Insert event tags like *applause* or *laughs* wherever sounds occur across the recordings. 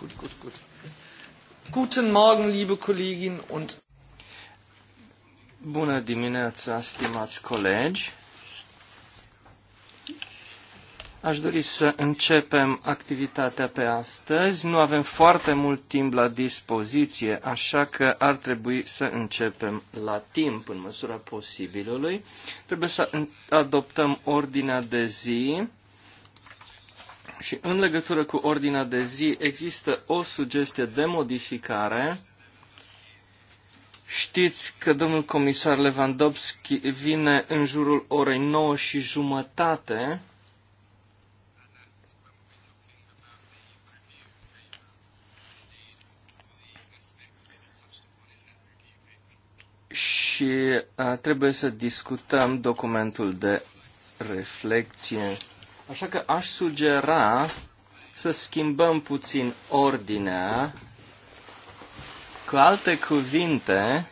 gut, gut, gut. Guten Morgen, liebe Kolleginnen und Bună dimineața, stimați colegi. Aș dori să începem activitatea pe astăzi. Nu avem foarte mult timp la dispoziție, așa că ar trebui să începem la timp, în măsura posibilului. Trebuie să adoptăm ordinea de zi. Și în legătură cu ordinea de zi, există o sugestie de modificare. Știți că domnul comisar Lewandowski vine în jurul orei 9 și jumătate. Și uh, trebuie să discutăm documentul de reflecție. Așa că aș sugera să schimbăm puțin ordinea. Cu alte cuvinte,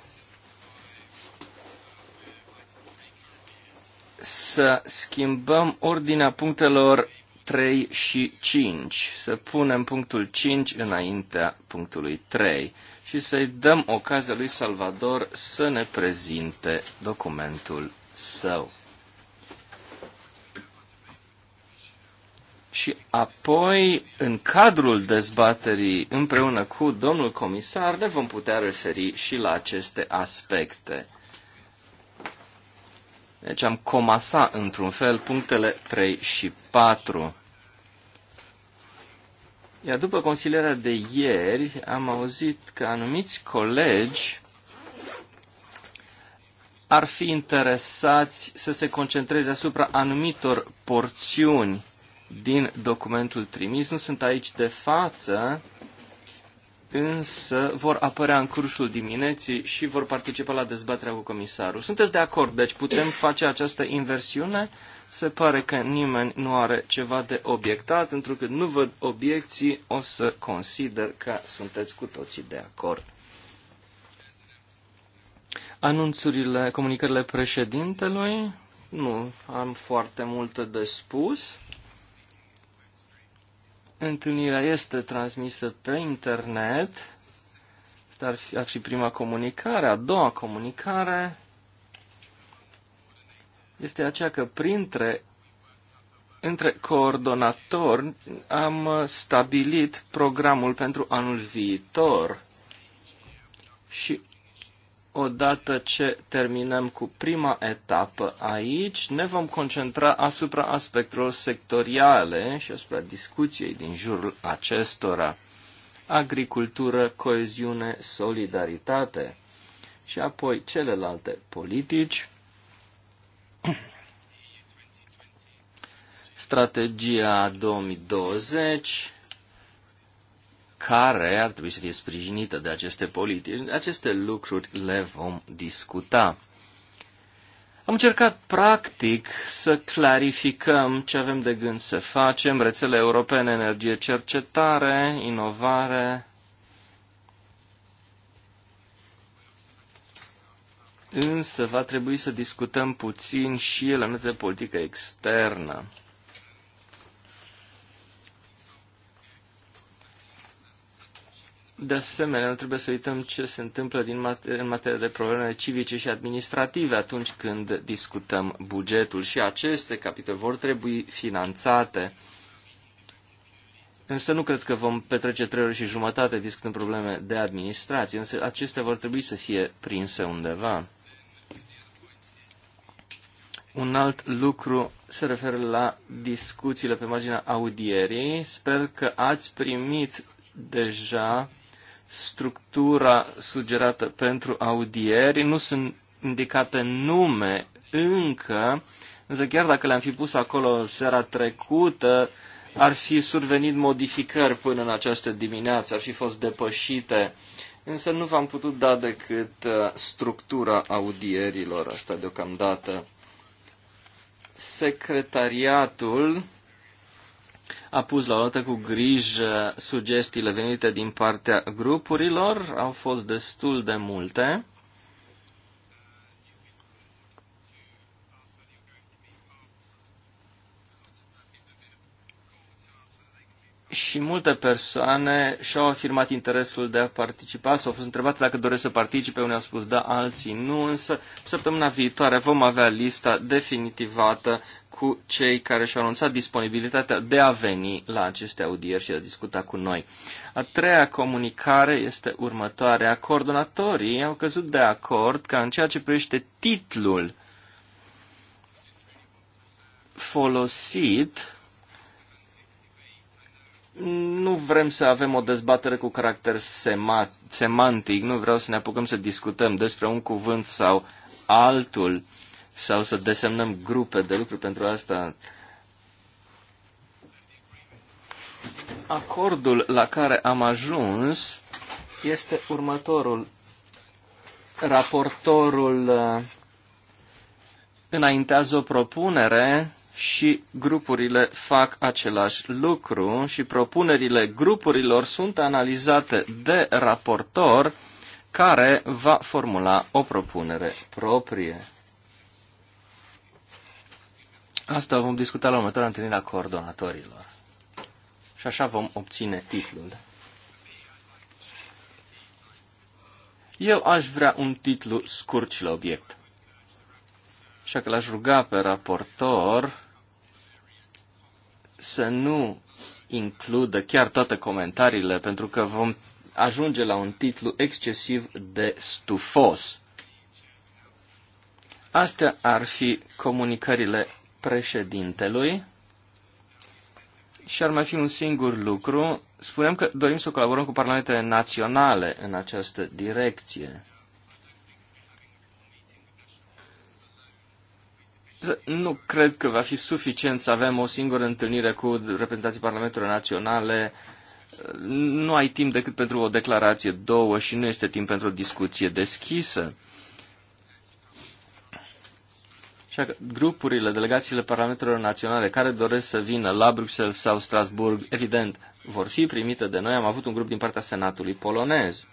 să schimbăm ordinea punctelor 3 și 5, să punem punctul 5 înaintea punctului 3 și să-i dăm ocazia lui Salvador să ne prezinte documentul său. și apoi, în cadrul dezbaterii împreună cu domnul comisar, ne vom putea referi și la aceste aspecte. Deci am comasa, într-un fel, punctele 3 și 4. Iar după consilierea de ieri, am auzit că anumiți colegi ar fi interesați să se concentreze asupra anumitor porțiuni din documentul trimis. Nu sunt aici de față, însă vor apărea în cursul dimineții și vor participa la dezbaterea cu comisarul. Sunteți de acord? Deci putem face această inversiune? Se pare că nimeni nu are ceva de obiectat, pentru că nu văd obiecții, o să consider că sunteți cu toții de acord. Anunțurile, comunicările președintelui? Nu, am foarte multe de spus. Întâlnirea este transmisă pe internet. Asta ar fi ar fi prima comunicare. A doua comunicare este aceea că printre între coordonatori am stabilit programul pentru anul viitor și odată ce terminăm cu prima etapă aici, ne vom concentra asupra aspectelor sectoriale și asupra discuției din jurul acestora. Agricultură, coeziune, solidaritate și apoi celelalte politici. Strategia 2020, care ar trebui să fie sprijinită de aceste politici. Aceste lucruri le vom discuta. Am încercat practic să clarificăm ce avem de gând să facem, rețele europene, energie, cercetare, inovare. Însă va trebui să discutăm puțin și de politică externă. De asemenea, nu trebuie să uităm ce se întâmplă din mater- în materie de probleme civice și administrative atunci când discutăm bugetul și aceste capitole vor trebui finanțate. Însă nu cred că vom petrece trei ore și jumătate discutând probleme de administrație, însă acestea vor trebui să fie prinse undeva. Un alt lucru se referă la discuțiile pe marginea audierii. Sper că ați primit deja structura sugerată pentru audieri, nu sunt indicate nume încă, însă chiar dacă le-am fi pus acolo seara trecută, ar fi survenit modificări până în această dimineață, ar fi fost depășite, însă nu v-am putut da decât uh, structura audierilor asta deocamdată. Secretariatul a pus la oaltă cu grijă sugestiile venite din partea grupurilor, au fost destul de multe. și multe persoane și-au afirmat interesul de a participa, s-au fost întrebate dacă doresc să participe, unii au spus da, alții nu, însă săptămâna viitoare vom avea lista definitivată cu cei care și-au anunțat disponibilitatea de a veni la aceste audieri și de a discuta cu noi. A treia comunicare este următoarea. Coordonatorii au căzut de acord ca în ceea ce privește titlul folosit nu vrem să avem o dezbatere cu caracter semantic, nu vreau să ne apucăm să discutăm despre un cuvânt sau altul sau să desemnăm grupe de lucruri. pentru asta. Acordul la care am ajuns este următorul. Raportorul uh, înaintează o propunere și grupurile fac același lucru și propunerile grupurilor sunt analizate de raportor care va formula o propunere proprie. Asta vom discuta la următoarea întâlnire a coordonatorilor. Și așa vom obține titlul. Eu aș vrea un titlu scurt și la obiect. Așa că l-aș ruga pe raportor să nu includă chiar toate comentariile, pentru că vom ajunge la un titlu excesiv de stufos. Astea ar fi comunicările președintelui. Și ar mai fi un singur lucru. Spuneam că dorim să colaborăm cu parlamentele naționale în această direcție. Nu cred că va fi suficient să avem o singură întâlnire cu reprezentanții Parlamentelor Naționale. Nu ai timp decât pentru o declarație, două și nu este timp pentru o discuție deschisă. Așa că grupurile, delegațiile Parlamentelor Naționale care doresc să vină la Bruxelles sau Strasburg, evident, vor fi primite de noi. Am avut un grup din partea Senatului polonez.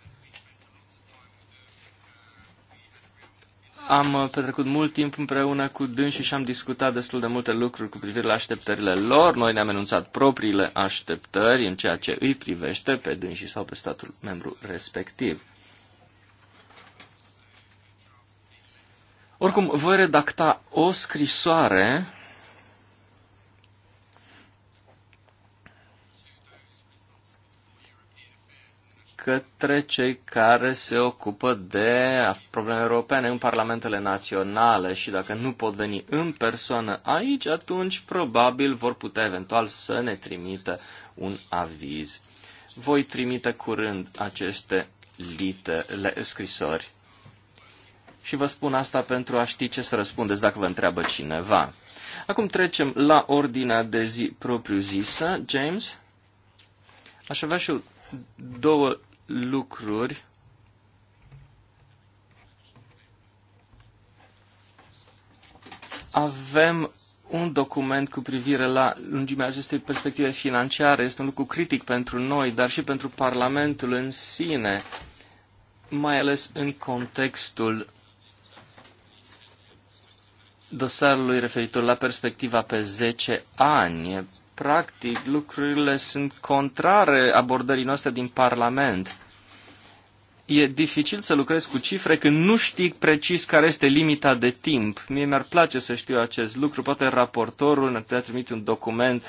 Am uh, petrecut mult timp împreună cu dânsii și am discutat destul de multe lucruri cu privire la așteptările lor. Noi ne-am enunțat propriile așteptări în ceea ce îi privește pe dânsii sau pe statul membru respectiv. Oricum, voi redacta o scrisoare către cei care se ocupă de probleme europene în parlamentele naționale și dacă nu pot veni în persoană aici, atunci probabil vor putea eventual să ne trimită un aviz. Voi trimite curând aceste litere scrisori. Și vă spun asta pentru a ști ce să răspundeți dacă vă întreabă cineva. Acum trecem la ordinea de zi propriu-zisă. James? Aș avea și eu două lucruri avem un document cu privire la lungimea acestei perspective financiare. Este un lucru critic pentru noi, dar și pentru Parlamentul în sine, mai ales în contextul dosarului referitor la perspectiva pe 10 ani practic, lucrurile sunt contrare abordării noastre din Parlament. E dificil să lucrez cu cifre când nu știi precis care este limita de timp. Mie mi-ar place să știu acest lucru. Poate raportorul ne putea trimite un document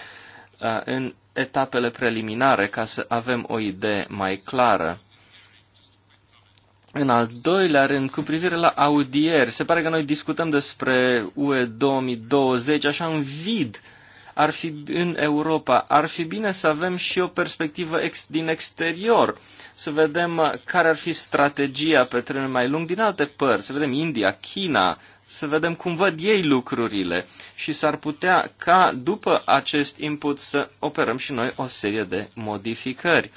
uh, în etapele preliminare ca să avem o idee mai clară. În al doilea rând, cu privire la audieri, se pare că noi discutăm despre UE 2020 așa în vid, ar fi în Europa, ar fi bine să avem și o perspectivă ex, din exterior, să vedem uh, care ar fi strategia pe termen mai lung din alte părți, să vedem India, China, să vedem cum văd ei lucrurile și s-ar putea ca după acest input să operăm și noi o serie de modificări.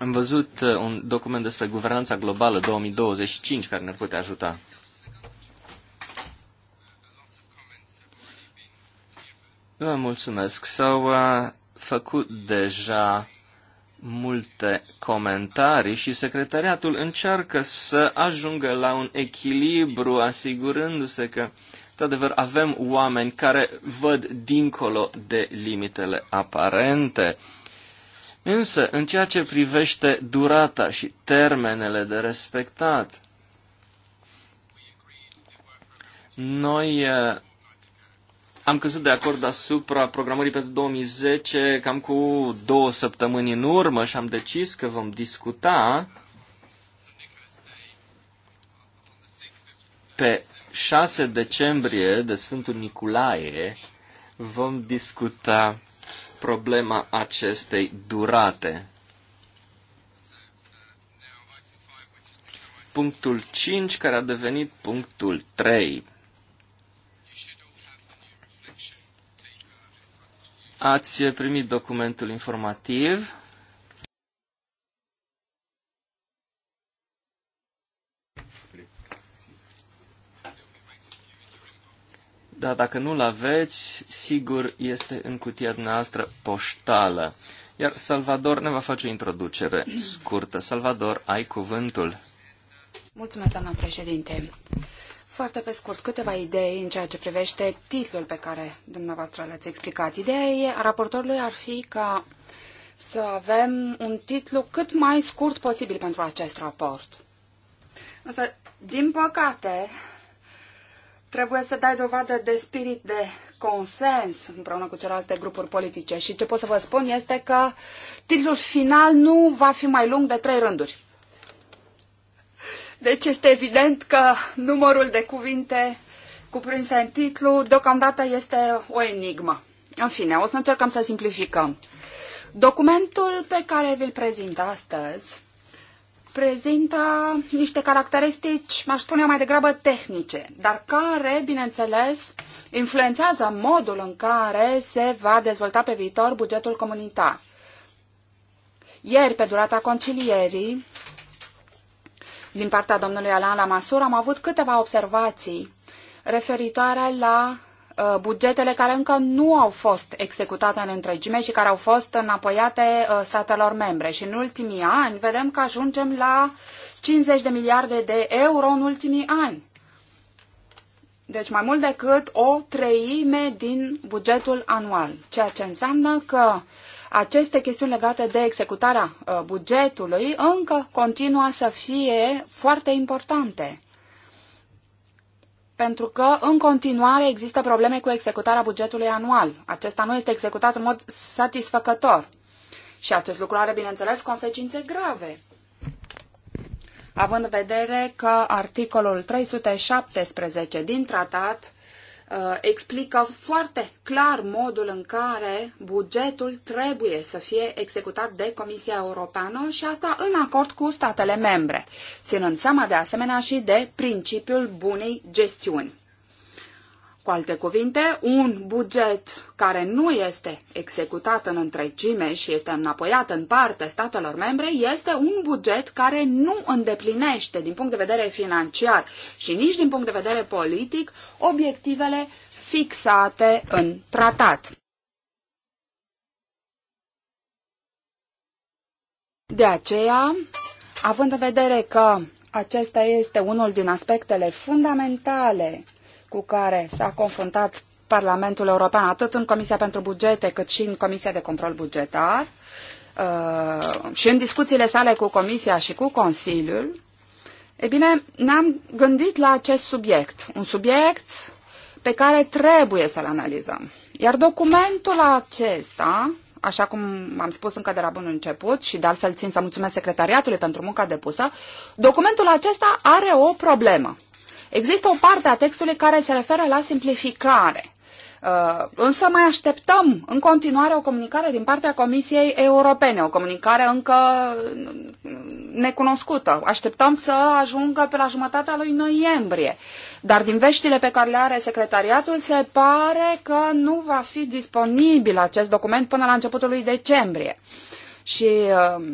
Am văzut uh, un document despre guvernanța globală 2025 care ne-ar putea ajuta. Vă mulțumesc. S-au uh, făcut deja multe comentarii și secretariatul încearcă să ajungă la un echilibru, asigurându-se că, într-adevăr, avem oameni care văd dincolo de limitele aparente. Însă, în ceea ce privește durata și termenele de respectat, noi uh, am căzut de acord asupra programării pentru 2010 cam cu două săptămâni în urmă și am decis că vom discuta pe 6 decembrie de Sfântul Nicolae vom discuta problema acestei durate. Punctul 5 care a devenit punctul 3. Ați primit documentul informativ. Da, dacă nu-l aveți, sigur este în cutia noastră poștală. Iar Salvador ne va face o introducere scurtă. Salvador, ai cuvântul. Mulțumesc, doamna președinte. Foarte pe scurt, câteva idei în ceea ce privește titlul pe care dumneavoastră l-ați explicat. Ideea e, a raportorului ar fi ca să avem un titlu cât mai scurt posibil pentru acest raport. Însă, din păcate, trebuie să dai dovadă de spirit de consens împreună cu celelalte grupuri politice. Și ce pot să vă spun este că titlul final nu va fi mai lung de trei rânduri. Deci este evident că numărul de cuvinte cuprinse în titlu deocamdată este o enigmă. În fine, o să încercăm să simplificăm. Documentul pe care vi-l prezint astăzi prezintă niște caracteristici, aș spune mai degrabă tehnice, dar care, bineînțeles, influențează modul în care se va dezvolta pe viitor bugetul comunitar. Ieri, pe durata concilierii, din partea domnului Alain Lamassur, am avut câteva observații referitoare la uh, bugetele care încă nu au fost executate în întregime și care au fost înapoiate uh, statelor membre. Și în ultimii ani vedem că ajungem la 50 de miliarde de euro în ultimii ani. Deci mai mult decât o treime din bugetul anual, ceea ce înseamnă că uh, aceste chestiuni legate de executarea uh, bugetului încă continuă să fie foarte importante. Pentru că în continuare există probleme cu executarea bugetului anual. Acesta nu este executat în mod satisfăcător. Și acest lucru are, bineînțeles, consecințe grave având în vedere că articolul 317 din tratat Uh, explică foarte clar modul în care bugetul trebuie să fie executat de Comisia Europeană și asta în acord cu statele membre, ținând seama de asemenea și de principiul bunei gestiuni. Cu alte cuvinte, un buget care nu este executat în întregime și este înapoiat în parte statelor membre este un buget care nu îndeplinește din punct de vedere financiar și nici din punct de vedere politic obiectivele fixate în tratat. De aceea, având în vedere că acesta este unul din aspectele fundamentale cu care s-a confruntat Parlamentul European, atât în Comisia pentru Bugete, cât și în Comisia de Control Bugetar, uh, și în discuțiile sale cu Comisia și cu Consiliul, e bine, ne-am gândit la acest subiect, un subiect pe care trebuie să-l analizăm. Iar documentul acesta, așa cum am spus încă de la bun început și de altfel țin să mulțumesc secretariatului pentru munca depusă, documentul acesta are o problemă. Există o parte a textului care se referă la simplificare. Uh, însă mai așteptăm în continuare o comunicare din partea Comisiei Europene, o comunicare încă necunoscută. Așteptăm să ajungă pe la jumătatea lui noiembrie, dar din veștile pe care le are secretariatul se pare că nu va fi disponibil acest document până la începutul lui decembrie. Și uh,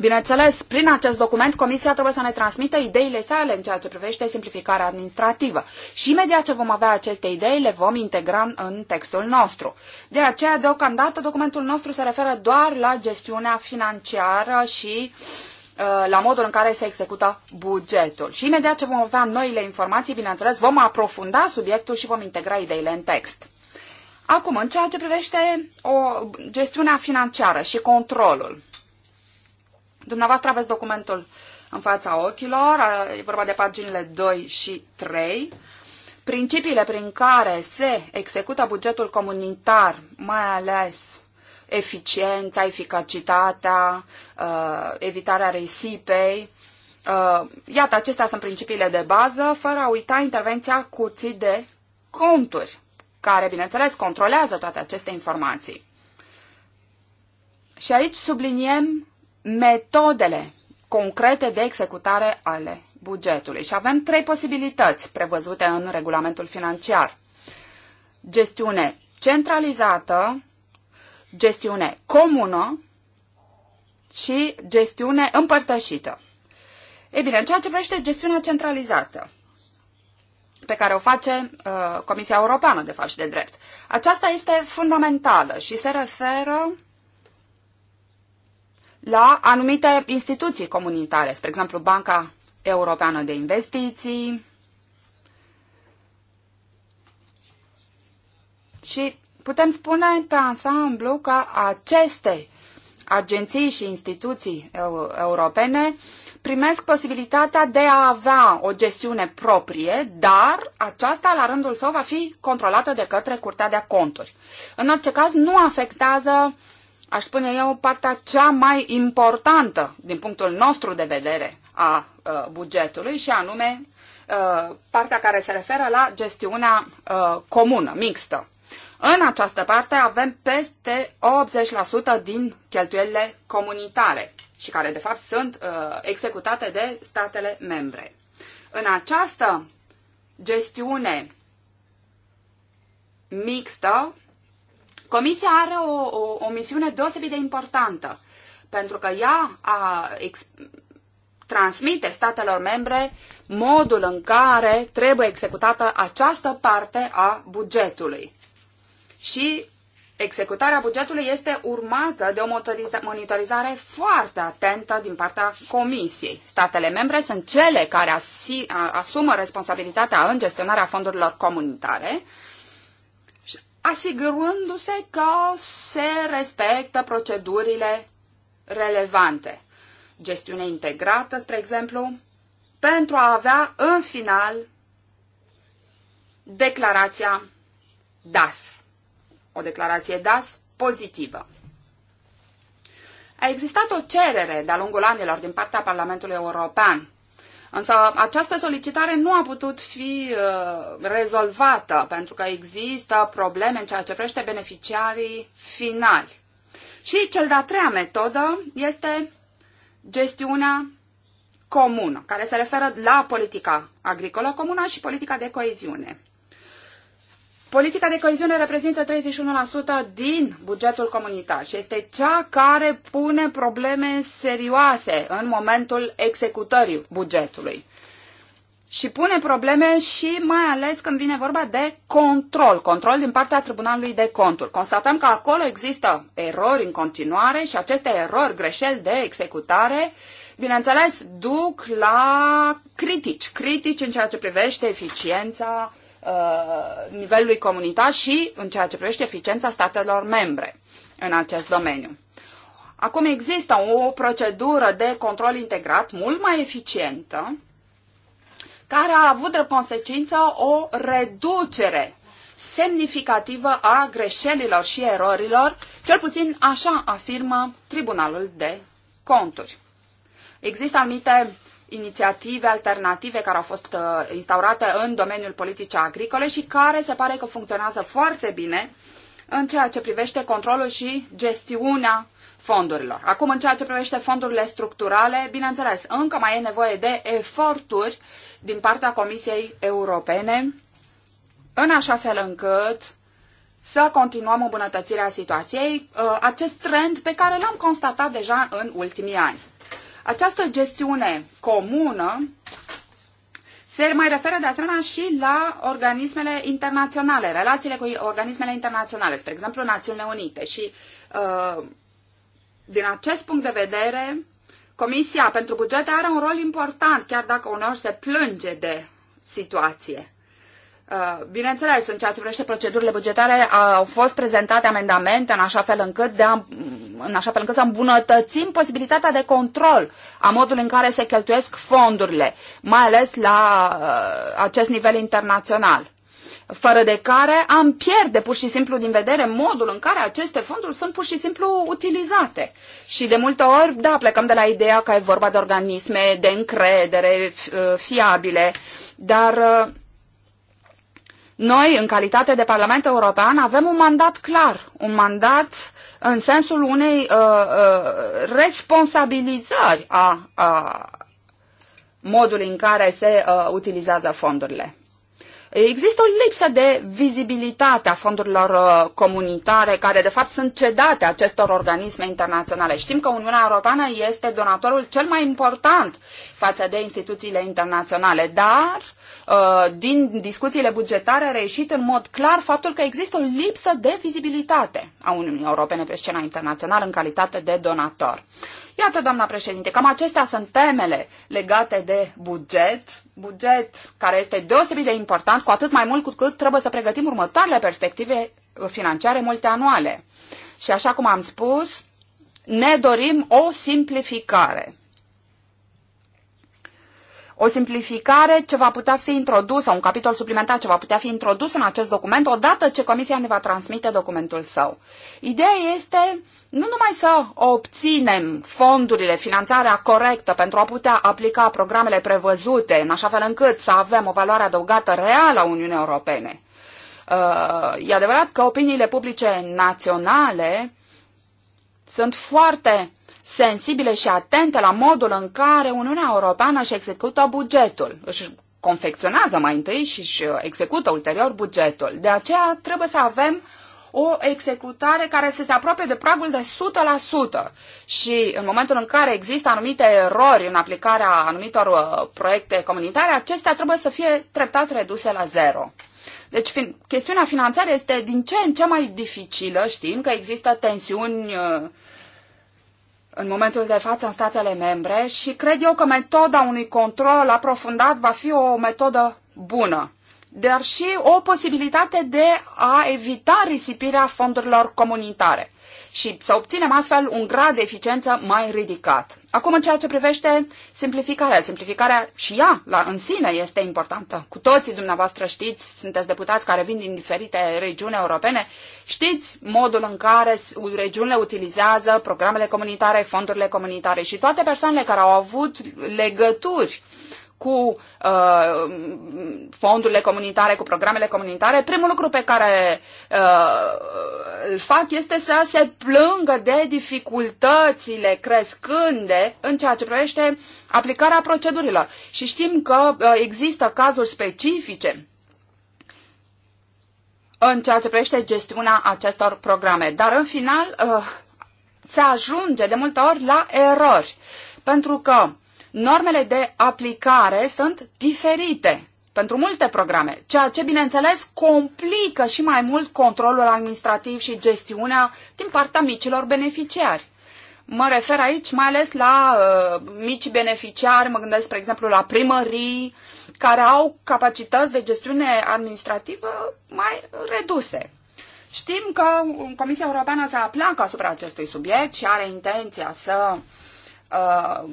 Bineînțeles, prin acest document, Comisia trebuie să ne transmită ideile sale în ceea ce privește simplificarea administrativă. Și imediat ce vom avea aceste idei, le vom integra în textul nostru. De aceea, deocamdată, documentul nostru se referă doar la gestiunea financiară și uh, la modul în care se execută bugetul. Și imediat ce vom avea noile informații, bineînțeles, vom aprofunda subiectul și vom integra ideile în text. Acum, în ceea ce privește o gestiunea financiară și controlul, Dumneavoastră aveți documentul în fața ochilor, e vorba de paginile 2 și 3. Principiile prin care se execută bugetul comunitar, mai ales eficiența, eficacitatea, evitarea risipei, iată, acestea sunt principiile de bază, fără a uita intervenția curții de conturi, care, bineînțeles, controlează toate aceste informații. Și aici subliniem metodele concrete de executare ale bugetului. Și avem trei posibilități prevăzute în regulamentul financiar. Gestiune centralizată, gestiune comună și gestiune împărtășită. Ei bine, în ceea ce privește gestiunea centralizată, pe care o face uh, Comisia Europeană, de fapt și de drept. Aceasta este fundamentală și se referă la anumite instituții comunitare, spre exemplu Banca Europeană de Investiții și putem spune pe ansamblu că aceste agenții și instituții europene primesc posibilitatea de a avea o gestiune proprie, dar aceasta la rândul său va fi controlată de către Curtea de Conturi. În orice caz, nu afectează uh, aș spune eu, partea cea mai importantă din punctul nostru de vedere a uh, bugetului și anume uh, partea care se referă la gestiunea uh, comună, mixtă. În această parte avem peste 80% din cheltuielile comunitare și care de fapt sunt executate de statele membre. În această gestiune mixtă Comisia are o, o, o misiune deosebit de importantă, pentru că ea a ex- transmite statelor membre modul în care trebuie executată această parte a bugetului. Și executarea bugetului este urmată de o monitorizare foarte atentă din partea Comisiei. Statele membre sunt cele care asumă responsabilitatea în gestionarea fondurilor comunitare asigurându-se că se respectă procedurile relevante. Gestiune integrată, spre exemplu, pentru a avea în final declarația DAS. O declarație DAS pozitivă. A existat o cerere de-a lungul anilor din partea Parlamentului European Însă această solicitare nu a putut fi uh, rezolvată pentru că există probleme în ceea ce privește beneficiarii finali. Și cel de-a treia metodă este gestiunea comună, care se referă la politica agricolă comună și politica de coeziune. Politica de coeziune reprezintă 31% din bugetul comunitar și este cea care pune probleme serioase în momentul executării bugetului. Și pune probleme și mai ales când vine vorba de control, control din partea Tribunalului de Conturi. Constatăm că acolo există erori în continuare și aceste erori, greșeli de executare, bineînțeles, duc la critici, critici în ceea ce privește eficiența Uh, nivelului comunitar și în ceea ce privește eficiența statelor membre în acest domeniu. Acum există o procedură de control integrat mult mai eficientă, care a avut de consecință o reducere semnificativă a greșelilor și erorilor, cel puțin așa afirmă Tribunalul de Conturi. Există anumite inițiative alternative care au fost uh, instaurate în domeniul politicii agricole și care se pare că funcționează foarte bine în ceea ce privește controlul și gestiunea fondurilor. Acum, în ceea ce privește fondurile structurale, bineînțeles, încă mai e nevoie de eforturi din partea Comisiei Europene, în așa fel încât să continuăm îmbunătățirea situației, uh, acest trend pe care l-am constatat deja în ultimii ani. Această gestiune comună se mai referă de asemenea și la organismele internaționale, relațiile cu organismele internaționale, spre exemplu Națiunile Unite. Și uh, din acest punct de vedere, Comisia pentru bugete are un rol important, chiar dacă uneori se plânge de situație. Uh, bineînțeles, în ceea ce privește procedurile bugetare, au fost prezentate amendamente în așa fel încât, de a, în așa fel încât să îmbunătățim posibilitatea de control a modului în care se cheltuiesc fondurile, mai ales la uh, acest nivel internațional fără de care am pierde pur și simplu din vedere modul în care aceste fonduri sunt pur și simplu utilizate. Și de multe ori, da, plecăm de la ideea că e vorba de organisme de încredere uh, fiabile, dar uh, noi, în calitate de Parlament European, avem un mandat clar, un mandat în sensul unei uh, uh, responsabilizări a, a modului în care se uh, utilizează fondurile. Există o lipsă de vizibilitate a fondurilor uh, comunitare, care de fapt sunt cedate acestor organisme internaționale. Știm că Uniunea Europeană este donatorul cel mai important față de instituțiile internaționale, dar Uh, din discuțiile bugetare a reieșit în mod clar faptul că există o lipsă de vizibilitate a Uniunii Europene pe scena internațională în calitate de donator. Iată, doamna președinte, cam acestea sunt temele legate de buget, buget care este deosebit de important, cu atât mai mult cu cât trebuie să pregătim următoarele perspective financiare multianuale. Și așa cum am spus, ne dorim o simplificare o simplificare ce va putea fi introdusă, un capitol suplimentar ce va putea fi introdus în acest document odată ce Comisia ne va transmite documentul său. Ideea este nu numai să obținem fondurile, finanțarea corectă pentru a putea aplica programele prevăzute în așa fel încât să avem o valoare adăugată reală a Uniunii Europene. Uh, e adevărat că opiniile publice naționale sunt foarte sensibile și atente la modul în care Uniunea Europeană își execută bugetul, își confecționează mai întâi și își uh, execută ulterior bugetul. De aceea trebuie să avem o executare care să se apropie de pragul de 100% și în momentul în care există anumite erori în aplicarea anumitor uh, proiecte comunitare, acestea trebuie să fie treptat reduse la zero. Deci fin- chestiunea financiară este din ce în ce mai dificilă, știm că există tensiuni uh, în momentul de față în statele membre și cred eu că metoda unui control aprofundat va fi o metodă bună, dar și o posibilitate de a evita risipirea fondurilor comunitare și să obținem astfel un grad de eficiență mai ridicat. Acum, în ceea ce privește simplificarea, simplificarea și ea la, în sine este importantă. Cu toții dumneavoastră știți, sunteți deputați care vin din diferite regiuni europene, știți modul în care regiunile utilizează programele comunitare, fondurile comunitare și toate persoanele care au avut legături uh, cu uh, fondurile comunitare, cu programele comunitare, primul lucru pe care uh, îl fac este să se plângă de dificultățile crescânde în ceea ce privește aplicarea procedurilor. Și știm că uh, există cazuri specifice în ceea ce privește gestiunea acestor programe. Dar în final uh, se ajunge de multe ori la erori. Pentru că normele de aplicare sunt diferite pentru multe programe, ceea ce, bineînțeles, complică și mai mult controlul administrativ și gestiunea din partea micilor beneficiari. Mă refer aici mai ales la uh, mici beneficiari, mă gândesc, spre exemplu, la primării, care au capacități de gestiune administrativă mai reduse. Știm că Comisia Europeană se apleacă asupra acestui subiect și are intenția să uh,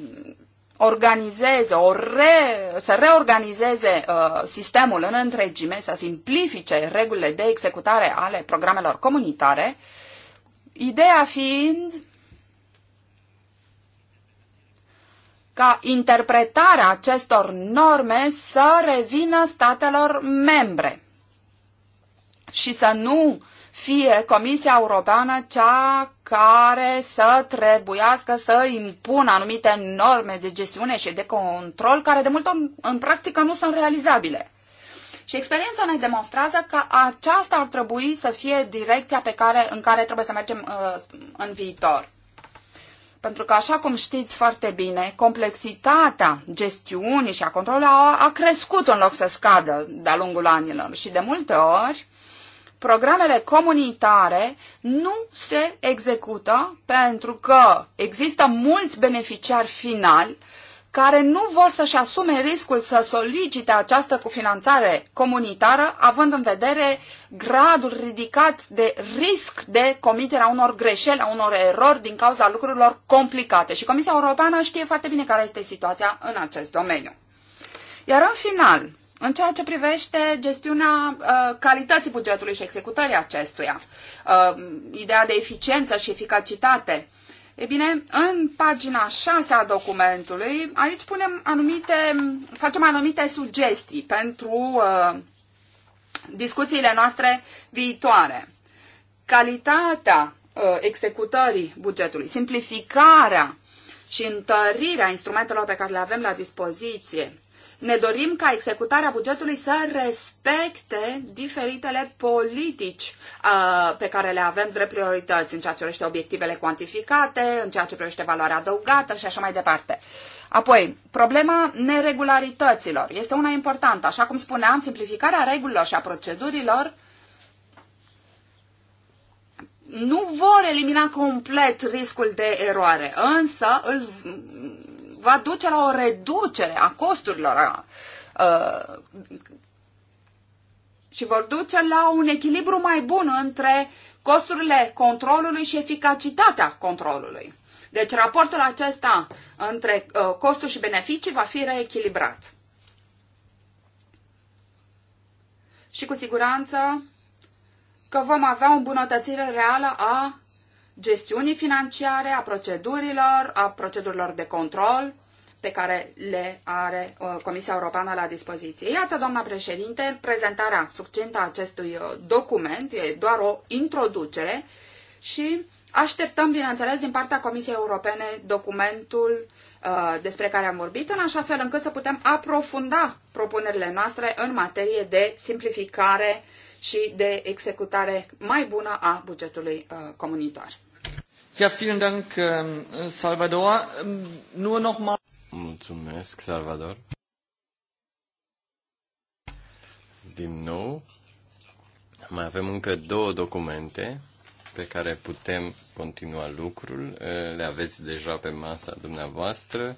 organizeze, o re, să reorganizeze uh, sistemul în întregime, să simplifice regulile de executare ale programelor comunitare, ideea fiind ca interpretarea acestor norme să revină statelor membre și să nu fie Comisia Europeană cea care să trebuiască să impună anumite norme de gestiune și de control care de multe ori în practică nu sunt realizabile. Și experiența ne demonstrează că aceasta ar trebui să fie direcția pe care, în care trebuie să mergem uh, în viitor. Pentru că, așa cum știți foarte bine, complexitatea gestiunii și a controlului a, a crescut în loc să scadă de-a lungul anilor. Și de multe ori, uh, programele comunitare nu se execută pentru că există mulți beneficiari finali care nu vor să-și asume riscul să solicite această cofinanțare comunitară, având în vedere gradul ridicat de risc de comiterea unor greșeli, a unor erori din cauza lucrurilor complicate. Și Comisia Europeană știe foarte bine care este situația în acest domeniu. Iar în final, în ceea ce privește gestiunea uh, calității bugetului și executării acestuia, uh, ideea de eficiență și eficacitate, e bine, în pagina 6 a documentului, aici punem anumite, facem anumite sugestii pentru uh, discuțiile noastre viitoare. Calitatea uh, executării bugetului, simplificarea și întărirea instrumentelor pe care le avem la dispoziție, ne dorim ca executarea bugetului să respecte diferitele politici uh, pe care le avem drept priorități în ceea ce privește obiectivele cuantificate, în ceea ce privește valoarea adăugată și așa mai departe. Apoi, problema neregularităților este una importantă. Așa cum spuneam, simplificarea regulilor și a procedurilor nu vor elimina complet riscul de eroare, însă îl va duce la o reducere a costurilor a, a, și vor duce la un echilibru mai bun între costurile controlului și eficacitatea controlului. Deci raportul acesta între uh, costul și beneficii va fi reechilibrat. Și cu siguranță că vom avea o îmbunătățire reală a gestiunii financiare, a procedurilor, a procedurilor de control pe care le are uh, Comisia Europeană la dispoziție. Iată, doamna președinte, prezentarea succintă a acestui uh, document, e doar o introducere și așteptăm, bineînțeles, din partea Comisiei Europene documentul uh, despre care am vorbit, în așa fel încât să putem aprofunda propunerile noastre în materie de simplificare și de executare mai bună a bugetului comunitar. Ja, vielen Dank, ähm, Salvador. Ähm, nur noch mal... Mulțumesc, Salvador. Din nou, mai avem încă două documente pe care putem continua lucrul. Ă, le aveți deja pe masa dumneavoastră.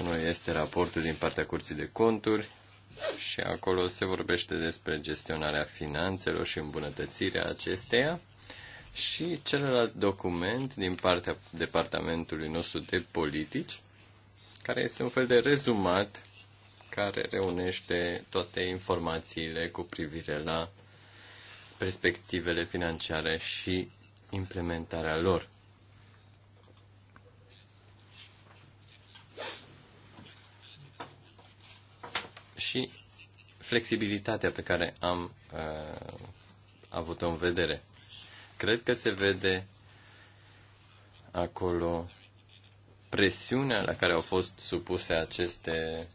Unul este raportul din partea Curții de Conturi și acolo se vorbește despre gestionarea finanțelor și îmbunătățirea acesteia și celălalt document din partea departamentului nostru de politici, care este un fel de rezumat care reunește toate informațiile cu privire la perspectivele financiare și implementarea lor. Și flexibilitatea pe care am uh, avut-o în vedere. Cred că se vede acolo presiunea la care au fost supuse aceste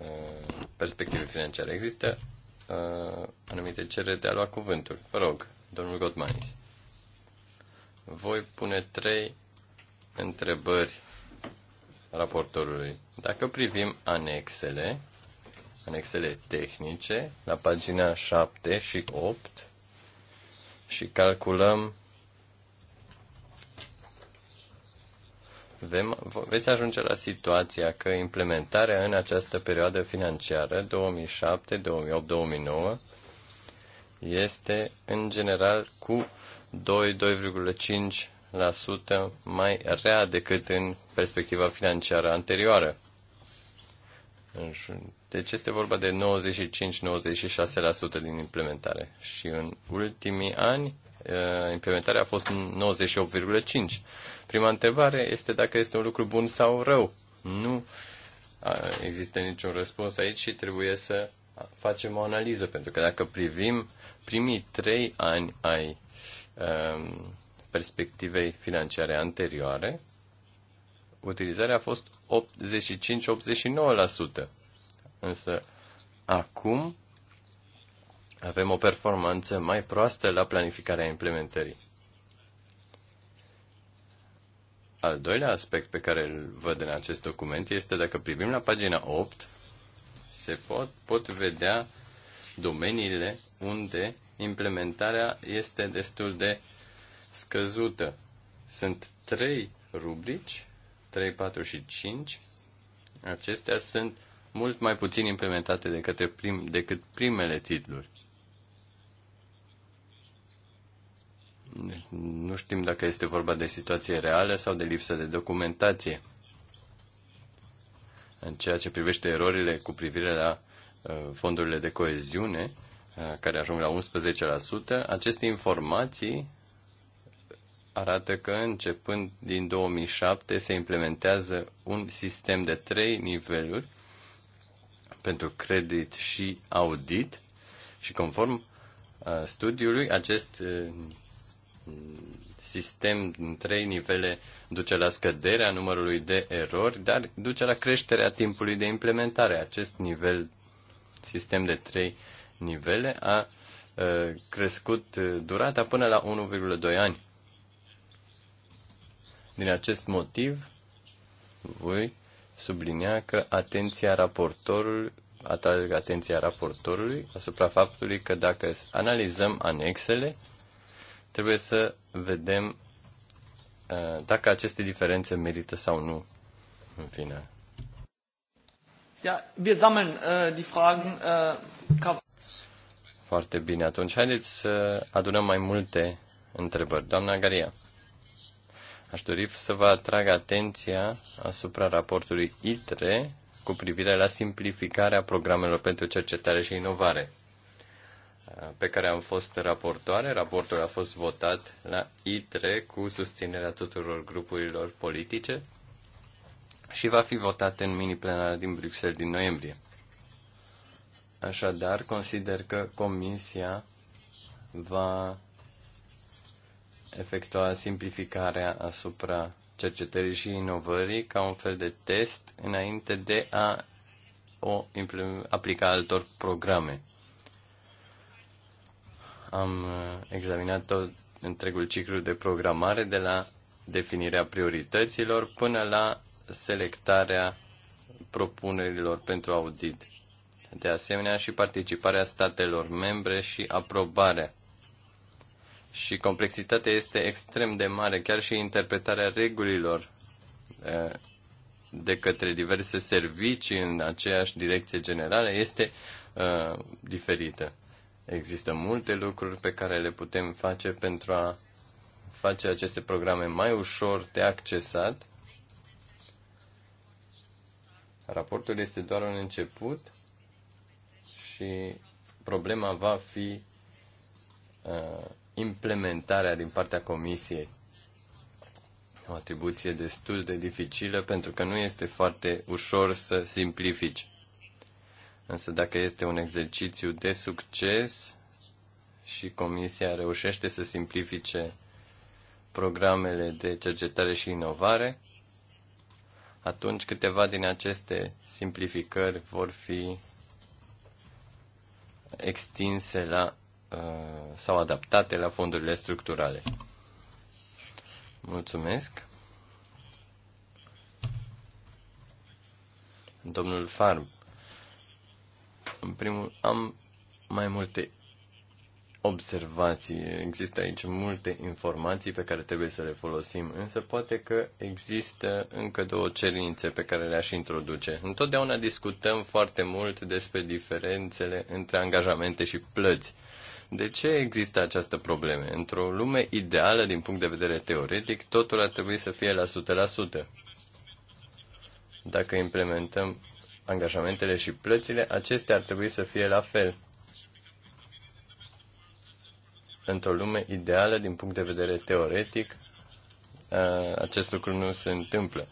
uh, perspective financiare. Există uh, anumite cereri de a lua cuvântul. Vă rog, domnul Gottmanis. Voi pune trei întrebări raportorului. Dacă privim anexele, anexele tehnice, la pagina 7 și 8, și calculăm, Vem, veți ajunge la situația că implementarea în această perioadă financiară 2007, 2008, 2009 este în general cu 2,5% mai rea decât în perspectiva financiară anterioară. Deci este vorba de 95-96% din implementare. Și în ultimii ani, uh, implementarea a fost 98,5%. Prima întrebare este dacă este un lucru bun sau rău. Nu există niciun răspuns aici și trebuie să facem o analiză, pentru că dacă privim primii trei ani ai um, perspectivei financiare anterioare, utilizarea a fost 85-89%. Însă acum avem o performanță mai proastă la planificarea implementării. Al doilea aspect pe care îl văd în acest document este dacă privim la pagina 8, se pot, pot vedea domeniile unde implementarea este destul de scăzută. Sunt trei rubrici, 3, 4 și 5. Acestea sunt uh, mult mai puțin implementate de către prim, decât primele titluri. Deci, nu știm dacă este vorba de situație reală sau de lipsă de documentație. În ceea ce privește erorile cu privire la uh, fondurile de coeziune, uh, care ajung la 11%, aceste informații arată că începând din 2007 se implementează un sistem de trei niveluri pentru credit și audit și conform uh, studiului acest uh, sistem din trei nivele duce la scăderea numărului de erori, dar duce la creșterea timpului de implementare. Acest nivel, sistem de trei nivele, a uh, crescut durata până la 1,2 ani. Din acest motiv, voi sublinia că atenția raportorului atrag atenția raportorului asupra faptului că dacă analizăm anexele, trebuie să vedem uh, dacă aceste diferențe merită sau nu în final. Ja, wir sammeln äh, die Fragen. Uh, Foarte bine, atunci haideți să adunăm mai multe întrebări. Doamna Garia. Aș dori să vă atrag atenția asupra raportului ITRE cu privire la simplificarea programelor pentru cercetare și inovare, uh, pe care am fost raportoare. Raportul a fost votat la ITRE cu susținerea tuturor grupurilor politice și va fi votat în mini-plenara din Bruxelles din noiembrie. Așadar, consider că Comisia va efectua simplificarea asupra cercetării și inovării ca un fel de test înainte de a o aplica altor programe. Am uh, examinat tot întregul ciclu de programare de la definirea priorităților până la selectarea propunerilor pentru audit. De asemenea și participarea statelor membre și aprobarea și complexitatea este extrem de mare, chiar și interpretarea regulilor de către diverse servicii în aceeași direcție generală este diferită. Există multe lucruri pe care le putem face pentru a face aceste programe mai ușor de accesat. Raportul este doar un început și problema va fi uh, implementarea din partea Comisiei. O atribuție destul de dificilă pentru că nu este foarte ușor să simplifici. Însă dacă este un exercițiu de succes și Comisia reușește să simplifice programele de cercetare și inovare, atunci câteva din aceste simplificări vor fi extinse la Uh, sau adaptate la fondurile structurale. Mulțumesc. Domnul Farm, în primul am mai multe observații. Există aici multe informații pe care trebuie să le folosim, însă poate că există încă două cerințe pe care le-aș introduce. Întotdeauna discutăm foarte mult despre diferențele între angajamente și plăți. De ce există această problemă? Într-o lume ideală, din punct de vedere teoretic, totul ar trebui să fie la 100%. Dacă implementăm angajamentele și plățile, acestea ar trebui să fie la fel. Într-o lume ideală, din punct de vedere teoretic, acest lucru nu se întâmplă.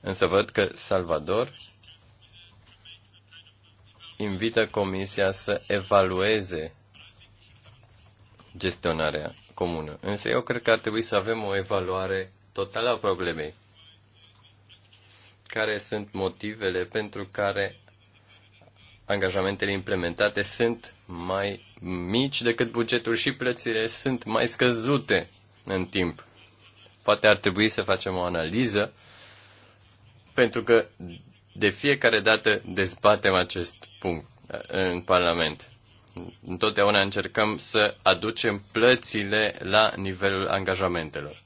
Însă văd că Salvador invită Comisia să evalueze gestionarea comună. Însă eu cred că ar trebui să avem o evaluare totală a problemei. Care sunt motivele pentru care angajamentele implementate sunt mai mici decât bugetul și plățile sunt mai scăzute în timp. Poate ar trebui să facem o analiză, pentru că de fiecare dată dezbatem acest punct uh, în Parlament întotdeauna încercăm să aducem plățile la nivelul angajamentelor.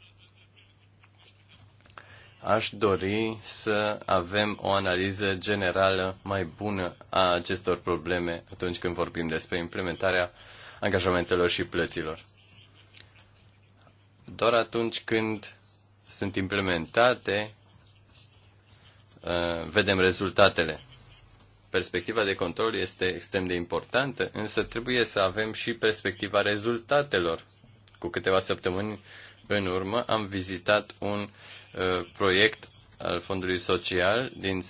Aș dori să avem o analiză generală mai bună a acestor probleme atunci când vorbim despre implementarea angajamentelor și plăților. Doar atunci când sunt implementate, uh, vedem rezultatele perspectiva de control este extrem de importantă, însă trebuie să avem și perspectiva rezultatelor. Cu câteva săptămâni în urmă am vizitat un uh, proiect al Fondului Social din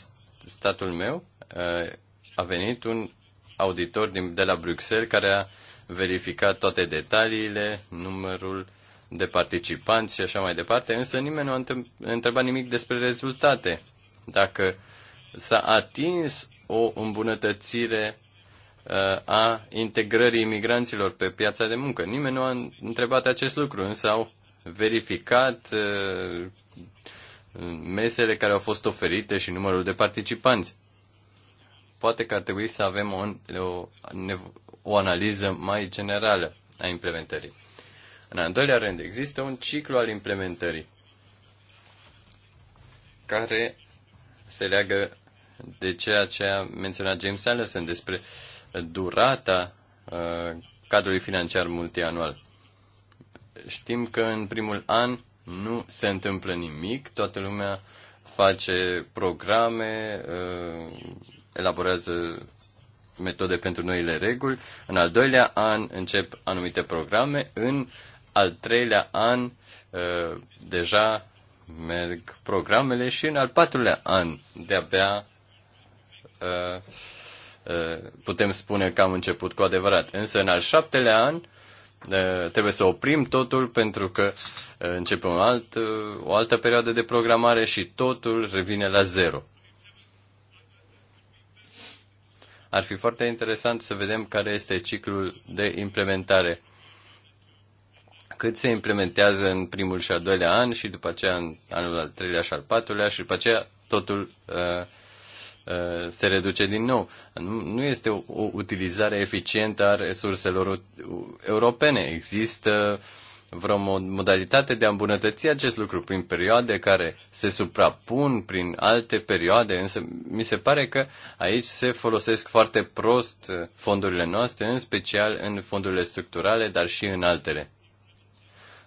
statul meu. Uh, a venit un auditor din, de la Bruxelles care a verificat toate detaliile, numărul de participanți și așa mai departe, însă nimeni nu a întrebat nimic despre rezultate. Dacă s-a atins o îmbunătățire uh, a integrării imigranților pe piața de muncă. Nimeni nu a întrebat acest lucru, însă au verificat uh, mesele care au fost oferite și numărul de participanți. Poate că ar trebui să avem o, o, o analiză mai generală a implementării. În al doilea rând, există un ciclu al implementării care se leagă de ceea ce a menționat James Allison despre durata uh, cadrului financiar multianual. Știm că în primul an nu se întâmplă nimic, toată lumea face programe, uh, elaborează metode pentru noile reguli. În al doilea an încep anumite programe, în al treilea an uh, deja merg programele și în al patrulea an de-abia Uh, uh, putem spune că am început cu adevărat. Însă în al șaptelea an uh, trebuie să oprim totul pentru că începe un alt, o altă perioadă de programare și totul revine la zero. Ar fi foarte interesant să vedem care este ciclul de implementare. Cât se implementează în primul și al doilea an și după aceea în anul al treilea și al patrulea și după aceea totul uh, Uh, se reduce din nou. Nu, nu este o, o utilizare eficientă a resurselor europene. Există vreo modalitate de a îmbunătăți acest lucru prin perioade care se suprapun prin alte perioade, însă mi se pare că aici se folosesc foarte prost uh, fondurile noastre, în special în fondurile structurale, dar și în altele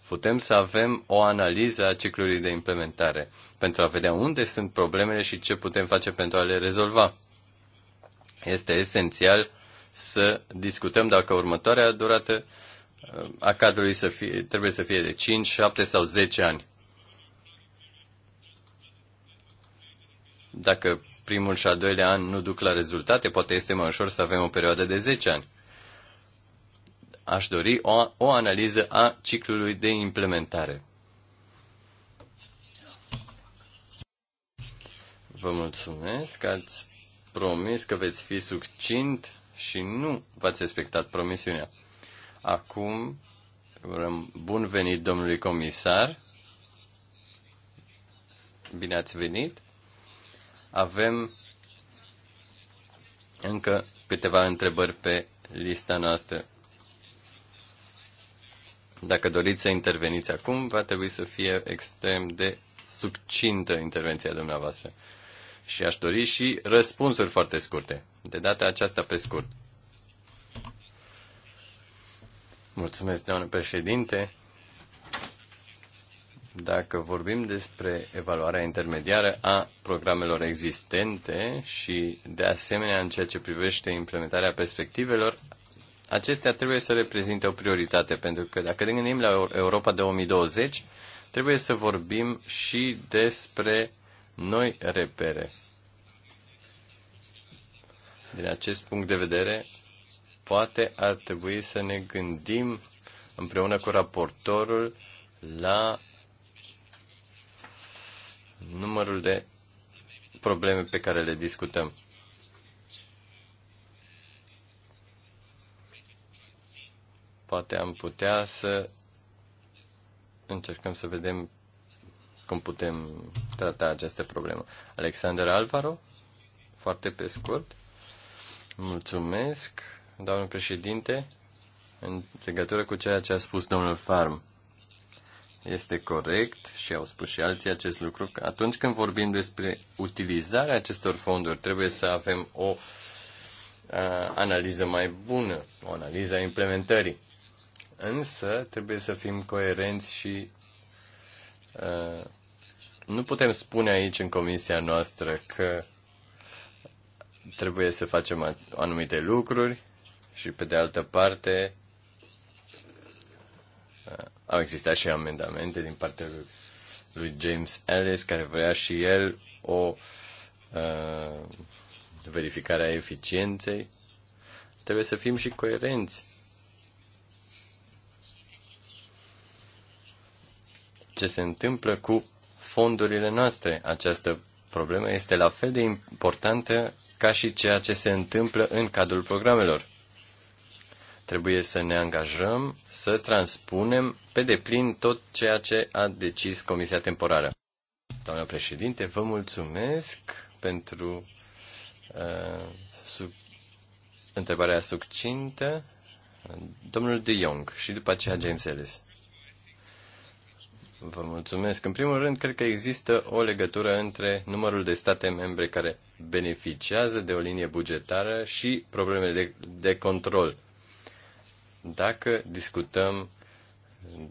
putem să avem o analiză a ciclului de implementare pentru a vedea unde sunt problemele și ce putem face pentru a le rezolva. Este esențial să discutăm dacă următoarea durată uh, a cadrului să fie, trebuie să fie de 5, 7 sau 10 ani. Dacă primul și al doilea an nu duc la rezultate, poate este mai ușor să avem o perioadă de 10 ani aș dori o, o analiză a ciclului de implementare. Vă mulțumesc că ați promis că veți fi succint și nu v-ați respectat promisiunea. Acum, bun venit domnului comisar. Bine ați venit. Avem încă câteva întrebări pe lista noastră. Dacă doriți să interveniți acum, va trebui să fie extrem de succintă intervenția dumneavoastră. Și aș dori și răspunsuri foarte scurte. De data aceasta pe scurt. Mulțumesc, doamnă președinte. Dacă vorbim despre evaluarea intermediară a programelor existente și, de asemenea, în ceea ce privește implementarea perspectivelor, acestea trebuie să reprezinte o prioritate, pentru că dacă ne gândim la Europa 2020, trebuie să vorbim și despre noi repere. Din acest punct de vedere, poate ar trebui să ne gândim împreună cu raportorul la numărul de probleme pe care le discutăm. Poate am putea să încercăm să vedem cum putem trata această problemă. Alexander Alvaro, foarte pe scurt. Mulțumesc, domnul președinte, în legătură cu ceea ce a spus domnul Farm. Este corect și au spus și alții acest lucru, că atunci când vorbim despre utilizarea acestor fonduri, trebuie să avem o a, analiză mai bună, o analiză a implementării. Însă trebuie să fim coerenți și uh, nu putem spune aici în comisia noastră că trebuie să facem anumite lucruri și pe de altă parte uh, au existat și amendamente din partea lui, lui James Ellis care vrea și el o uh, verificare a eficienței. Trebuie să fim și coerenți ce se întâmplă cu fondurile noastre. Această problemă este la fel de importantă ca și ceea ce se întâmplă în cadrul programelor. Trebuie să ne angajăm să transpunem pe deplin tot ceea ce a decis Comisia Temporară. Doamna președinte, vă mulțumesc pentru uh, sub, întrebarea succintă. Domnul De Jong și după aceea James Ellis. Vă mulțumesc. În primul rând, cred că există o legătură între numărul de state membre care beneficiază de o linie bugetară și problemele de, de control. Dacă discutăm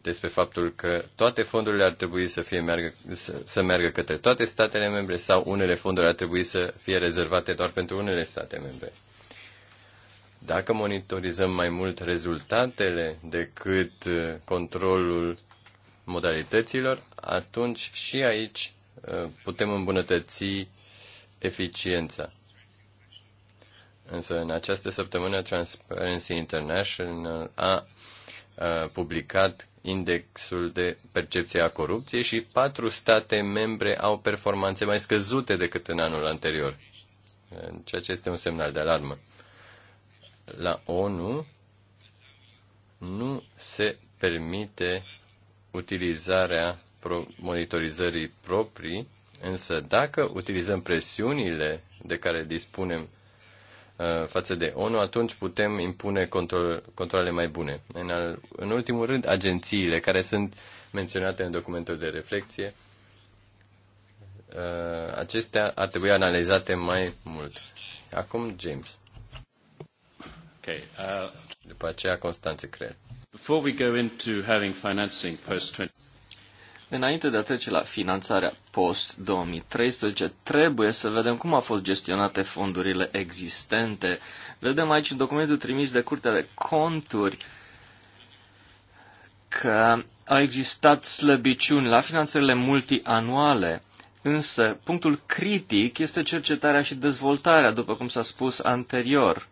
despre faptul că toate fondurile ar trebui să, fie meargă, să, să meargă către toate statele membre sau unele fonduri ar trebui să fie rezervate doar pentru unele state membre. Dacă monitorizăm mai mult rezultatele decât uh, controlul modalităților, atunci și aici uh, putem îmbunătăți eficiența. Însă în această săptămână Transparency International a publicat indexul de percepție a corupției și patru state membre au performanțe mai scăzute decât în anul anterior, ceea ce este un semnal de alarmă. La ONU nu se permite utilizarea monitorizării proprii, însă dacă utilizăm presiunile de care dispunem uh, față de ONU, atunci putem impune control, controle mai bune. În, al, în ultimul rând, agențiile care sunt menționate în documentul de reflexie, uh, acestea ar trebui analizate mai mult. Acum James. Okay, uh... După aceea Constanțe Creel. Before we go into having financing post 20... Înainte de a trece la finanțarea post-2013, trebuie să vedem cum au fost gestionate fondurile existente. Vedem aici în documentul trimis de Curtea de Conturi că au existat slăbiciuni la finanțările multianuale, însă punctul critic este cercetarea și dezvoltarea, după cum s-a spus anterior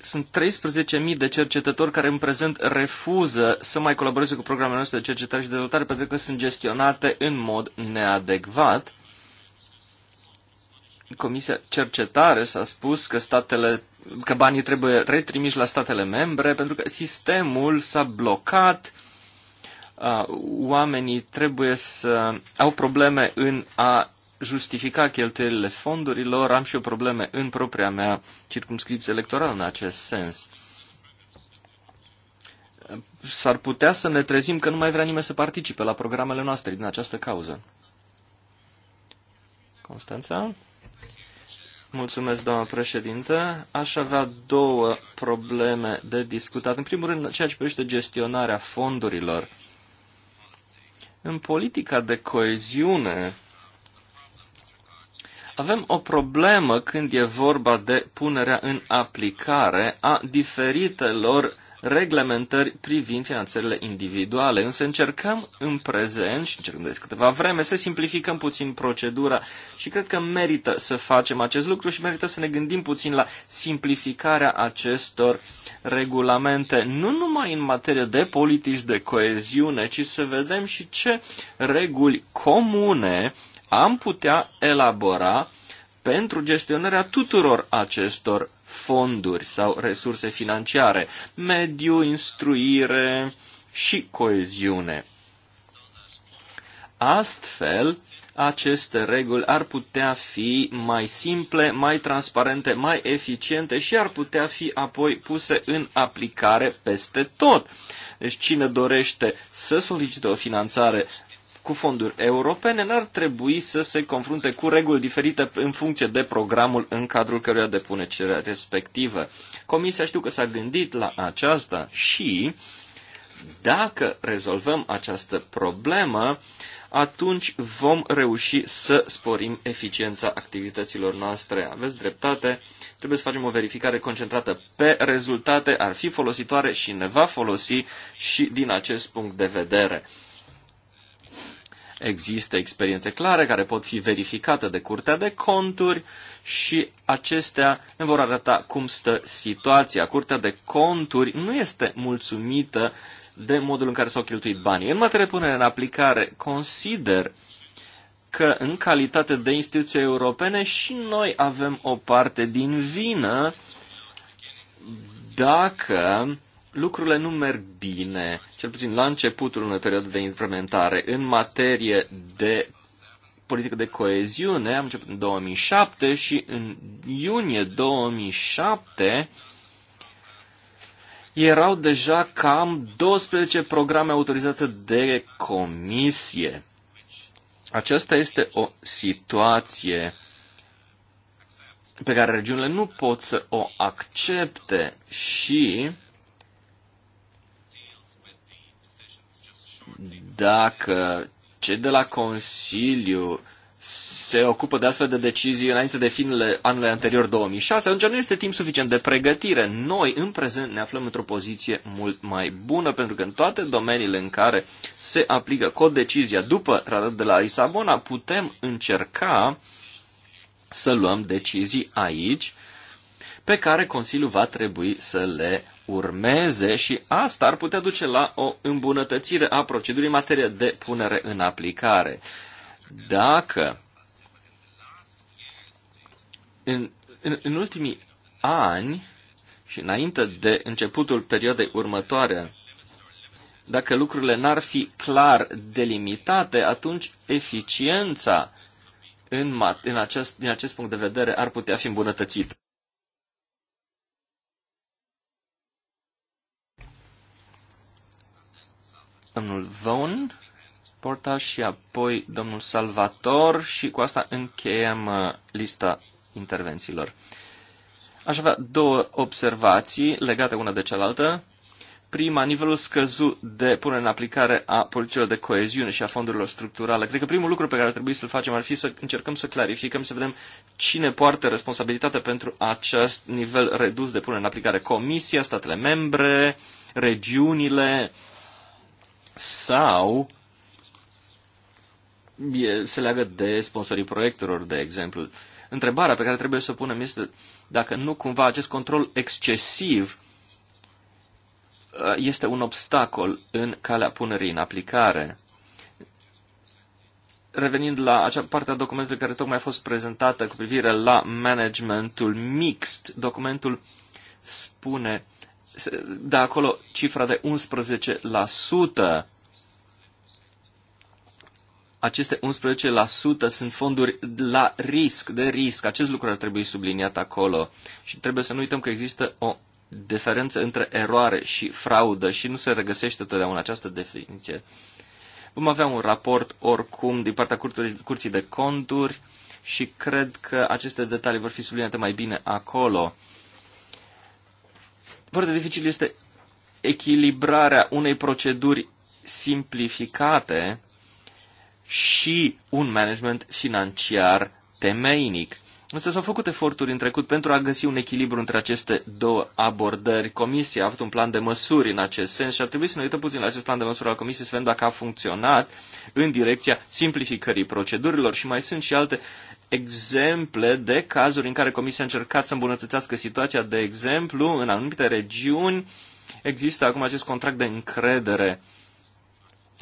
sunt 13.000 de cercetători care în prezent refuză să mai colaboreze cu programele noastre de cercetare și de dezvoltare pentru că sunt gestionate în mod neadecvat. Comisia Cercetare s-a spus că statele că banii trebuie retrimiși la statele membre pentru că sistemul s-a blocat, uh, oamenii trebuie să au probleme în a justifica cheltuielile fondurilor, am și eu probleme în propria mea circumscripție electorală în acest sens. S-ar putea să ne trezim că nu mai vrea nimeni să participe la programele noastre din această cauză. Constanța? Mulțumesc, doamnă președinte. Aș avea două probleme de discutat. În primul rând, ceea ce privește gestionarea fondurilor. În politica de coeziune, avem o problemă când e vorba de punerea în aplicare a diferitelor reglementări privind finanțările individuale, însă încercăm în prezent și încercăm de câteva vreme să simplificăm puțin procedura și cred că merită să facem acest lucru și merită să ne gândim puțin la simplificarea acestor regulamente, nu numai în materie de politici de coeziune, ci să vedem și ce reguli comune am putea elabora pentru gestionarea tuturor acestor fonduri sau resurse financiare, mediu, instruire și coeziune. Astfel, aceste reguli ar putea fi mai simple, mai transparente, mai eficiente și ar putea fi apoi puse în aplicare peste tot. Deci cine dorește să solicite o finanțare cu fonduri europene n-ar trebui să se confrunte cu reguli diferite în funcție de programul în cadrul căruia depune cererea respectivă. Comisia știu că s-a gândit la aceasta și dacă rezolvăm această problemă, atunci vom reuși să sporim eficiența activităților noastre. Aveți dreptate, trebuie să facem o verificare concentrată pe rezultate, ar fi folositoare și ne va folosi și din acest punct de vedere. Există experiențe clare care pot fi verificate de Curtea de Conturi și acestea ne vor arăta cum stă situația. Curtea de Conturi nu este mulțumită de modul în care s-au cheltuit banii. În materie de punere în aplicare, consider că în calitate de instituții europene și noi avem o parte din vină dacă lucrurile nu merg bine, cel puțin la începutul unei perioade de implementare, în materie de politică de coeziune, am început în 2007 și în iunie 2007 erau deja cam 12 programe autorizate de comisie. Aceasta este o situație pe care regiunile nu pot să o accepte și dacă cei de la Consiliu se ocupă de astfel de decizii înainte de finele anului anterior 2006, atunci nu este timp suficient de pregătire. Noi, în prezent, ne aflăm într-o poziție mult mai bună, pentru că în toate domeniile în care se aplică codecizia după tratatul de la Lisabona, putem încerca să luăm decizii aici pe care Consiliul va trebui să le urmeze și asta ar putea duce la o îmbunătățire a procedurii în materie de punere în aplicare. Dacă în, în, în ultimii ani și înainte de începutul perioadei următoare, dacă lucrurile n-ar fi clar delimitate, atunci eficiența în, în acest, din acest punct de vedere ar putea fi îmbunătățită. domnul Vaughan Porta și apoi domnul Salvator și cu asta încheiem uh, lista intervențiilor. Aș avea două observații legate una de cealaltă. Prima, nivelul scăzut de punere în aplicare a politicilor de coeziune și a fondurilor structurale. Cred că primul lucru pe care ar trebui să-l facem ar fi să încercăm să clarificăm, să vedem cine poartă responsabilitatea pentru acest nivel redus de punere în aplicare. Comisia, statele membre, regiunile, uh, sau se leagă de sponsorii proiectelor, de exemplu. Întrebarea pe care trebuie să o punem este dacă nu cumva acest control excesiv uh, este un obstacol în calea punerii în aplicare. Revenind la acea parte a documentului care tocmai a fost prezentată cu privire la managementul mixt, documentul spune da acolo cifra de 11%. Aceste 11% sunt fonduri la risc, de risc. Acest lucru ar trebui subliniat acolo. Și trebuie să nu uităm că există o diferență între eroare și fraudă și nu se regăsește totdeauna această definiție. Vom avea un raport oricum din partea curții de conturi și cred că aceste detalii vor fi subliniate mai bine acolo. Foarte dificil este echilibrarea unei proceduri simplificate și un management financiar temeinic. Însă s-au făcut eforturi în trecut pentru a găsi un echilibru între aceste două abordări. Comisia a avut un plan de măsuri în acest sens și ar trebui să ne uităm puțin la acest plan de măsuri al Comisiei să vedem dacă a funcționat în direcția simplificării procedurilor și mai sunt și alte exemple de cazuri în care Comisia a încercat să îmbunătățească situația. De exemplu, în anumite regiuni există acum acest contract de încredere.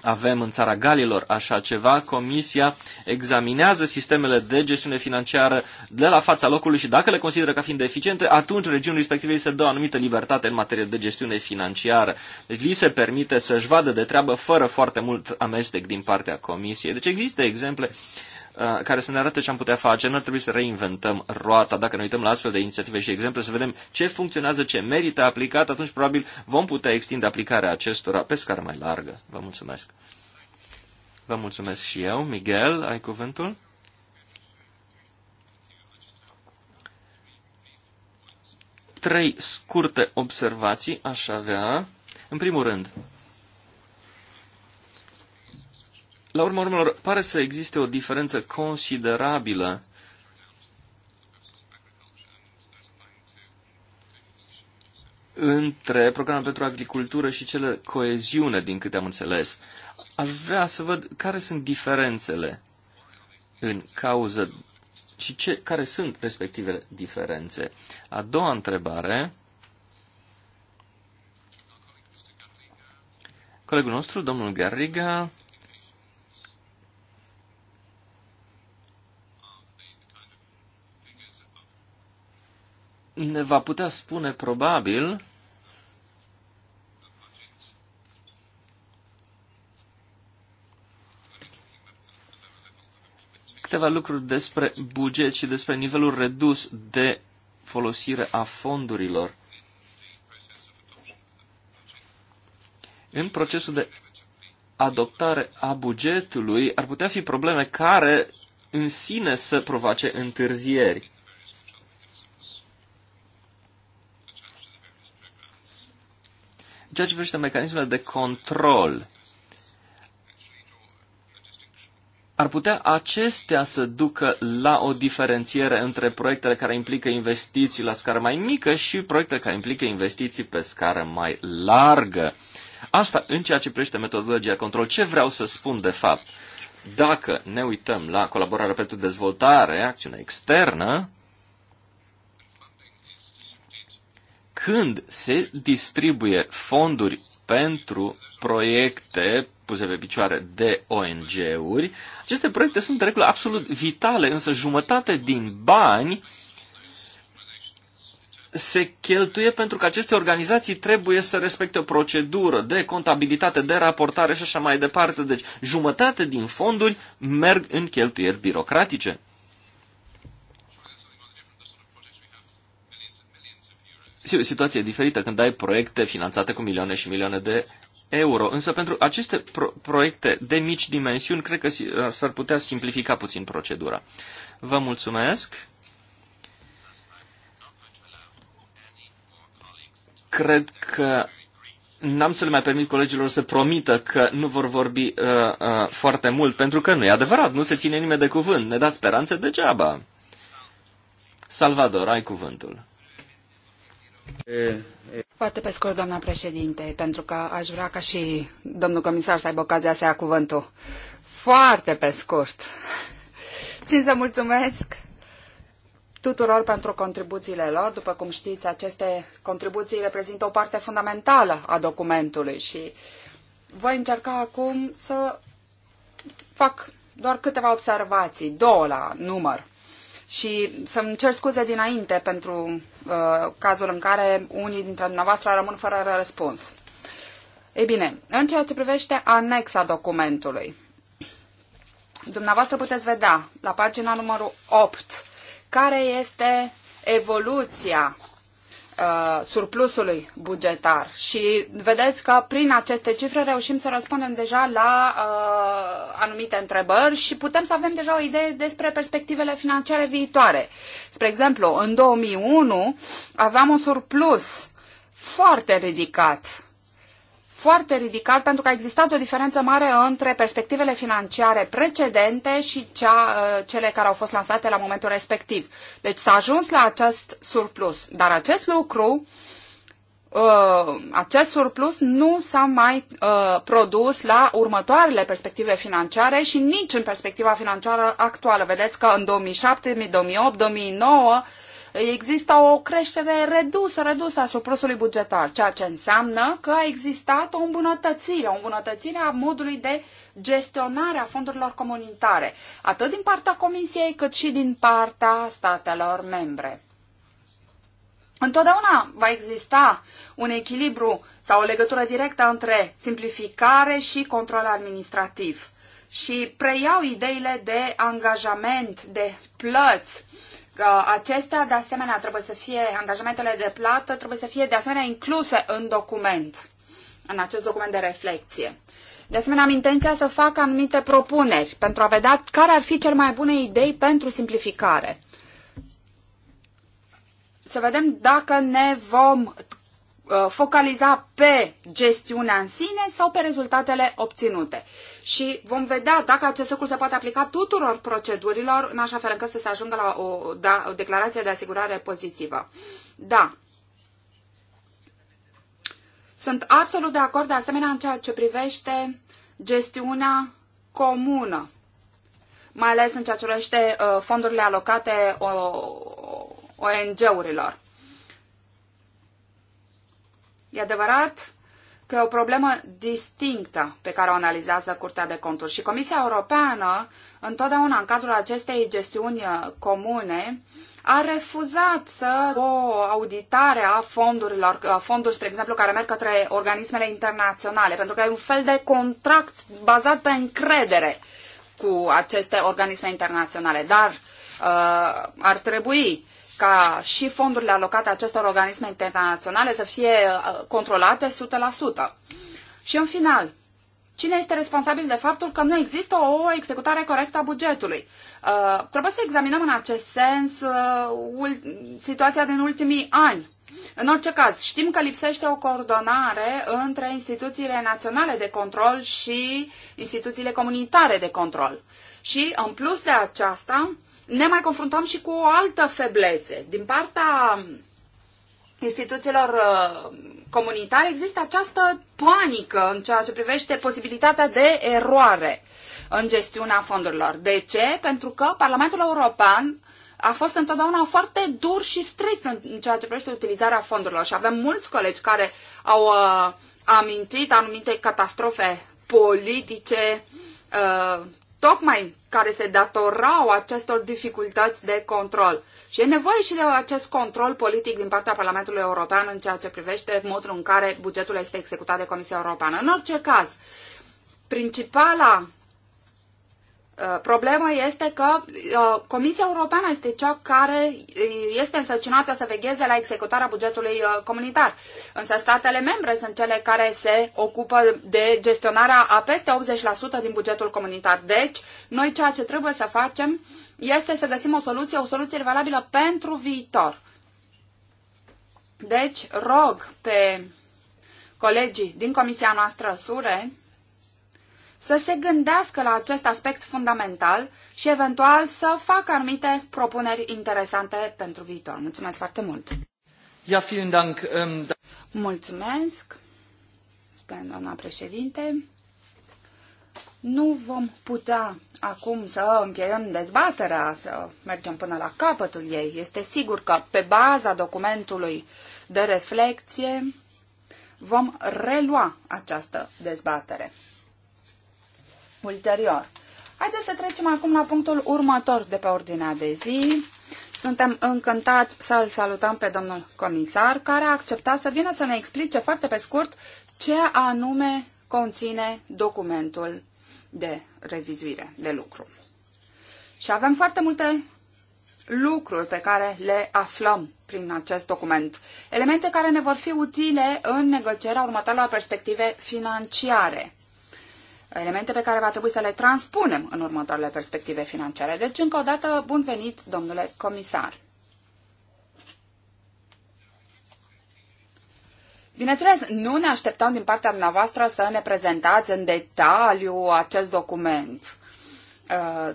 Avem în țara Galilor așa ceva. Comisia examinează sistemele de gestiune financiară de la fața locului și dacă le consideră ca fiind eficiente, atunci regiunii respective îi se dă o anumită libertate în materie de gestiune financiară. Deci li se permite să-și vadă de treabă fără foarte mult amestec din partea Comisiei. Deci există exemple Uh, care să ne arate ce am putea face. Nu ar trebui să reinventăm roata. Dacă ne uităm la astfel de inițiative și exemple, să vedem ce funcționează, ce merită aplicat, atunci probabil vom putea extinde aplicarea acestora pe scară mai largă. Vă mulțumesc. Vă mulțumesc și eu. Miguel, ai cuvântul? Trei scurte observații aș avea. În primul rând, La urma urmelor, pare să existe o diferență considerabilă între programul pentru agricultură și cele coeziune, din câte am înțeles. Aș vrea să văd care sunt diferențele în cauză și ce, care sunt respectivele diferențe. A doua întrebare. Colegul nostru, domnul Garriga, ne va putea spune probabil câteva lucruri despre buget și despre nivelul redus de folosire a fondurilor. În procesul de adoptare a bugetului ar putea fi probleme care în sine să provoace întârzieri. ceea ce privește mecanismele de control, ar putea acestea să ducă la o diferențiere între proiectele care implică investiții la scară mai mică și proiectele care implică investiții pe scară mai largă. Asta în ceea ce privește metodologia control. Ce vreau să spun de fapt? Dacă ne uităm la colaborarea pentru dezvoltare, acțiune externă, când se distribuie fonduri pentru proiecte puse pe picioare de ONG-uri, aceste proiecte sunt de regulă absolut vitale, însă jumătate din bani se cheltuie pentru că aceste organizații trebuie să respecte o procedură de contabilitate, de raportare și așa mai departe. Deci jumătate din fonduri merg în cheltuieri birocratice. e o situație diferită când ai proiecte finanțate cu milioane și milioane de euro, însă pentru aceste pro- proiecte de mici dimensiuni, cred că s-ar putea simplifica puțin procedura. Vă mulțumesc! Cred că n-am să le mai permit colegilor să promită că nu vor vorbi uh, uh, foarte mult, pentru că nu e adevărat, nu se ține nimeni de cuvânt, ne dați speranțe degeaba. Salvador, ai cuvântul. Foarte pe scurt, doamna președinte, pentru că aș vrea ca și domnul comisar să aibă ocazia să ia cuvântul. Foarte pe scurt. Țin să mulțumesc tuturor pentru contribuțiile lor. După cum știți, aceste contribuții reprezintă o parte fundamentală a documentului și voi încerca acum să fac doar câteva observații, două la număr și să-mi cer scuze dinainte pentru uh, cazul în care unii dintre dumneavoastră rămân fără răspuns. Ei bine, în ceea ce privește anexa documentului, dumneavoastră puteți vedea la pagina numărul 8 care este evoluția Uh, surplusului bugetar. Și vedeți că prin aceste cifre reușim să răspundem deja la uh, anumite întrebări și putem să avem deja o idee despre perspectivele financiare viitoare. Spre exemplu, în 2001 aveam un surplus foarte ridicat foarte ridicat pentru că a existat o diferență mare între perspectivele financiare precedente și cea, uh, cele care au fost lansate la momentul respectiv. Deci s-a ajuns la acest surplus, dar acest lucru uh, acest surplus nu s-a mai uh, produs la următoarele perspective financiare și nici în perspectiva financiară actuală. Vedeți că în 2007, 2008, 2009 există o creștere redusă, redusă a surplusului bugetar, ceea ce înseamnă că a existat o îmbunătățire, o îmbunătățire a modului de gestionare a fondurilor comunitare, atât din partea Comisiei cât și din partea statelor membre. Întotdeauna va exista un echilibru sau o legătură directă între simplificare și control administrativ. Și preiau ideile de angajament, de plăți, acestea, de asemenea, trebuie să fie, angajamentele de plată trebuie să fie, de asemenea, incluse în document, în acest document de reflecție. De asemenea, am intenția să fac anumite propuneri pentru a vedea care ar fi cel mai bune idei pentru simplificare. Să vedem dacă ne vom Uh, focaliza pe gestiunea în sine sau pe rezultatele obținute. Și vom vedea dacă acest lucru se poate aplica tuturor procedurilor, în așa fel încât să se ajungă la o, da, o declarație de asigurare pozitivă. Da. Sunt absolut de acord, de asemenea, în ceea ce privește gestiunea comună, mai ales în ceea ce privește uh, fondurile alocate uh, ONG-urilor. E adevărat că e o problemă distinctă pe care o analizează Curtea de Conturi și Comisia Europeană, întotdeauna în cadrul acestei gestiuni uh, comune, a refuzat să o auditare a fondurilor, a fonduri, spre exemplu, care merg către organismele internaționale, pentru că e un fel de contract bazat pe încredere cu aceste organisme internaționale. Dar uh, ar trebui ca și fondurile alocate acestor organisme internaționale să fie uh, controlate 100%. Și în final, Cine este responsabil de faptul că nu există o executare corectă a bugetului? Uh, trebuie să examinăm în acest sens uh, situația din ultimii ani. În orice caz, știm că lipsește o coordonare între instituțiile naționale de control și instituțiile comunitare de control. Și, în plus de aceasta, ne mai confruntăm și cu o altă feblețe. Din partea instituțiilor uh, comunitare există această panică în ceea ce privește posibilitatea de eroare în gestiunea fondurilor. De ce? Pentru că Parlamentul European a fost întotdeauna foarte dur și strict în ceea ce privește utilizarea fondurilor și avem mulți colegi care au uh, amintit anumite catastrofe politice uh, tocmai care se datorau acestor dificultăți de control. Și e nevoie și de acest control politic din partea Parlamentului European în ceea ce privește modul în care bugetul este executat de Comisia Europeană. În orice caz, principala Uh, problema este că uh, Comisia Europeană este cea care uh, este însăcinată să vegheze la executarea bugetului comunitar. Însă statele membre sunt cele care se ocupă de gestionarea a peste 80% din bugetul comunitar. Deci, noi ceea ce trebuie să facem este să găsim o soluție, o soluție valabilă pentru viitor. Deci, rog pe colegii din Comisia noastră SURE să se gândească la acest aspect fundamental și eventual să facă anumite propuneri interesante pentru viitor. Mulțumesc foarte mult! Ja, vielen Dank. Um, da Mulțumesc, spune doamna președinte. Nu vom putea acum să încheiem dezbaterea, să mergem până la capătul ei. Este sigur că pe baza documentului de reflecție vom relua această dezbatere ulterior. Haideți să trecem acum la punctul următor de pe ordinea de zi. Suntem încântați să-l salutăm pe domnul comisar, care a acceptat să vină să ne explice foarte pe scurt ce anume conține documentul de revizuire de lucru. Și avem foarte multe lucruri pe care le aflăm prin acest document, elemente care ne vor fi utile în negocierea următoarelor perspective financiare elemente pe care va trebui să le transpunem în următoarele perspective financiare. Deci, încă o dată, bun venit, domnule comisar! Bineînțeles, nu ne așteptam din partea dumneavoastră să ne prezentați în detaliu acest document. Uh,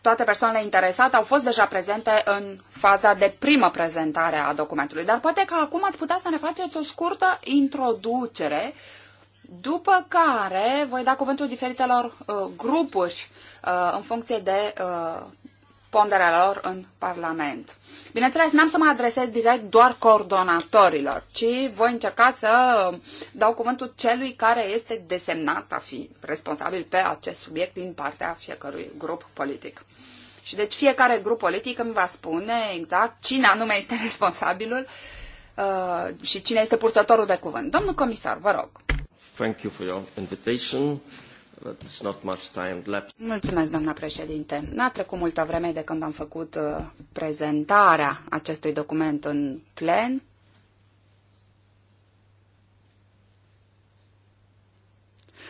toate persoanele interesate au fost deja prezente în faza de primă prezentare a documentului, dar poate că acum ați putea să ne faceți o scurtă introducere după care voi da cuvântul diferitelor uh, grupuri uh, în funcție de uh, ponderea lor în Parlament. Bineînțeles, n-am să mă adresez direct doar coordonatorilor, ci voi încerca să dau cuvântul celui care este desemnat a fi responsabil pe acest subiect din partea fiecărui grup politic. Și deci fiecare grup politic îmi va spune exact cine anume este *laughs* responsabilul uh, și cine este purtătorul de cuvânt. Domnul comisar, vă rog. Thank you for your invitation. it's not much time left. Mulțumesc, doamna președinte. N-a trecut multă vreme de când am făcut uh, prezentarea acestui document în plen.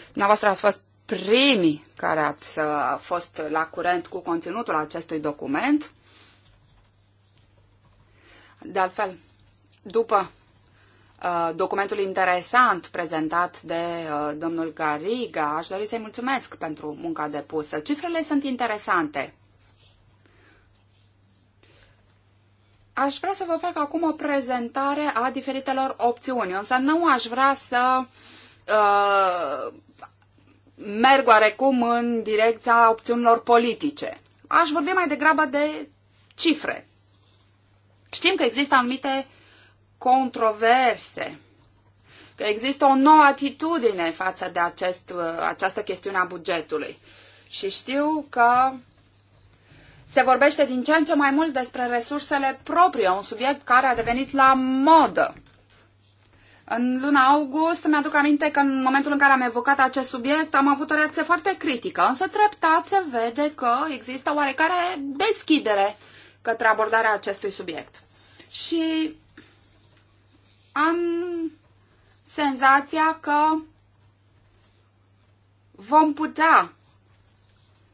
Dumneavoastră ați fost primii care ați uh, fost la curent cu conținutul acestui document. De altfel, după Uh, documentul interesant prezentat de uh, domnul Gariga. Aș dori să-i mulțumesc pentru munca depusă. Cifrele sunt interesante. Aș vrea să vă fac acum o prezentare a diferitelor opțiuni, însă nu aș vrea să uh, merg oarecum în direcția opțiunilor politice. Aș vorbi mai degrabă de cifre. Știm că există anumite controverse, că există o nouă atitudine față de acest, uh, această chestiune a bugetului. Și știu că se vorbește din ce în ce mai mult despre resursele proprii, un subiect care a devenit la modă. În luna august mi-aduc aminte că în momentul în care am evocat acest subiect am avut o reacție foarte critică, însă treptat se vede că există oarecare deschidere către abordarea acestui subiect. Și am senzația că vom putea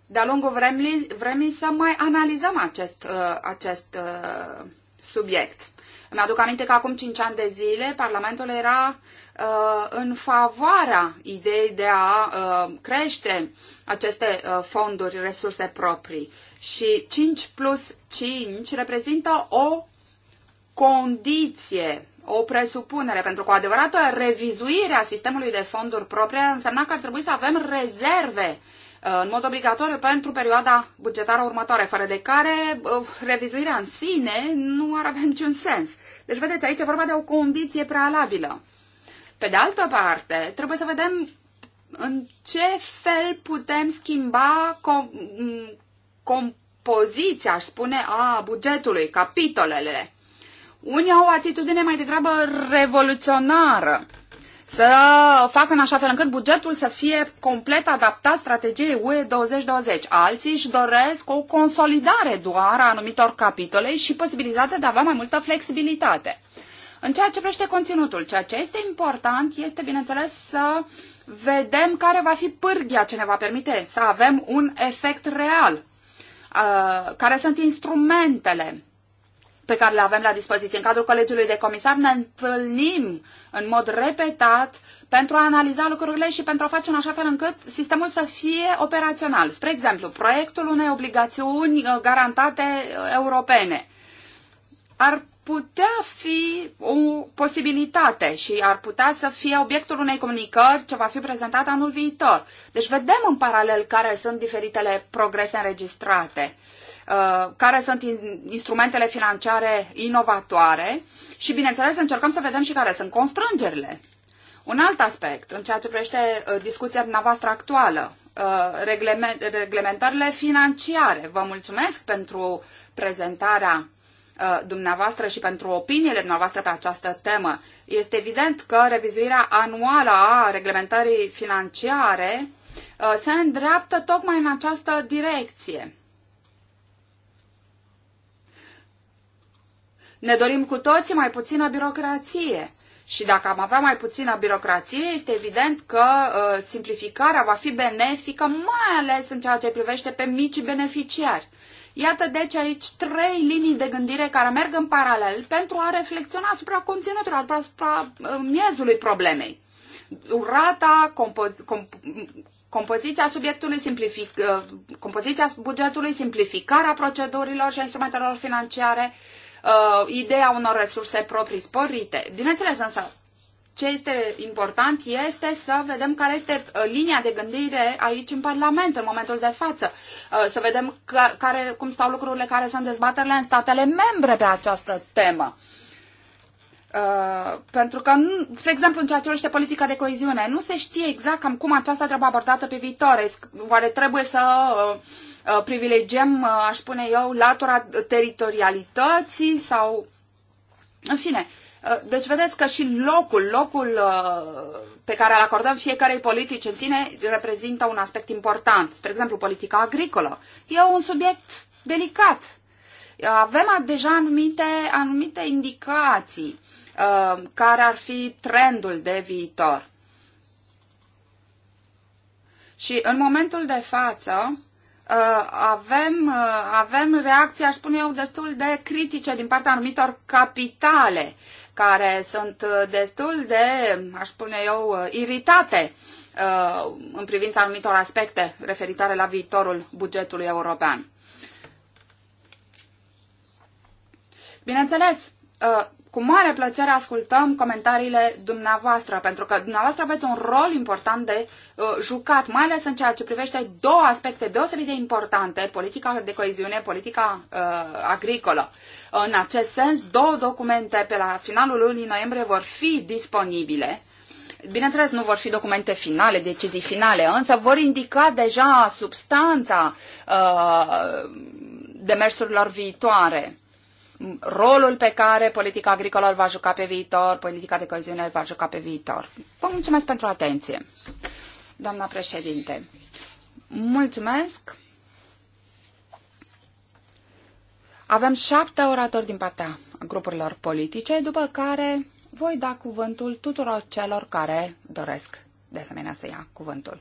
de-a lungul vremii, vremii să mai analizăm acest, uh, acest uh, subiect. Îmi aduc aminte că acum 5 ani de zile Parlamentul era uh, în favoarea ideii de a uh, crește aceste uh, fonduri, resurse proprii. Și 5 plus 5 reprezintă o condiție o presupunere, pentru că o adevărată revizuire a sistemului de fonduri proprie ar însemna că ar trebui să avem rezerve uh, în mod obligatoriu pentru perioada bugetară următoare, fără de care uh, revizuirea în sine nu ar avea niciun sens. Deci, vedeți, aici e vorba de o condiție prealabilă. Pe de altă parte, trebuie să vedem în ce fel putem schimba com- mm, compoziția, aș spune, a bugetului, capitolele. Unii au o atitudine mai degrabă revoluționară să facă în așa fel încât bugetul să fie complet adaptat strategiei UE 2020. Alții își doresc o consolidare doar a anumitor capitole și posibilitatea de a avea mai multă flexibilitate. În ceea ce privește conținutul, ceea ce este important este, bineînțeles, să vedem care va fi pârghia ce ne va permite să avem un efect real. Uh, care sunt instrumentele pe care le avem la dispoziție. În cadrul Colegiului de Comisar ne întâlnim în mod repetat pentru a analiza lucrurile și pentru a face în așa fel încât sistemul să fie operațional. Spre exemplu, proiectul unei obligațiuni uh, garantate uh, europene ar putea fi o posibilitate și ar putea să fie obiectul unei comunicări ce va fi prezentată anul viitor. Deci vedem în paralel care sunt diferitele progrese înregistrate. Uh, care sunt instrumentele financiare inovatoare și, bineînțeles, încercăm să vedem și care sunt constrângerile. Un alt aspect, în ceea ce privește uh, discuția dumneavoastră actuală, uh, reglementările financiare. Vă mulțumesc pentru prezentarea dumneavoastră și pentru opiniile dumneavoastră pe această temă. Este evident că revizuirea anuală a reglementării financiare se îndreaptă tocmai în această direcție. Ne dorim cu toții mai puțină birocrație. Și dacă am avea mai puțină birocrație, este evident că uh, simplificarea va fi benefică, mai ales în ceea ce privește pe mici beneficiari. Iată deci aici trei linii de gândire care merg în paralel pentru a reflecționa asupra conținutului, asupra uh, miezului problemei. Rata, compo- comp- compoziția subiectului, simplific- uh, compoziția bugetului, simplificarea procedurilor și instrumentelor financiare, uh, uh, ideea unor resurse proprii sporite. Bineînțeles, însă, ce este important este să vedem care este uh, linia de gândire aici în Parlament, în momentul de față. Uh, să vedem care, cum stau lucrurile, care sunt dezbaterile în statele membre pe această temă. Uh, pentru că, spre exemplu, în ceea ce privește politica de coeziune, nu se știe exact cam cum aceasta trebuie abordată pe viitor. Oare trebuie să uh, uh, privilegiem, uh, aș spune eu, latura teritorialității sau... În fine, uh, deci vedeți că și locul, locul pe care îl acordăm fiecarei politici în sine reprezintă un aspect important. Spre exemplu, politica agricolă. E un subiect delicat. Avem deja anumite, anumite indicații Uh, care ar fi trendul de viitor. Și în momentul de față uh, avem, uh, avem reacții, aș spune eu, destul de critice din partea anumitor capitale care sunt destul de, aș spune eu, iritate în privința anumitor aspecte referitoare la viitorul bugetului european. Bineînțeles, cu mare plăcere ascultăm comentariile dumneavoastră, pentru că dumneavoastră aveți un rol important de uh, jucat, mai ales în ceea ce privește două aspecte deosebit de importante, politica de coeziune, politica uh, agricolă. În acest sens, două documente pe la finalul lunii noiembrie vor fi disponibile. Bineînțeles, nu vor fi documente finale, decizii finale, însă vor indica deja substanța uh, demersurilor viitoare rolul pe care politica agricolă îl va juca pe viitor, politica de coeziune îl va juca pe viitor. Vă mulțumesc pentru atenție, doamna președinte. Mulțumesc. Avem șapte oratori din partea grupurilor politice, după care voi da cuvântul tuturor celor care doresc de asemenea să ia cuvântul.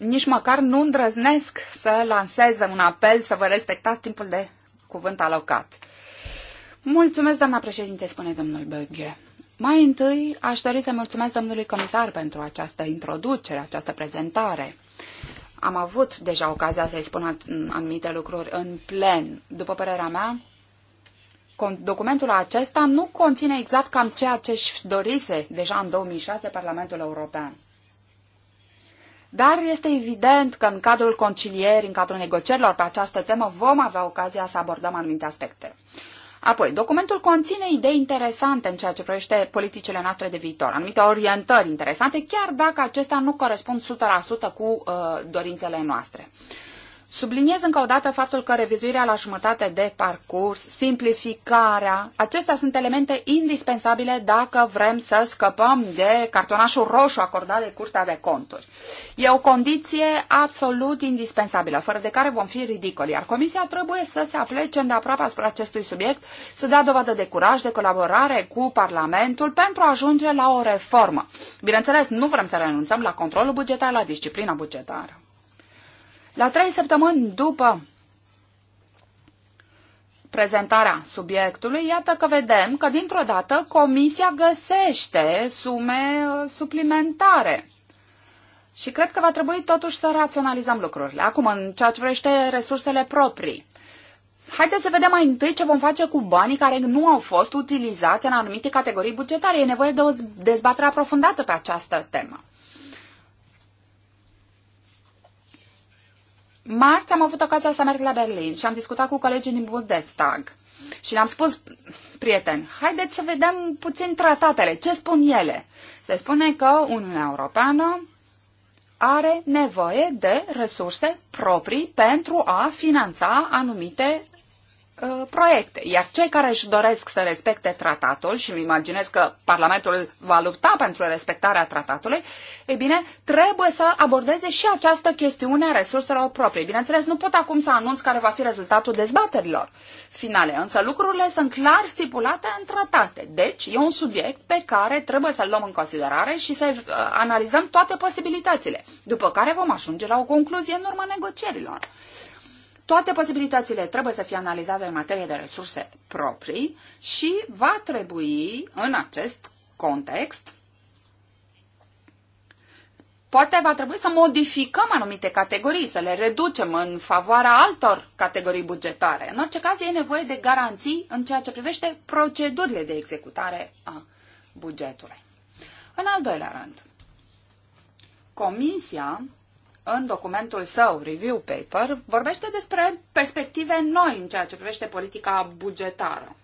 nici măcar nu îndrăznesc să lansez un apel să vă respectați timpul de cuvânt alocat. Mulțumesc, doamna președinte, spune domnul Băghe. Mai întâi aș dori să mulțumesc domnului comisar pentru această introducere, această prezentare. Am avut deja ocazia să-i spun anumite lucruri în plen. După părerea mea, documentul acesta nu conține exact cam ceea ce și dorise deja în 2006 Parlamentul European. Dar este evident că în cadrul concilierii, în cadrul negocierilor pe această temă, vom avea ocazia să abordăm anumite aspecte. Apoi, documentul conține idei interesante în ceea ce privește politicile noastre de viitor, anumite orientări interesante, chiar dacă acestea nu corespund 100% cu uh, dorințele noastre. Uh, Subliniez încă o dată faptul că revizuirea la jumătate de parcurs, simplificarea, acestea sunt elemente indispensabile dacă vrem să scăpăm de cartonașul roșu acordat de Curtea de Conturi. E o condiție absolut indispensabilă, fără de care vom fi ridicoli, iar Comisia trebuie să se aplece îndeaproape asupra acestui subiect, să dea dovadă de curaj, de colaborare cu Parlamentul pentru a ajunge la o reformă. Bineînțeles, nu vrem să renunțăm la controlul bugetar, la disciplina bugetară. La trei săptămâni după prezentarea subiectului, iată că vedem că dintr-o dată comisia găsește sume uh, suplimentare. Și cred că va trebui totuși să raționalizăm lucrurile. Acum, în ceea ce vrește resursele proprii. Haideți să vedem mai întâi ce vom face cu banii care nu au fost utilizați în anumite categorii bugetare. E nevoie de o dezbatere aprofundată pe această temă. Marți am avut ocazia să merg la Berlin și am discutat cu colegii din Bundestag. Și le-am spus, prieten, haideți să vedem puțin tratatele, ce spun ele. Se spune că Uniunea Europeană are nevoie de resurse proprii pentru a finanța anumite Uh, proiecte. Iar cei care își doresc să respecte tratatul, și îmi imaginez că Parlamentul va lupta pentru respectarea tratatului, e bine, trebuie să abordeze și această chestiune a resurselor proprii. Bineînțeles, nu pot acum să anunț care va fi rezultatul dezbaterilor finale, însă lucrurile sunt clar stipulate în tratate. Deci, e un subiect pe care trebuie să-l luăm în considerare și să uh, analizăm toate posibilitățile, după care vom ajunge la o concluzie în urma negocierilor. Toate posibilitățile trebuie să fie analizate în materie de resurse proprii și va trebui, în acest context, Poate va trebui să modificăm anumite categorii, să le reducem în favoarea altor categorii bugetare. În orice caz, e nevoie de garanții în ceea ce privește procedurile de executare a bugetului. În al doilea rând, Comisia în documentul său, review paper, vorbește despre perspective noi în ceea ce privește politica bugetară.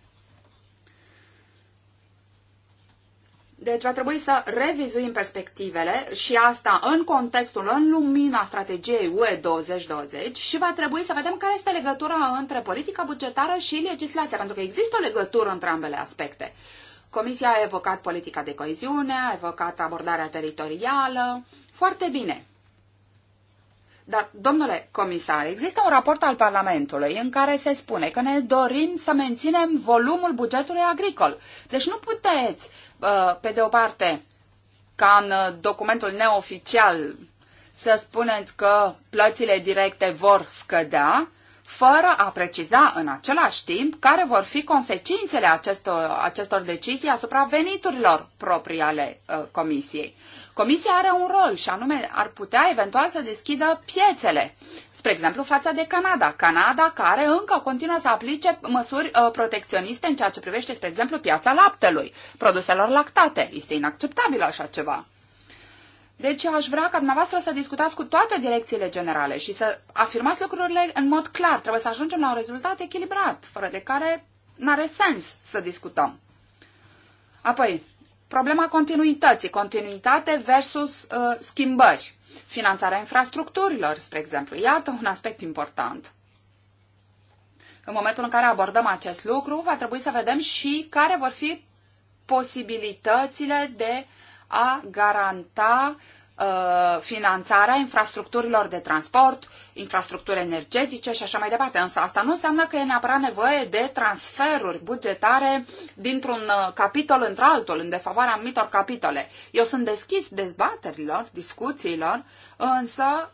Deci va trebui să revizuim perspectivele și asta în contextul, în lumina strategiei UE 2020 și va trebui să vedem care este legătura între politica bugetară și legislația, pentru că există o legătură între ambele aspecte. Comisia a evocat politica de coeziune, a evocat abordarea teritorială. Foarte bine. Dar, domnule comisar, există un raport al Parlamentului în care se spune că ne dorim să menținem volumul bugetului agricol. Deci nu puteți, uh, pe de o parte, ca în uh, documentul neoficial, să spuneți că plățile directe vor scădea fără a preciza în același timp care vor fi consecințele acestor, acestor decizii asupra veniturilor proprii ale uh, Comisiei. Comisia are un rol și anume ar putea eventual să deschidă piețele, spre exemplu față de Canada. Canada care încă continuă să aplice măsuri uh, protecționiste în ceea ce privește, spre exemplu, piața laptelui, produselor lactate. Este inacceptabil așa ceva. Deci aș vrea ca dumneavoastră să discutați cu toate direcțiile generale și să afirmați lucrurile în mod clar. Trebuie să ajungem la un rezultat echilibrat, fără de care n-are sens să discutăm. Apoi, problema continuității, continuitate versus uh, schimbări, finanțarea infrastructurilor, spre exemplu. Iată un aspect important. În momentul în care abordăm acest lucru, va trebui să vedem și care vor fi posibilitățile de a garanta uh, finanțarea infrastructurilor de transport, infrastructuri energetice și așa mai departe. Însă asta nu înseamnă că e neapărat nevoie de transferuri bugetare dintr-un uh, capitol într-altul, în defavoarea anumitor capitole. Eu sunt deschis dezbaterilor, discuțiilor, însă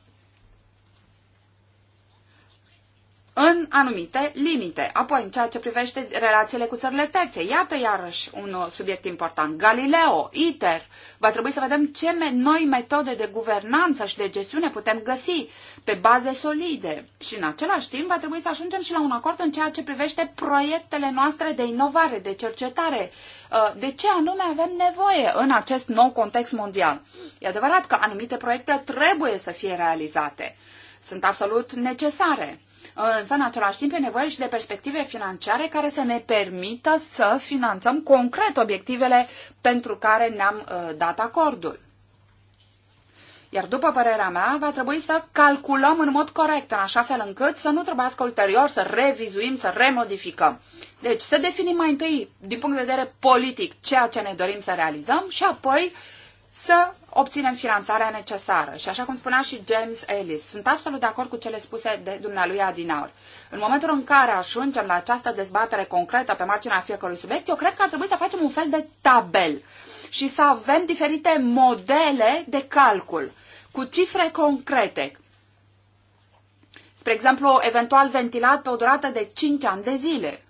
în anumite limite. Apoi, în ceea ce privește relațiile cu țările terțe, iată iarăși un uh, subiect important. Galileo, ITER, va trebui să vedem ce noi metode de guvernanță și de gestiune putem găsi pe baze solide. Și în același timp va trebui să ajungem și la un acord în ceea ce privește proiectele noastre de inovare, de cercetare. Uh, de ce anume avem nevoie în acest nou context mondial? E adevărat că anumite proiecte trebuie să fie realizate. Sunt absolut necesare Însă, în același timp, e nevoie și de perspective financiare care să ne permită să finanțăm concret obiectivele pentru care ne-am uh, dat acordul. Iar după părerea mea, va trebui să calculăm în mod corect, în așa fel încât să nu trebuiască ulterior să revizuim, să remodificăm. Deci să definim mai întâi, din punct de vedere politic, ceea ce ne dorim să realizăm și apoi să obținem finanțarea necesară. Și așa cum spunea și James Ellis, sunt absolut de acord cu cele spuse de dumnealui Adinaur. În momentul în care ajungem la această dezbatere concretă pe marginea fiecărui subiect, eu cred că ar trebui să facem un fel de tabel și să avem diferite modele de calcul cu cifre concrete. Spre exemplu, eventual ventilat pe o durată de 5 ani de zile,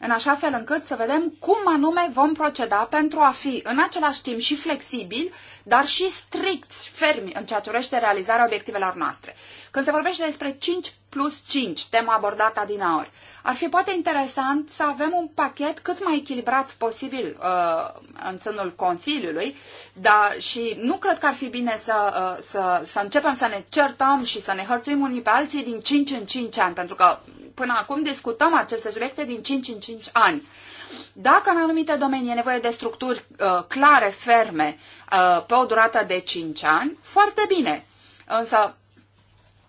în așa fel încât să vedem cum anume vom proceda pentru a fi în același timp și flexibil dar și strict fermi în ceea ce urește realizarea obiectivelor noastre. Când se vorbește despre 5 plus 5, tema abordată din aur, ar fi poate interesant să avem un pachet cât mai echilibrat posibil uh, în sânul Consiliului, dar și nu cred că ar fi bine să, uh, să, să începem să ne certăm și să ne hărțuim unii pe alții din 5 în 5 ani, pentru că până acum discutăm aceste subiecte din 5 în 5 ani. Dacă în anumite domenii e nevoie de structuri uh, clare, ferme, Uh, pe o durată de 5 ani, foarte bine. Însă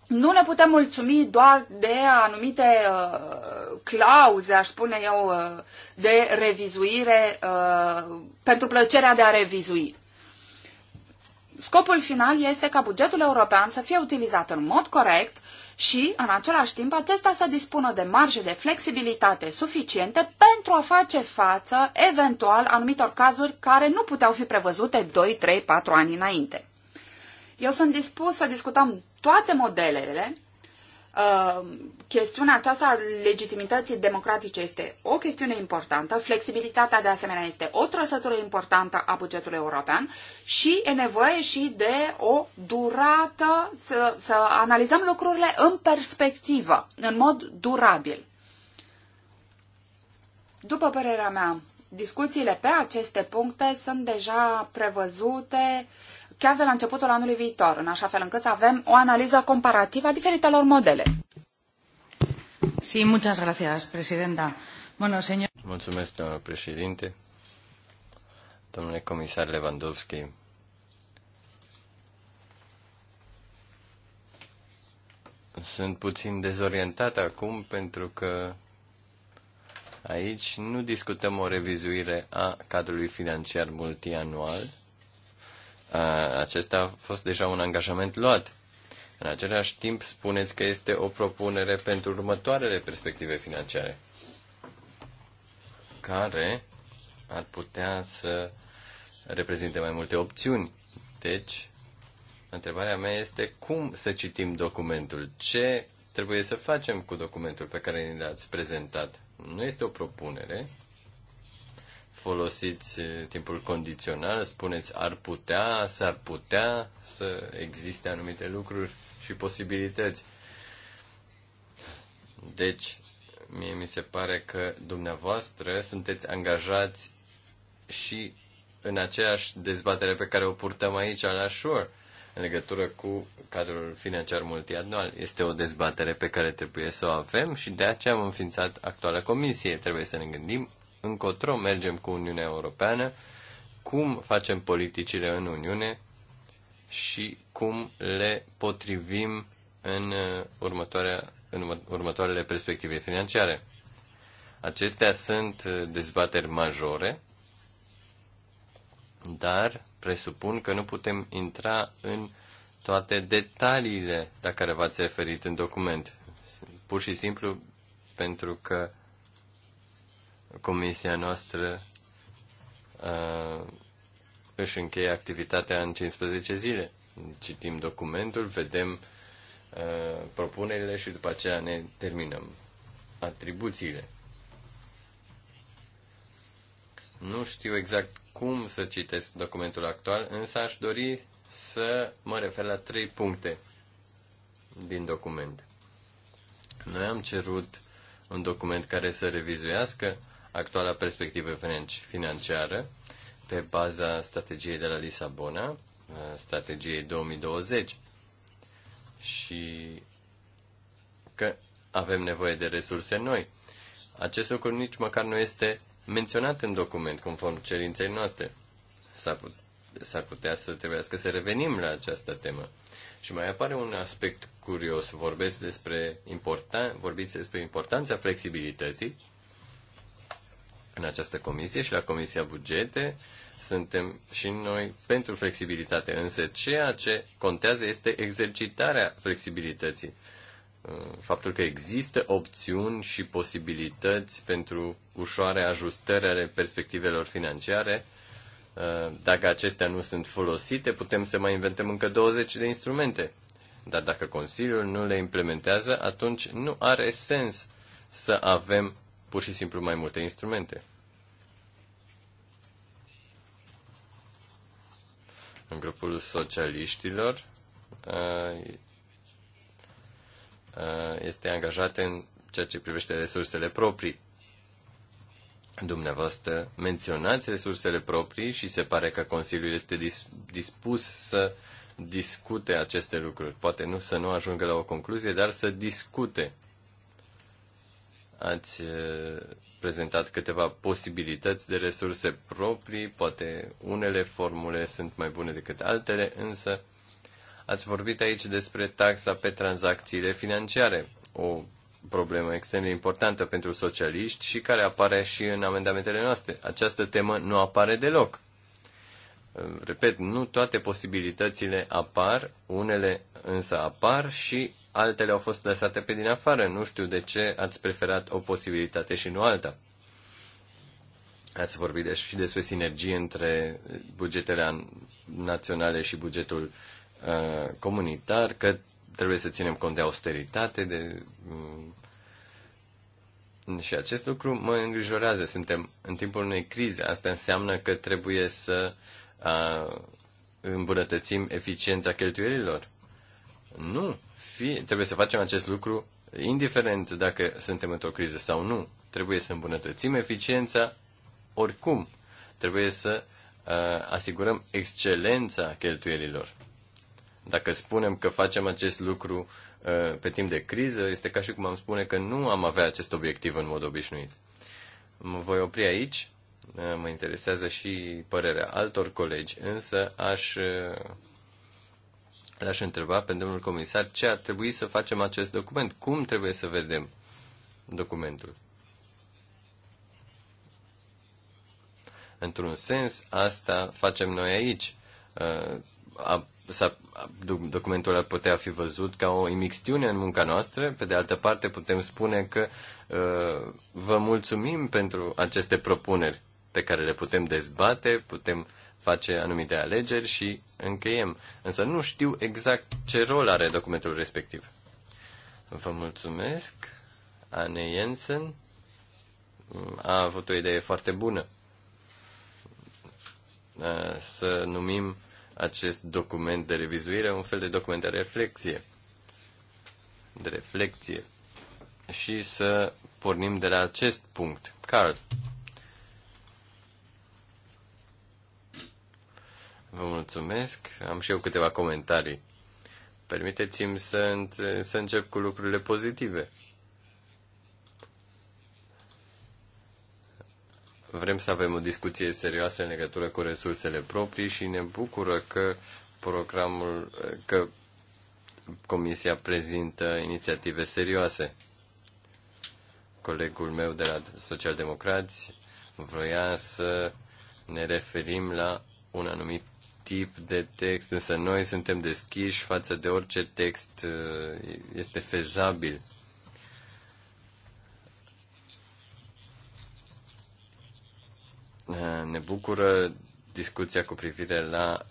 nu ne putem mulțumi doar de anumite uh, clauze, aș spune eu, uh, de revizuire uh, pentru plăcerea de a revizui. Scopul final este ca bugetul european să fie utilizat în mod corect și, în același timp, acesta să dispună de marge de flexibilitate suficiente pentru a face față, eventual, anumitor cazuri care nu puteau fi prevăzute 2, 3, 4 ani înainte. Eu sunt dispus să discutăm toate modelele Um, chestiunea aceasta a legitimității democratice este o chestiune importantă, flexibilitatea de asemenea este o trăsătură importantă a bugetului european și e nevoie și de o durată să, să analizăm lucrurile în perspectivă, în mod durabil. După părerea mea, discuțiile pe aceste puncte sunt deja prevăzute uh, chiar de la începutul anului viitor, în așa fel încât să avem o analiză comparativă a diferitelor modele. Sí, muchas gracias, presidenta. Bueno, señor... Mulțumesc, doamnă președinte. Domnule comisar Lewandowski, sunt puțin dezorientat acum pentru că aici nu discutăm o revizuire a cadrului financiar multianual, acesta a fost deja un angajament luat. În același timp, spuneți că este o propunere pentru următoarele perspective financiare, care ar putea să reprezinte mai multe opțiuni. Deci, întrebarea mea este cum să citim documentul, ce trebuie să facem cu documentul pe care ni l-ați prezentat. Nu este o propunere, folosiți eh, timpul condițional, spuneți ar putea, s-ar putea să existe anumite lucruri și posibilități. Deci, mie mi se pare că dumneavoastră sunteți angajați și în aceeași dezbatere pe care o purtăm aici la Shure, în legătură cu cadrul financiar multianual. Este o dezbatere pe care trebuie să o avem și de aceea am înființat actuala comisie. Trebuie să ne gândim încotro mergem cu Uniunea Europeană, cum facem politicile în Uniune și cum le potrivim în, uh, următoarea, în următoarele perspective financiare. Acestea sunt uh, dezbateri majore, dar presupun că nu putem intra în toate detaliile la care v-ați referit în document. Pur și simplu pentru că comisia noastră uh, își încheie activitatea în 15 zile. Citim documentul, vedem uh, propunerile și după aceea ne terminăm atribuțiile. Nu știu exact cum să citesc documentul actual, însă aș dori să mă refer la trei puncte din document. Noi am cerut un document care să revizuiască uh, actuala perspectivă financiară pe baza strategiei de la Lisabona, uh, strategiei 2020 și că avem nevoie de resurse noi. Acest lucru nici măcar nu este menționat în document conform cerinței noastre. S-ar putea, s-ar putea să trebuiască să revenim la această temă. Și mai apare un aspect curios. Vorbesc despre importan- vorbiți despre importanța flexibilității în această comisie și la Comisia Bugete suntem și noi pentru flexibilitate, însă ceea ce contează este exercitarea flexibilității. Uh, faptul că există opțiuni și posibilități pentru ușoare ajustări ale perspectivelor financiare, uh, dacă acestea nu sunt folosite, putem să mai inventăm încă 20 de instrumente. Dar dacă Consiliul nu le implementează, atunci nu are sens să avem pur și simplu mai multe instrumente. În grupul socialiștilor uh, uh, este angajat în ceea ce privește resursele proprii. Dumneavoastră menționați resursele proprii și se pare că Consiliul este dispus să discute aceste lucruri. Poate nu să nu ajungă la o concluzie, dar să discute ați prezentat câteva posibilități de resurse proprii, poate unele formule sunt mai bune decât altele, însă ați vorbit aici despre taxa pe tranzacțiile financiare, o problemă extrem de importantă pentru socialiști și care apare și în amendamentele noastre. Această temă nu apare deloc. Repet, nu toate posibilitățile apar, unele însă apar și altele au fost lăsate pe din afară. Nu știu de ce ați preferat o posibilitate și nu alta. Ați vorbit și despre sinergie între bugetele naționale și bugetul uh, comunitar, că trebuie să ținem cont de austeritate, de. Um, și acest lucru mă îngrijorează. Suntem în timpul unei crize. Asta înseamnă că trebuie să uh, îmbunătățim eficiența cheltuielilor. Nu fi, trebuie să facem acest lucru indiferent dacă suntem într-o criză sau nu. Trebuie să îmbunătățim eficiența oricum. Trebuie să uh, asigurăm excelența cheltuielilor. Dacă spunem că facem acest lucru uh, pe timp de criză, este ca și cum am spune că nu am avea acest obiectiv în mod obișnuit. Mă voi opri aici uh, mă interesează și părerea altor colegi, însă aș uh, L-aș întreba pe domnul comisar ce ar trebui să facem acest document, cum trebuie să vedem documentul. Într-un sens, asta facem noi aici. Uh, a, a, documentul ar putea fi văzut ca o imixtiune în munca noastră. Pe de altă parte, putem spune că a, uh, vă mulțumim pentru aceste propuneri pe care le putem dezbate, putem face anumite alegeri și încheiem. Însă nu știu exact ce rol are documentul respectiv. Vă mulțumesc. Anne Jensen a avut o idee foarte bună să numim acest document de revizuire un fel de document de reflexie. De reflecție. Și să pornim de la acest punct. Carl. Vă mulțumesc. Am și eu câteva comentarii. Permiteți-mi să, să încep cu lucrurile pozitive. Vrem să avem o discuție serioasă în legătură cu resursele proprii și ne bucură că programul, că Comisia prezintă inițiative serioase. Colegul meu de la Socialdemocrați vroia să ne referim la un anumit tip de text, însă noi suntem deschiși față de orice text uh, este fezabil. Uh, ne bucură discuția cu privire la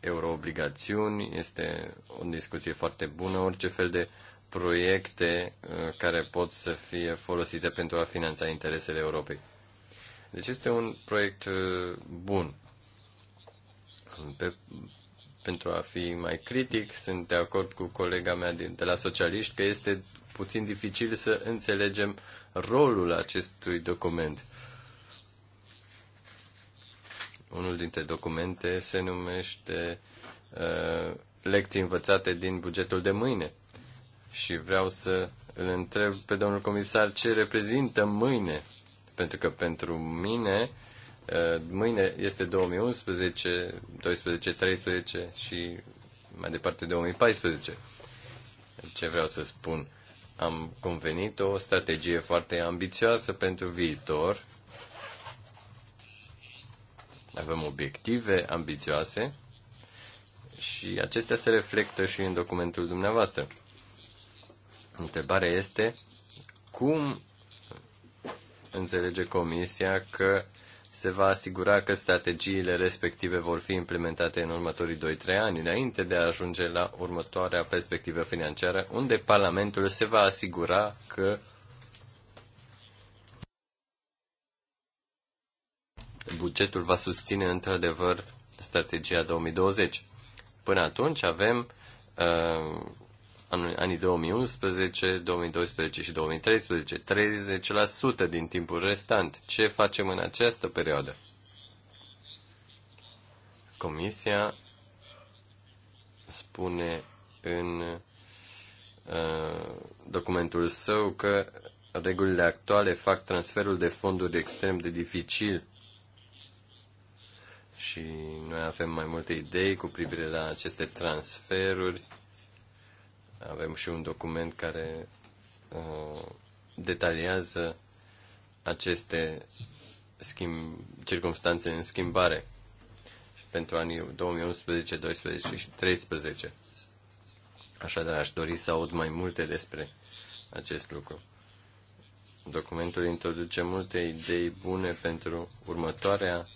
euroobligațiuni. Este o discuție foarte bună. Orice fel de proiecte uh, care pot să fie folosite pentru a finanța interesele Europei. Deci este un proiect bun. Pe, pentru a fi mai critic, sunt de acord cu colega mea de, de la socialiști că este puțin dificil să înțelegem rolul acestui document. Unul dintre documente se numește uh, Lecții învățate din bugetul de mâine. Și vreau să îl întreb pe domnul comisar ce reprezintă mâine. Pentru că pentru mine uh, Uh, mâine este 2011, 12, 13 și mai departe 2014. Ce vreau să spun? Am convenit o strategie foarte ambițioasă pentru viitor. Avem obiective ambițioase și acestea se reflectă și în documentul dumneavoastră. Întrebarea este cum înțelege Comisia că se va asigura că strategiile respective vor fi implementate în următorii 2-3 ani, înainte de a ajunge la următoarea perspectivă financiară, unde Parlamentul se va asigura că bugetul va susține într-adevăr strategia 2020. Până atunci avem uh, anii 2011, 2012 și 2013, 30% din timpul restant. Ce facem în această perioadă? Comisia spune în uh, documentul său că regulile actuale fac transferul de fonduri extrem de dificil și noi avem mai multe idei cu privire la aceste transferuri avem și un document care uh, detaliază aceste schimb, circumstanțe în schimbare pentru anii 2011, 12 și 13. Așadar, aș dori să aud mai multe despre acest lucru. Documentul introduce multe idei bune pentru următoarea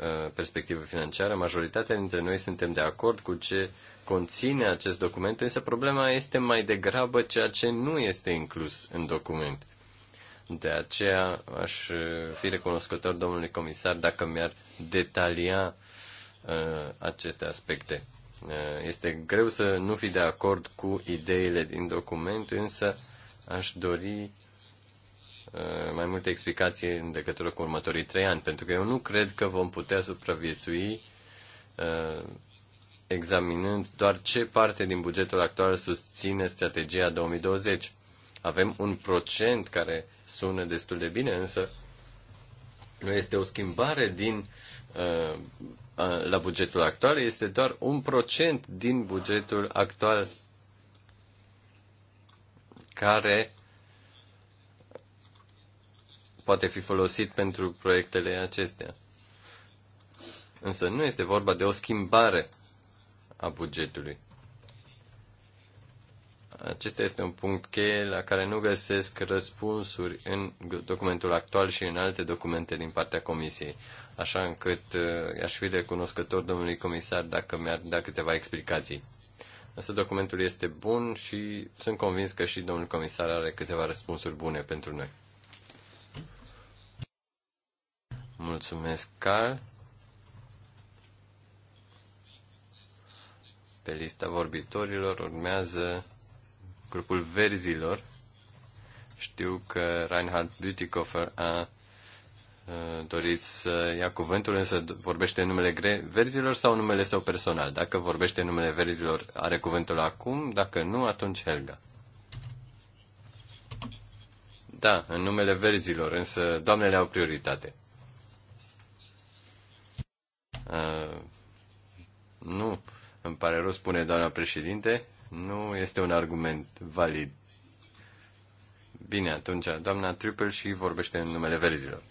Uh, perspectivă financiară. Majoritatea dintre noi suntem de acord cu ce conține acest document, însă problema este mai degrabă ceea ce nu este inclus în document. De aceea aș uh, fi recunoscător domnului comisar dacă mi-ar detalia uh, aceste aspecte. este greu să nu fi de acord cu ideile din document, însă aș dori Uh, mai multe explicații în legătură cu următorii trei ani, pentru că eu nu cred că vom putea supraviețui uh, examinând doar ce parte din bugetul actual susține strategia 2020. Avem un procent care sună destul de bine, însă nu este o schimbare din uh, la bugetul actual, este doar un procent din bugetul actual care poate fi folosit pentru proiectele acestea. Însă nu este vorba de o schimbare a bugetului. Acesta este un punct cheie la care nu găsesc răspunsuri în documentul actual și în alte documente din partea Comisiei, așa încât uh, aș fi recunoscător domnului comisar dacă mi-ar da câteva explicații. Însă documentul este bun și sunt convins că și domnul comisar are câteva răspunsuri bune pentru noi. Mulțumesc, Carl. Pe lista vorbitorilor urmează grupul verzilor. Știu că Reinhard Bütikofer a dorit să ia cuvântul, însă vorbește în numele verzilor sau în numele său personal? Dacă vorbește în numele verzilor, are cuvântul acum, dacă nu, atunci Helga. Da, în numele verzilor, însă doamnele au prioritate. Uh, nu, îmi pare rău, spune doamna președinte, nu este un argument valid. Bine, atunci, doamna Triple și vorbește în numele verzilor.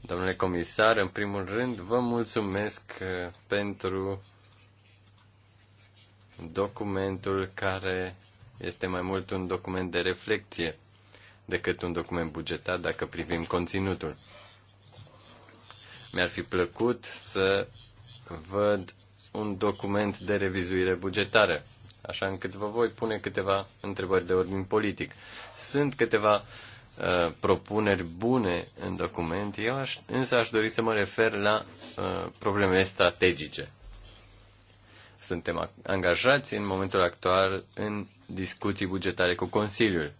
Domnule comisar, în primul rând, vă mulțumesc uh, pentru documentul care este mai mult un document de reflecție decât un document bugetar dacă privim conținutul. Mi-ar fi plăcut să văd un document de revizuire bugetară, așa încât vă voi pune câteva întrebări de ordin politic. Sunt câteva uh, propuneri bune în document, eu aș, însă aș dori să mă refer la uh, probleme strategice. Suntem angajați în momentul actual în discuții bugetare cu Consiliul.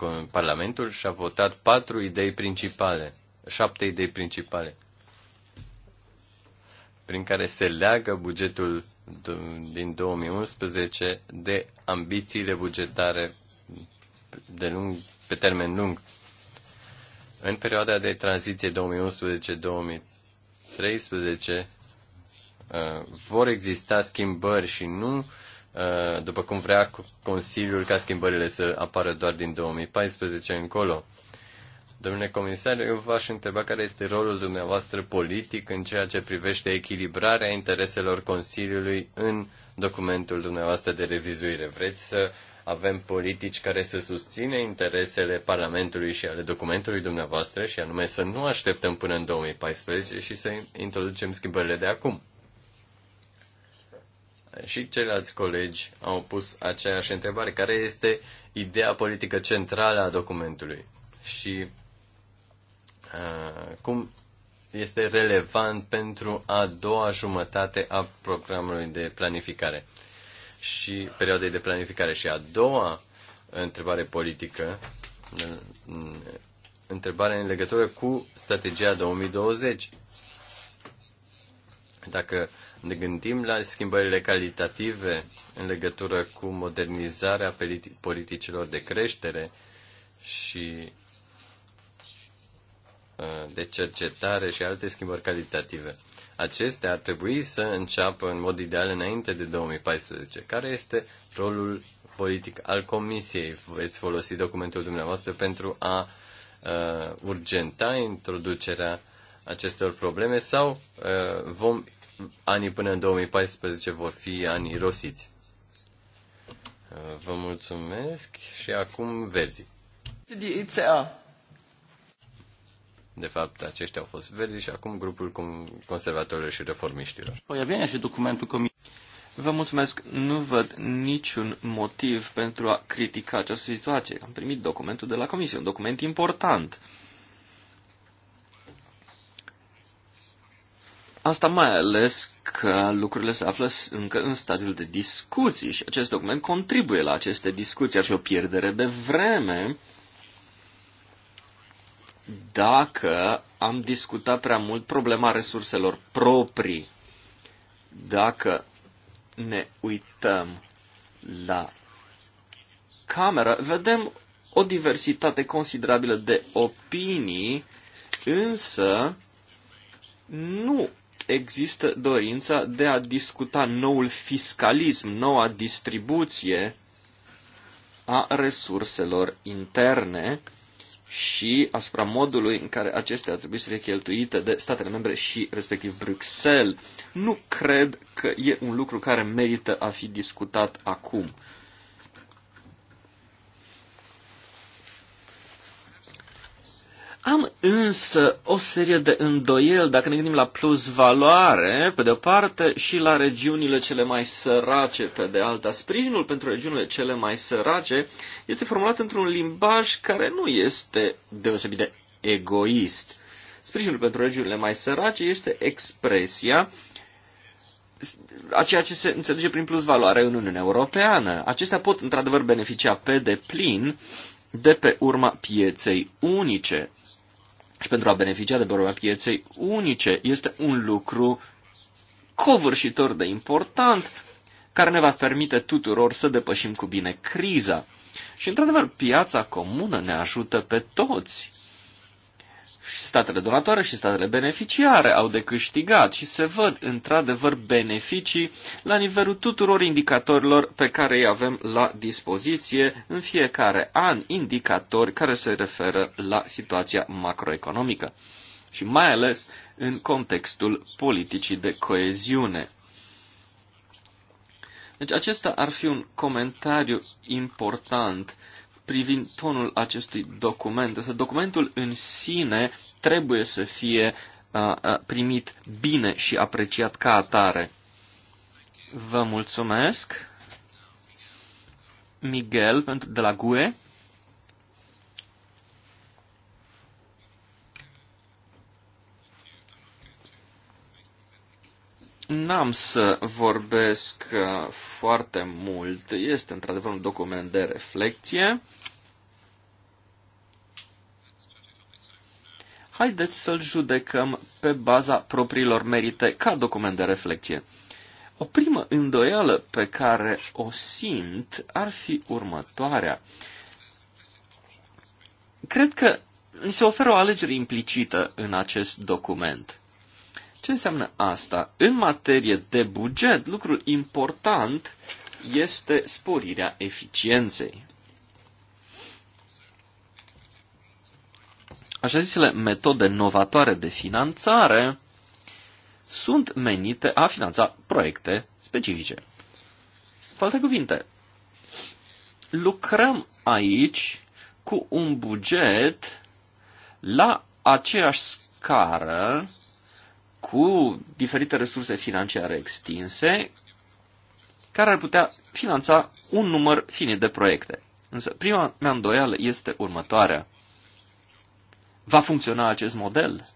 Uh, Parlamentul și-a votat patru idei principale șapte idei principale prin care se leagă bugetul din 2011 de ambițiile bugetare de lung, pe termen lung. În perioada de tranziție 2011-2013 uh, vor exista schimbări și nu uh, după cum vrea Consiliul ca schimbările să apară doar din 2014 încolo. Domnule comisar, eu v-aș întreba care este rolul dumneavoastră politic în ceea ce privește echilibrarea intereselor Consiliului în documentul dumneavoastră de revizuire. Vreți să avem politici care să susține interesele Parlamentului și ale documentului dumneavoastră și anume să nu așteptăm până în 2014 și să introducem schimbările de acum. Și ceilalți colegi au pus aceeași întrebare. Care este ideea politică centrală a documentului? Și Uh, cum este relevant pentru a doua jumătate a programului de planificare și perioadei de planificare. Și a doua întrebare politică, întrebare în legătură cu strategia 2020. Dacă ne gândim la schimbările calitative în legătură cu modernizarea politicilor de creștere și Uh, de cercetare și alte schimbări calitative. Acestea ar trebui să înceapă în mod ideal înainte de 2014. Care este rolul politic al Comisiei? Veți folosi documentul dumneavoastră pentru a uh, urgenta introducerea acestor probleme sau uh, vom anii până în 2014 vor fi ani rosiți? Uh, vă mulțumesc și acum verzi. De de fapt, aceștia au fost verzi și acum grupul conservatorilor și reformiștilor. Poiavenia și documentul comisiei. Vă mulțumesc. Nu văd niciun motiv pentru a critica această situație. Am primit documentul de la comisie, un document important. Asta mai ales că lucrurile se află încă în stadiul de discuții și acest document contribuie la aceste discuții. Ar fi o pierdere de vreme dacă am discutat prea mult problema resurselor proprii. Dacă ne uităm la cameră, vedem o diversitate considerabilă de opinii, însă nu există dorința de a discuta noul fiscalism, noua distribuție a resurselor interne și asupra modului în care acestea ar trebui să fie cheltuite de statele membre și respectiv Bruxelles. Nu cred că e un lucru care merită a fi discutat acum. Am însă o serie de îndoieli dacă ne gândim la plus valoare, pe de o parte, și la regiunile cele mai sărace, pe de alta. Sprijinul pentru regiunile cele mai sărace este formulat într-un limbaj care nu este deosebit de egoist. Sprijinul pentru regiunile mai sărace este expresia a ceea ce se înțelege prin plus valoare în Uniunea Europeană. Acestea pot, într-adevăr, beneficia pe deplin de pe urma pieței unice și pentru a beneficia de pe pieței unice. Este un lucru covârșitor de important care ne va permite tuturor să depășim cu bine criza. Și, într-adevăr, piața comună ne ajută pe toți și statele donatoare și statele beneficiare au de câștigat și se văd într-adevăr beneficii la nivelul tuturor indicatorilor pe care îi avem la dispoziție în fiecare an, indicatori care se referă la situația macroeconomică și mai ales în contextul politicii de coeziune. Deci acesta ar fi un comentariu important privind tonul acestui document. Însă documentul în sine trebuie să fie primit bine și apreciat ca atare. Vă mulțumesc, Miguel, pentru, de la GUE. N-am să vorbesc foarte mult. Este într-adevăr un document de reflecție. haideți să-l judecăm pe baza propriilor merite ca document de reflecție. O primă îndoială pe care o simt ar fi următoarea. Cred că se oferă o alegere implicită în acest document. Ce înseamnă asta? În materie de buget, lucrul important este sporirea eficienței. așa zisele metode novatoare de finanțare sunt menite a finanța proiecte specifice. Cu alte cuvinte, lucrăm aici cu un buget la aceeași scară cu diferite resurse financiare extinse care ar putea finanța un număr finit de proiecte. Însă prima mea îndoială este următoarea va funcționa acest model?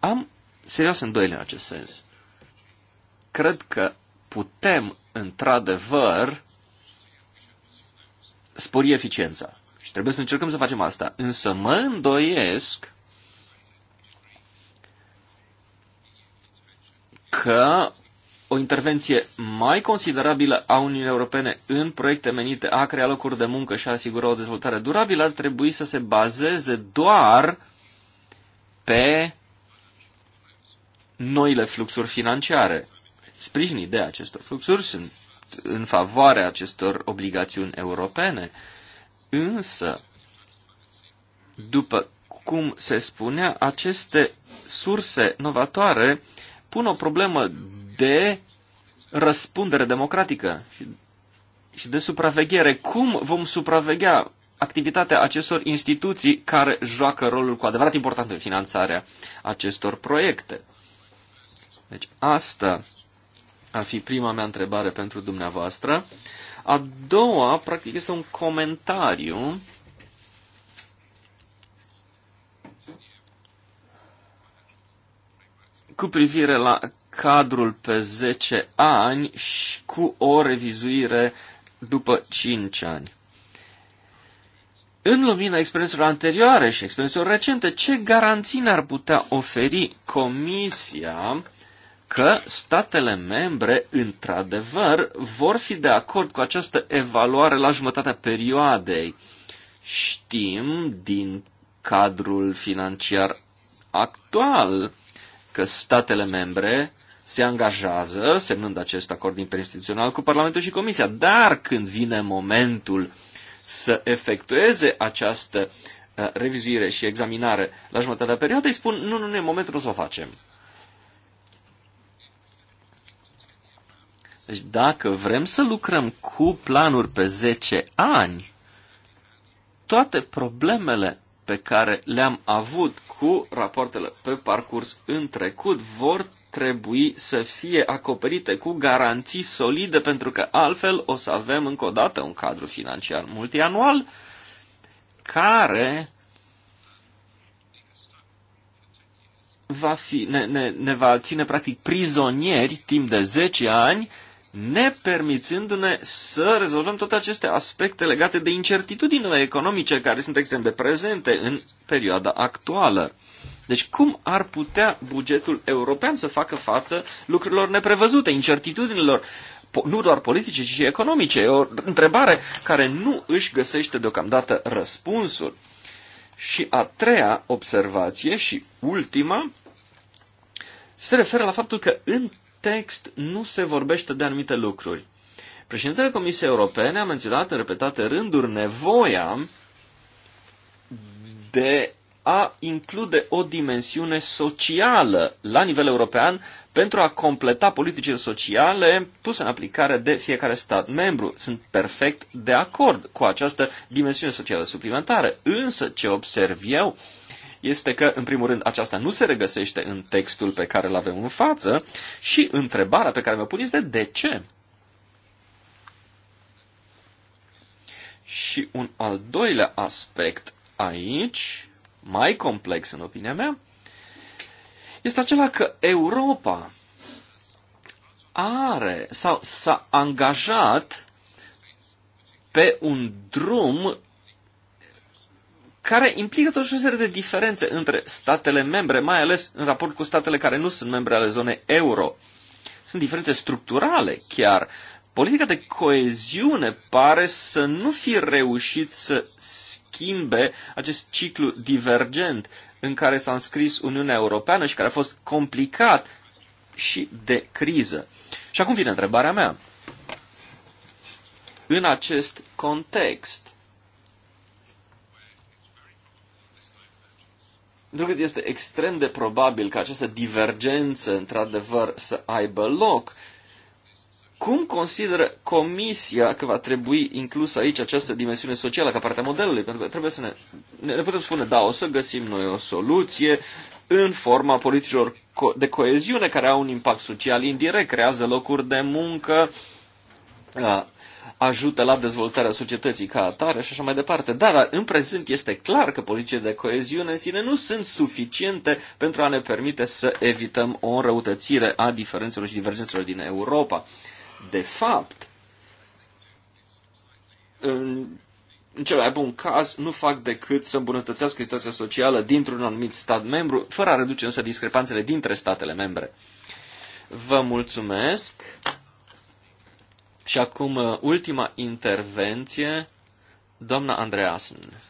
Am serios îndoieli în acest sens. Cred că putem, într-adevăr, spori eficiența. Și trebuie să încercăm să facem asta. Însă mă îndoiesc că o intervenție mai considerabilă a Uniunii Europene în proiecte menite a crea locuri de muncă și a asigura o dezvoltare durabilă ar trebui să se bazeze doar pe noile fluxuri financiare. Sprijinii de acestor fluxuri sunt în favoarea acestor obligațiuni europene, însă, după cum se spunea, aceste surse novatoare pun o problemă de răspundere democratică și, și de supraveghere. Cum vom supraveghea activitatea acestor instituții care joacă rolul cu adevărat important în finanțarea acestor proiecte? Deci asta ar fi prima mea întrebare pentru dumneavoastră. A doua, practic, este un comentariu cu privire la cadrul pe 10 ani și cu o revizuire după 5 ani. În lumina experiențelor anterioare și experiențelor recente, ce garanții ne-ar putea oferi Comisia că statele membre, într-adevăr, vor fi de acord cu această evaluare la jumătatea perioadei? Știm din cadrul financiar actual că statele membre se angajează, semnând acest acord interinstituțional cu Parlamentul și Comisia. Dar când vine momentul să efectueze această uh, revizuire și examinare la jumătatea perioadei, spun nu, nu, nu, e momentul să o facem. Deci dacă vrem să lucrăm cu planuri pe 10 ani, toate problemele pe care le-am avut cu rapoartele pe parcurs în trecut vor trebui să fie acoperite cu garanții solide, pentru că altfel o să avem încă o dată un cadru financiar multianual care va fi, ne, ne, ne va ține practic prizonieri timp de 10 ani, nepermițându-ne să rezolvăm toate aceste aspecte legate de incertitudinile economice care sunt extrem de prezente în perioada actuală. Deci cum ar putea bugetul european să facă față lucrurilor neprevăzute, incertitudinilor, nu doar politice, ci și economice? E o întrebare care nu își găsește deocamdată răspunsul. Și a treia observație și ultima se referă la faptul că în text nu se vorbește de anumite lucruri. Președintele Comisiei Europene a menționat în repetate rânduri nevoia de a include o dimensiune socială la nivel european pentru a completa politicile sociale puse în aplicare de fiecare stat membru. Sunt perfect de acord cu această dimensiune socială suplimentară, însă ce observ eu este că, în primul rând, aceasta nu se regăsește în textul pe care îl avem în față și întrebarea pe care mi-o pun este de ce? Și un al doilea aspect aici mai complex, în opinia mea, este acela că Europa are sau s-a angajat pe un drum care implică tot o serie de diferențe între statele membre, mai ales în raport cu statele care nu sunt membre ale zonei euro. Sunt diferențe structurale chiar. Politica de coeziune pare să nu fi reușit să schimbe acest ciclu divergent în care s-a înscris Uniunea Europeană și care a fost complicat și de criză. Și acum vine întrebarea mea. În acest context, că este extrem de probabil că această divergență, într-adevăr, să aibă loc cum consideră Comisia că va trebui inclusă aici această dimensiune socială ca partea modelului? Pentru că trebuie să ne, ne putem spune, da, o să găsim noi o soluție în forma politicilor de coeziune care au un impact social indirect, creează locuri de muncă, ajută la dezvoltarea societății ca atare și așa mai departe. Da, dar în prezent este clar că politicile de coeziune în sine nu sunt suficiente pentru a ne permite să evităm o înrăutățire a diferențelor și divergențelor din Europa de fapt, în, în cel mai bun caz, nu fac decât să îmbunătățească situația socială dintr-un anumit stat membru, fără a reduce însă discrepanțele dintre statele membre. Vă mulțumesc. Și acum uh, ultima intervenție, doamna Andreasen.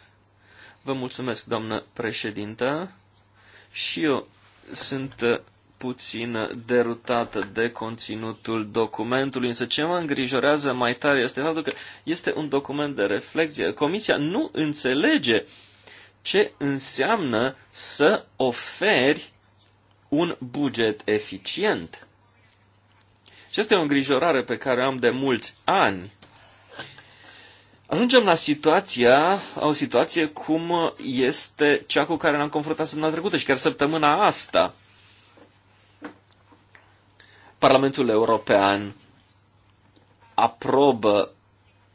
Vă mulțumesc, doamnă președintă. Și eu sunt uh, puțin derutată de conținutul documentului, însă ce mă îngrijorează mai tare este faptul că este un document de reflexie. Comisia nu înțelege ce înseamnă să oferi un buget eficient. Și este o îngrijorare pe care o am de mulți ani. Ajungem la situația, o situație cum este cea cu care ne-am confruntat săptămâna trecută și chiar săptămâna asta – Parlamentul European aprobă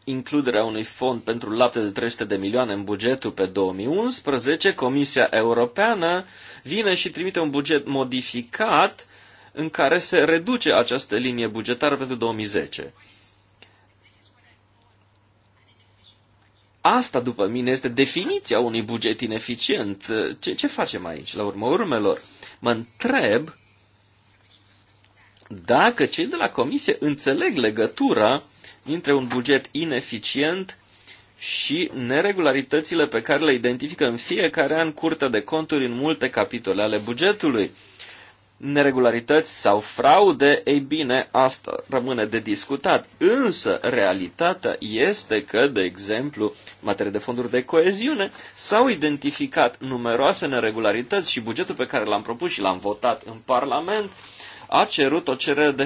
includerea unui fond pentru lapte de 300 de milioane în bugetul pe 2011, Comisia Europeană vine și trimite un buget modificat în care se reduce această linie bugetară pentru 2010. Asta, după mine, este definiția unui buget ineficient. Ce, ce facem aici, la urmă urmelor? Mă întreb dacă cei de la comisie înțeleg legătura între un buget ineficient și neregularitățile pe care le identifică în fiecare an curtea de conturi în multe capitole ale bugetului. Neregularități sau fraude, ei bine, asta rămâne de discutat. Însă, realitatea este că, de exemplu, în materie de fonduri de coeziune, s-au identificat numeroase neregularități și bugetul pe care l-am propus și l-am votat în Parlament uh, a cerut o cerere de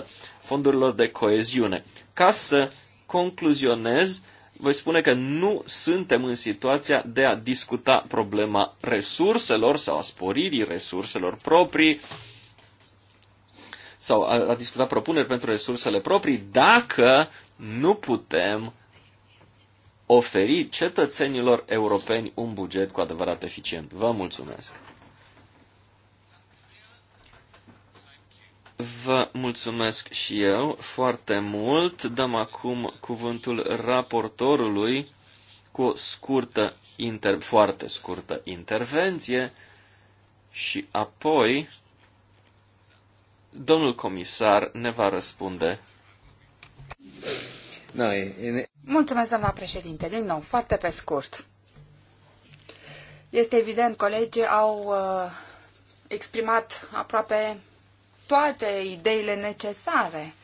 17% fondurilor de coeziune. Ca să concluzionez, voi spune că nu suntem în situația de a discuta problema resurselor sau a sporirii resurselor proprii sau a, a discuta propuneri pentru resursele proprii dacă nu putem oferi cetățenilor europeni un buget cu adevărat eficient. Vă mulțumesc! Vă mulțumesc și eu foarte mult. Dăm acum cuvântul raportorului cu o scurtă, inter... foarte scurtă intervenție și apoi domnul comisar ne va răspunde. Mulțumesc, doamna președinte. Din nou, foarte pe scurt. Este evident, colegii au uh, exprimat aproape toate ideile necesare.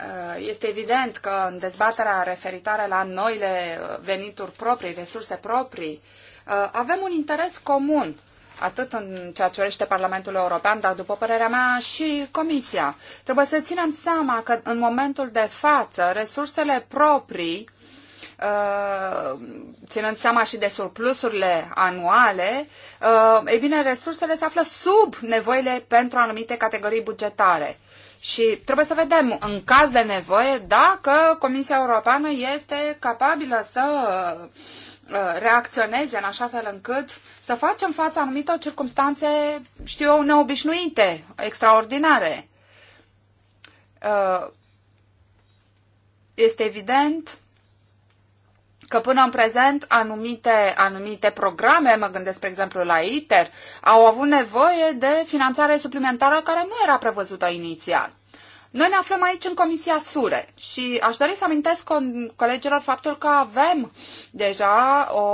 Uh, este evident că în dezbaterea referitoare la noile venituri proprii, resurse proprii, uh, avem un interes comun, atât în ceea ce urește Parlamentul European, dar după părerea mea și Comisia. Trebuie să ținem seama că în momentul de față resursele proprii Uh, ținând seama și de surplusurile anuale, uh, e bine, resursele se află sub nevoile pentru anumite categorii bugetare. Și trebuie să vedem, în caz de nevoie, dacă Comisia Europeană este capabilă să uh, reacționeze în așa fel încât să facem față anumite circunstanțe, știu eu, neobișnuite, extraordinare. Este evident că până în prezent anumite, anumite programe, mă gândesc, spre exemplu, la ITER, au avut nevoie de finanțare suplimentară care nu era prevăzută inițial. Noi ne aflăm aici în Comisia Sure și aș dori să amintesc colegilor faptul că avem deja o,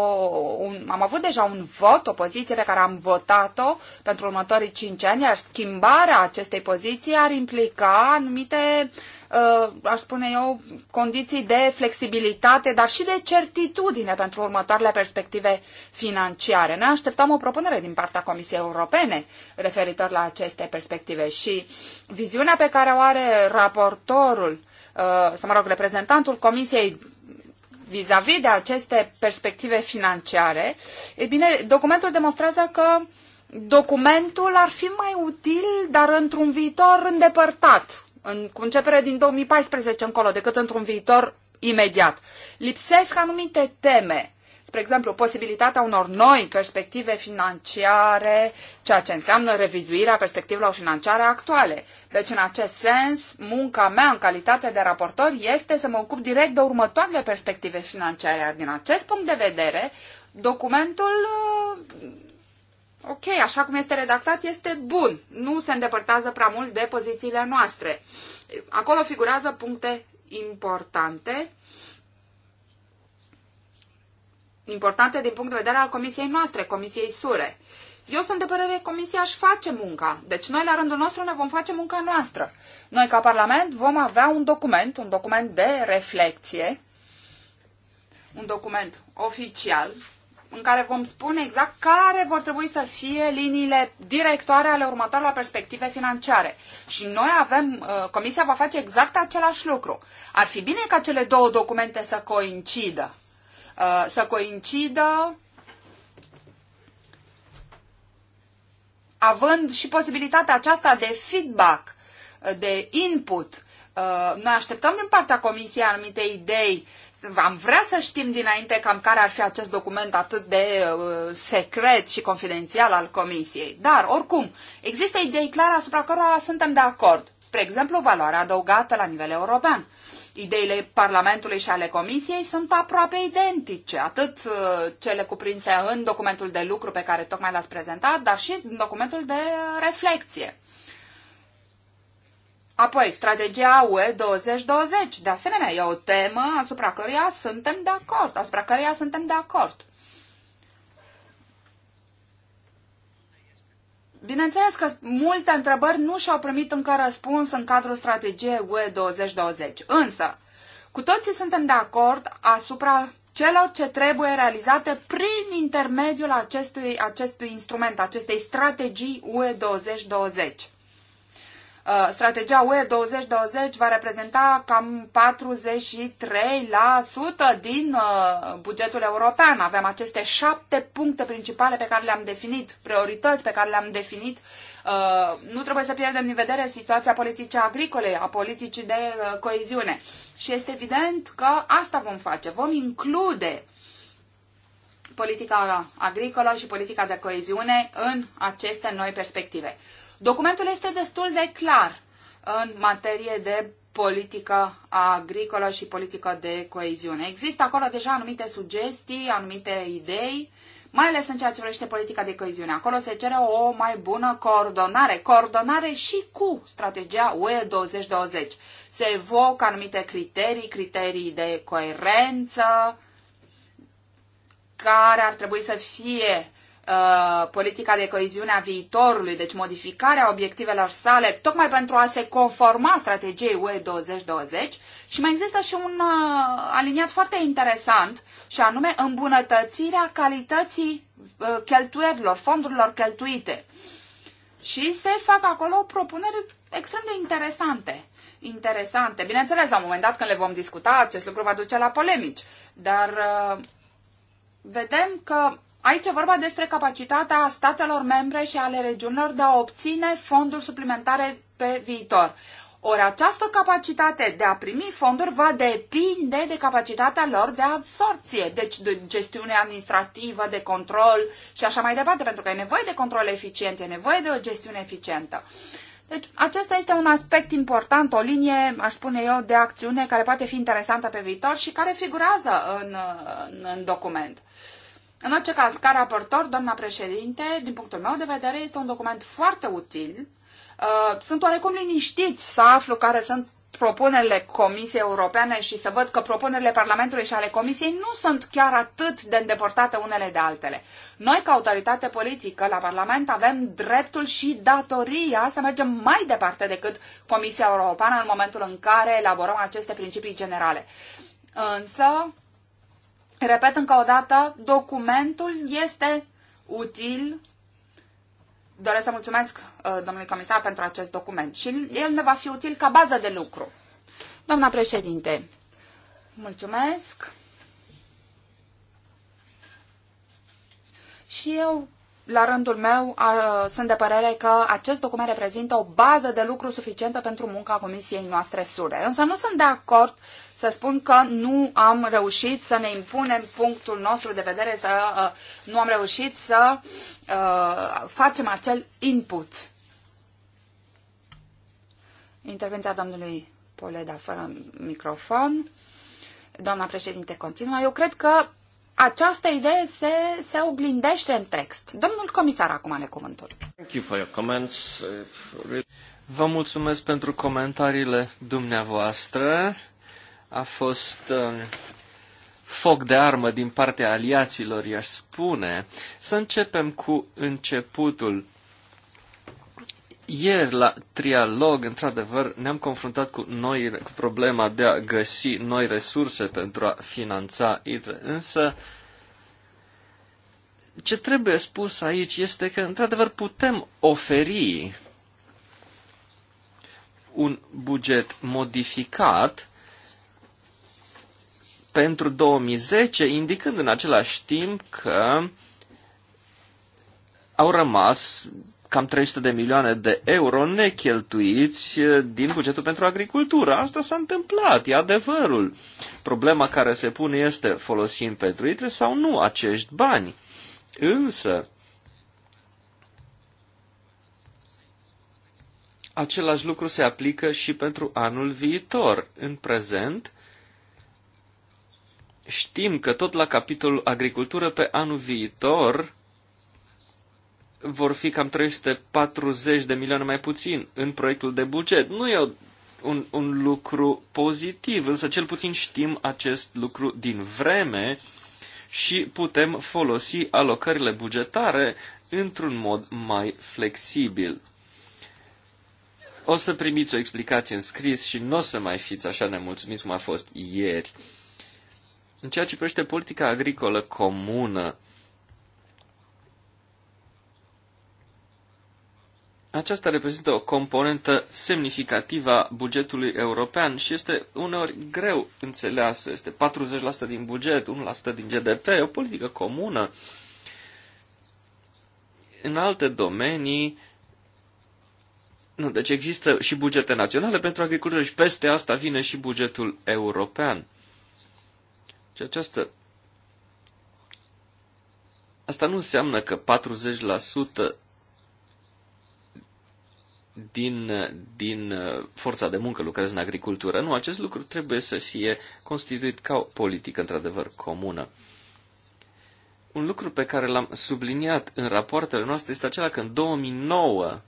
un, am avut deja un vot, o poziție pe care am votat-o pentru următorii 5 ani, iar schimbarea acestei poziții ar implica anumite uh, Uh, aș spune eu, condiții de flexibilitate, dar și de certitudine pentru următoarele perspective financiare. Noi așteptăm o propunere din partea Comisiei Europene referitor la aceste perspective și viziunea pe care o are raportorul, uh, să mă rog, reprezentantul Comisiei vis a -vis de aceste perspective financiare, e bine, documentul demonstrează că documentul ar fi mai util, dar într-un viitor îndepărtat, în, cu începere din 2014 încolo, decât într-un viitor imediat. Lipsesc anumite teme, spre exemplu, posibilitatea unor noi perspective financiare, ceea ce înseamnă revizuirea perspectivelor financiare actuale. Deci, în acest sens, munca mea în calitate de raportor este să mă ocup direct de următoarele perspective financiare. Din acest punct de vedere, documentul uh, ok, așa cum este redactat, este bun. Nu se îndepărtează prea mult de pozițiile noastre. Acolo figurează puncte importante importante din punct de vedere al comisiei noastre, comisiei sure. Eu sunt de părere că comisia își face munca. Deci noi, la rândul nostru, ne vom face munca noastră. Noi, ca Parlament, vom avea un document, un document de reflexie, un document oficial în care vom spune exact care vor trebui să fie liniile directoare ale următoarelor perspective financiare. Și noi avem, uh, Comisia va face exact același lucru. Ar fi bine ca cele două documente să coincidă. Uh, să coincidă având și posibilitatea aceasta de feedback, uh, de input. Noi așteptăm din partea Comisiei anumite idei am vrea să știm dinainte cam care ar fi acest document atât de uh, secret și confidențial al Comisiei. Dar, oricum, există idei clare asupra cărora suntem de acord. Spre exemplu, valoarea adăugată la nivel european. Ideile Parlamentului și ale Comisiei sunt aproape identice, atât uh, cele cuprinse în documentul de lucru pe care tocmai l-ați prezentat, dar și în documentul de reflexie. Apoi, strategia UE 2020, de asemenea, e o temă asupra căreia suntem de acord, asupra căreia suntem de acord. Bineînțeles că multe întrebări nu și-au primit încă răspuns în cadrul strategiei UE 2020, însă cu toții suntem de acord asupra celor ce trebuie realizate prin intermediul acestui, acestui instrument, acestei strategii UE 2020. Uh, strategia UE 2020 va reprezenta cam 43% din uh, bugetul european. Avem aceste șapte puncte principale pe care le-am definit, priorități pe care le-am definit. Uh, nu trebuie să pierdem din vedere situația politicii agricole, a politicii de coeziune. Și este evident că asta vom face. Vom include politica agricolă și politica de coeziune în aceste noi perspective. Documentul este destul de clar în materie de politică agricolă și politică de coeziune. Există acolo deja anumite sugestii, anumite idei, mai ales în ceea ce vrește politica de coeziune. Acolo se cere o mai bună coordonare, coordonare și cu strategia UE 2020. Se evocă anumite criterii, criterii de coerență, care ar trebui să fie Uh, politica de coeziune a viitorului, deci modificarea obiectivelor sale, tocmai pentru a se conforma strategiei UE 2020 și mai există și un uh, aliniat foarte interesant și anume îmbunătățirea calității uh, cheltuierilor, fondurilor cheltuite. Și se fac acolo propuneri extrem de interesante interesante. Bineînțeles, la un moment dat când le vom discuta, acest lucru va duce la polemici, dar uh, vedem că Aici e vorba despre capacitatea statelor membre și ale regiunilor de a obține fonduri suplimentare pe viitor. Ori această capacitate de a primi fonduri va depinde de capacitatea lor de absorpție, deci de gestiune administrativă, de control și așa mai departe, pentru că e nevoie de control eficient, e nevoie de o gestiune eficientă. Deci acesta este un aspect important, o linie, aș spune eu, de acțiune care poate fi interesantă pe viitor și care figurează în, în, în document. În orice caz, ca raportor, doamna președinte, din punctul meu de vedere, este un document foarte util. Uh, sunt oarecum liniștit să aflu care sunt propunerile Comisiei Europene și să văd că propunerile Parlamentului și ale Comisiei nu sunt chiar atât de îndepărtate unele de altele. Noi, ca autoritate politică la Parlament, avem dreptul și datoria să mergem mai departe decât Comisia Europeană în momentul în care elaborăm aceste principii generale. Însă, Repet încă o dată, documentul este util. Doresc să mulțumesc uh, domnului comisar pentru acest document și el ne va fi util ca bază de lucru. Doamna președinte, mulțumesc. Și eu, la rândul meu, sunt de părere că acest document reprezintă o bază de lucru suficientă pentru munca Comisiei noastre sure. Însă nu sunt de acord să spun că nu am reușit să ne impunem punctul nostru de vedere, să uh, nu am reușit să uh, facem acel input. Intervenția domnului Poleda fără microfon. Doamna președinte continuă. Eu cred că această idee se, se oglindește în text. Domnul comisar acum are cuvântul. Thank you for your comments. Uh, Vă mulțumesc pentru comentariile dumneavoastră a fost um, foc de armă din partea aliaților, i-aș spune. Să începem cu începutul. Ieri la trialog, într-adevăr, ne-am confruntat cu, noi, cu problema de a găsi noi resurse pentru a finanța ITRE, însă ce trebuie spus aici este că, într-adevăr, putem oferi un buget modificat pentru 2010, indicând în același timp că au rămas cam 300 de milioane de euro necheltuiți eh, din bugetul pentru agricultură. Asta s-a întâmplat, e adevărul. Problema care se pune este folosim pentru ITRE sau nu acești bani. Însă, același lucru se aplică și pentru anul viitor. În prezent, știm că tot la capitolul agricultură pe anul viitor vor fi cam 340 de milioane mai puțin în proiectul de buget. Nu e un, un lucru pozitiv, însă cel puțin știm acest lucru din vreme și putem folosi alocările bugetare într-un mod mai flexibil. O să primiți o explicație în scris și nu o să mai fiți așa nemulțumiți cum a fost ieri. În ceea ce privește politica agricolă comună, Aceasta reprezintă o componentă semnificativă a bugetului european și este uneori greu înțeleasă. Este 40% din buget, 1% din GDP, o politică comună. În alte domenii, nu, deci există și bugete naționale pentru agricultură și peste asta vine și bugetul european. Și această... Asta nu înseamnă că 40% din, din uh, forța de muncă lucrează în agricultură. Nu, acest lucru trebuie să fie constituit ca o politică, într-adevăr, comună. Un lucru pe care l-am subliniat în rapoartele noastre este acela că în 2009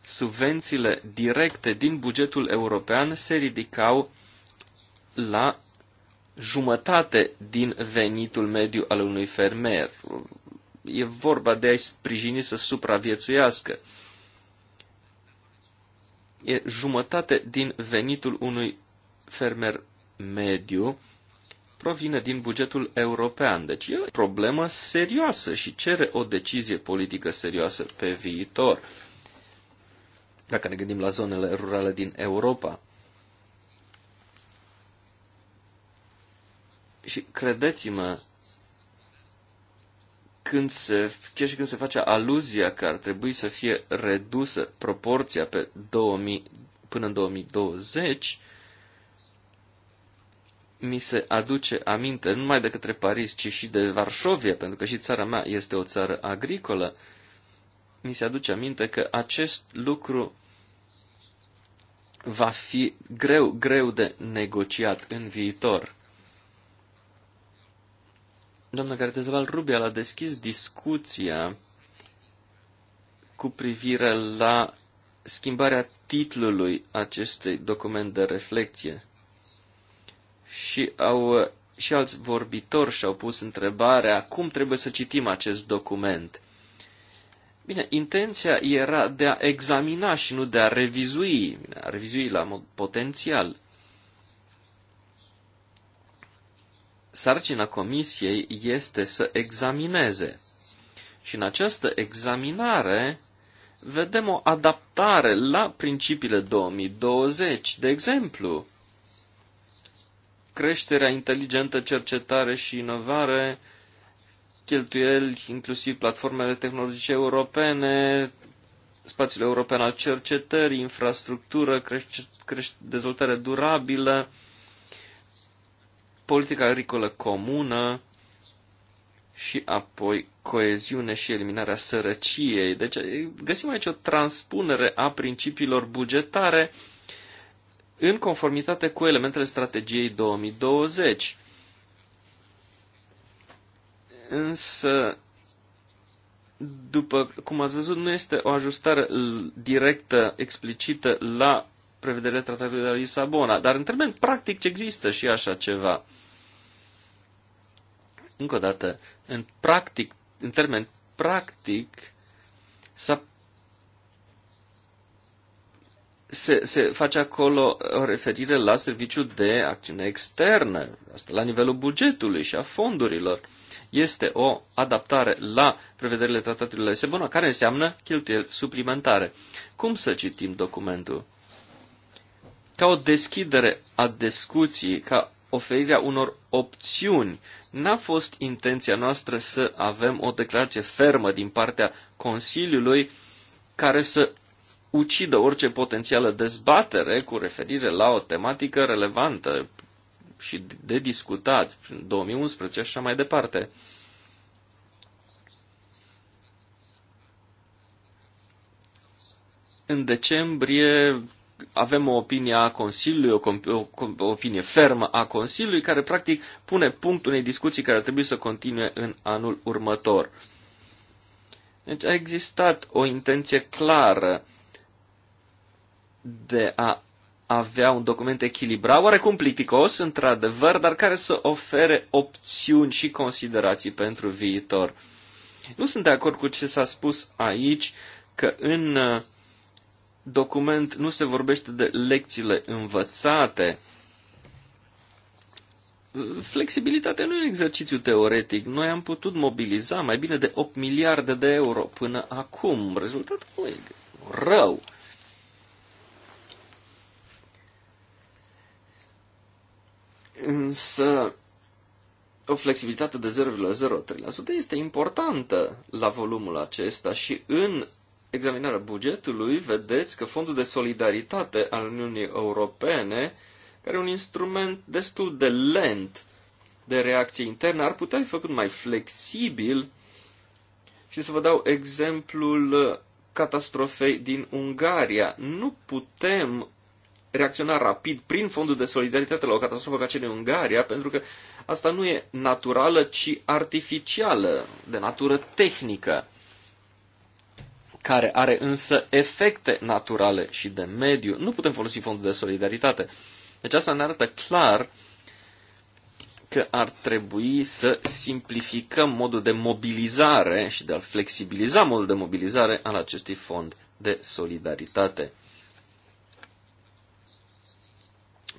subvențiile directe din bugetul european se ridicau la jumătate din venitul mediu al unui fermer. E vorba de a-i sprijini să supraviețuiască. E jumătate din venitul unui fermer mediu provine din bugetul european. Deci e o problemă serioasă și cere o decizie politică serioasă pe viitor. Dacă ne gândim la zonele rurale din Europa, Și credeți-mă, când se, chiar și când se face aluzia că ar trebui să fie redusă proporția pe 2000, până în 2020, mi se aduce aminte, nu numai de către Paris, ci și de Varșovia, pentru că și țara mea este o țară agricolă, mi se aduce aminte că acest lucru va fi greu, greu de negociat în viitor doamna Cartezaval Rubial a deschis discuția cu privire la schimbarea titlului acestui document de reflecție. Și au și alți vorbitori și-au pus întrebarea cum trebuie să citim acest document. Bine, intenția era de a examina și nu de a revizui, a revizui la mod potențial. sarcina comisiei este să examineze. Și în această examinare vedem o adaptare la principiile 2020. De exemplu, creșterea inteligentă, cercetare și inovare, cheltuieli, inclusiv platformele tehnologice europene, spațiul european al cercetării, infrastructură, creș- creș- dezvoltare durabilă, politica agricolă comună și apoi coeziune și eliminarea sărăciei. Deci găsim aici o transpunere a principiilor bugetare în conformitate cu elementele strategiei 2020. Însă, după cum ați văzut, nu este o ajustare directă, explicită la prevederile tratatului de la Lisabona. Dar în termen practic există și așa ceva. Încă o dată, în practic, în termen practic, s-a se, se face acolo o referire la serviciul de acțiune externă, asta la nivelul bugetului și a fondurilor. Este o adaptare la prevederile tratatului de Lisabona, care înseamnă cheltuieli suplimentare. Cum să citim documentul? ca o deschidere a discuției, ca oferirea unor opțiuni. N-a fost intenția noastră să avem o declarație fermă din partea Consiliului care să ucidă orice potențială dezbatere cu referire la o tematică relevantă și de discutat în 2011 și așa mai departe. În decembrie avem o opinie a Consiliului, o, o opinie fermă a Consiliului, care practic pune punct unei discuții care ar trebui să continue în anul următor. Deci a existat o intenție clară de a avea un document echilibrat, oarecum plicticos, într-adevăr, dar care să ofere opțiuni și considerații pentru viitor. Nu sunt de acord cu ce s-a spus aici, că în uh, document nu se vorbește de lecțiile învățate. Flexibilitatea nu e un exercițiu teoretic. Noi am putut mobiliza mai bine de 8 miliarde de euro până acum. Rezultatul nu e rău. Însă, o flexibilitate de 0,03% este importantă la volumul acesta și în examinarea bugetului, vedeți că Fondul de Solidaritate al Uniunii Europene, care e un instrument destul de lent de reacție internă, ar putea fi făcut mai flexibil și să vă dau exemplul uh, catastrofei din Ungaria. Nu putem reacționa rapid prin fondul de solidaritate la o catastrofă ca cea din Ungaria, pentru că asta nu e naturală, ci artificială, de natură tehnică care are însă efecte naturale și de mediu. Nu putem folosi fondul de solidaritate. Deci asta ne arată clar că ar trebui să simplificăm modul de mobilizare și de a flexibiliza modul de mobilizare al acestui fond de solidaritate.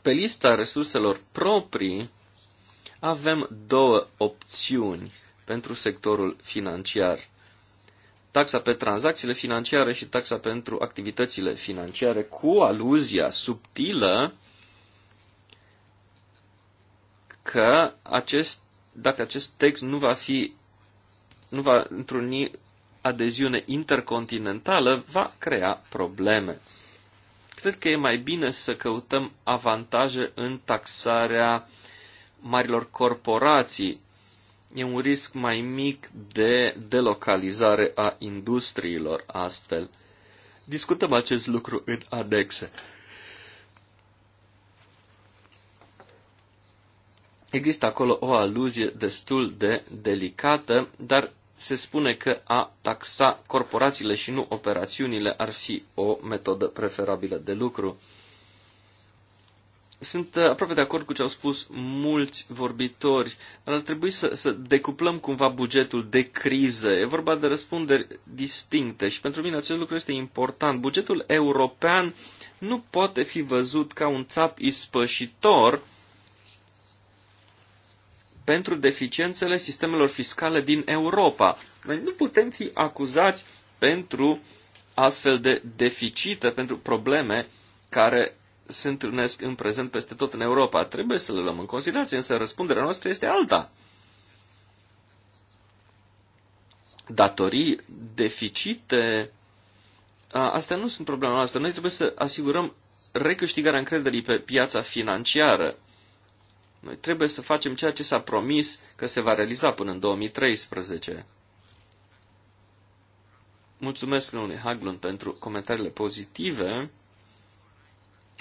Pe lista resurselor proprii avem două opțiuni pentru sectorul financiar taxa pe tranzacțiile financiare și taxa pentru activitățile financiare, cu aluzia subtilă că acest, dacă acest text nu va fi, nu va întruni adeziune intercontinentală, va crea probleme. Cred că e mai bine să căutăm avantaje în taxarea marilor corporații e un risc mai mic de delocalizare a industriilor astfel. Discutăm acest lucru în anexe. Există acolo o aluzie destul de delicată, dar se spune că a taxa corporațiile și nu operațiunile ar fi o metodă preferabilă de lucru. Sunt uh, aproape de acord cu ce au spus mulți vorbitori, dar ar trebui să, să decuplăm cumva bugetul de criză. E vorba de răspunderi distincte și pentru mine acest lucru este important. Bugetul european nu poate fi văzut ca un țap ispășitor pentru deficiențele sistemelor fiscale din Europa. Noi nu putem fi acuzați pentru astfel de deficite, pentru probleme care se întâlnesc în prezent peste tot în Europa. Trebuie să le luăm în considerație, însă răspunderea noastră este alta. Datorii, deficite, astea nu sunt problema noastră. Noi trebuie să asigurăm recâștigarea încrederii pe piața financiară. Noi trebuie să facem ceea ce s-a promis că se va realiza până în 2013. Mulțumesc, domnule Haglund, pentru comentariile pozitive.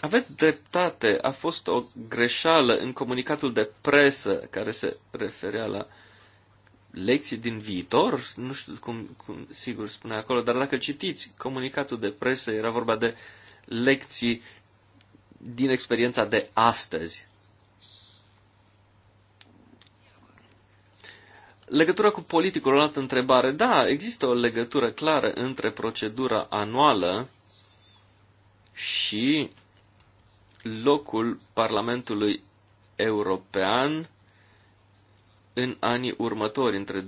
Aveți dreptate, a fost o greșeală în comunicatul de presă care se referea la lecții din viitor, nu știu cum, cum sigur spune acolo, dar dacă citiți comunicatul de presă, era vorba de lecții din experiența de astăzi. Legătura cu politicul, o altă întrebare. Da, există o legătură clară între procedura anuală și locul Parlamentului European în anii următori, între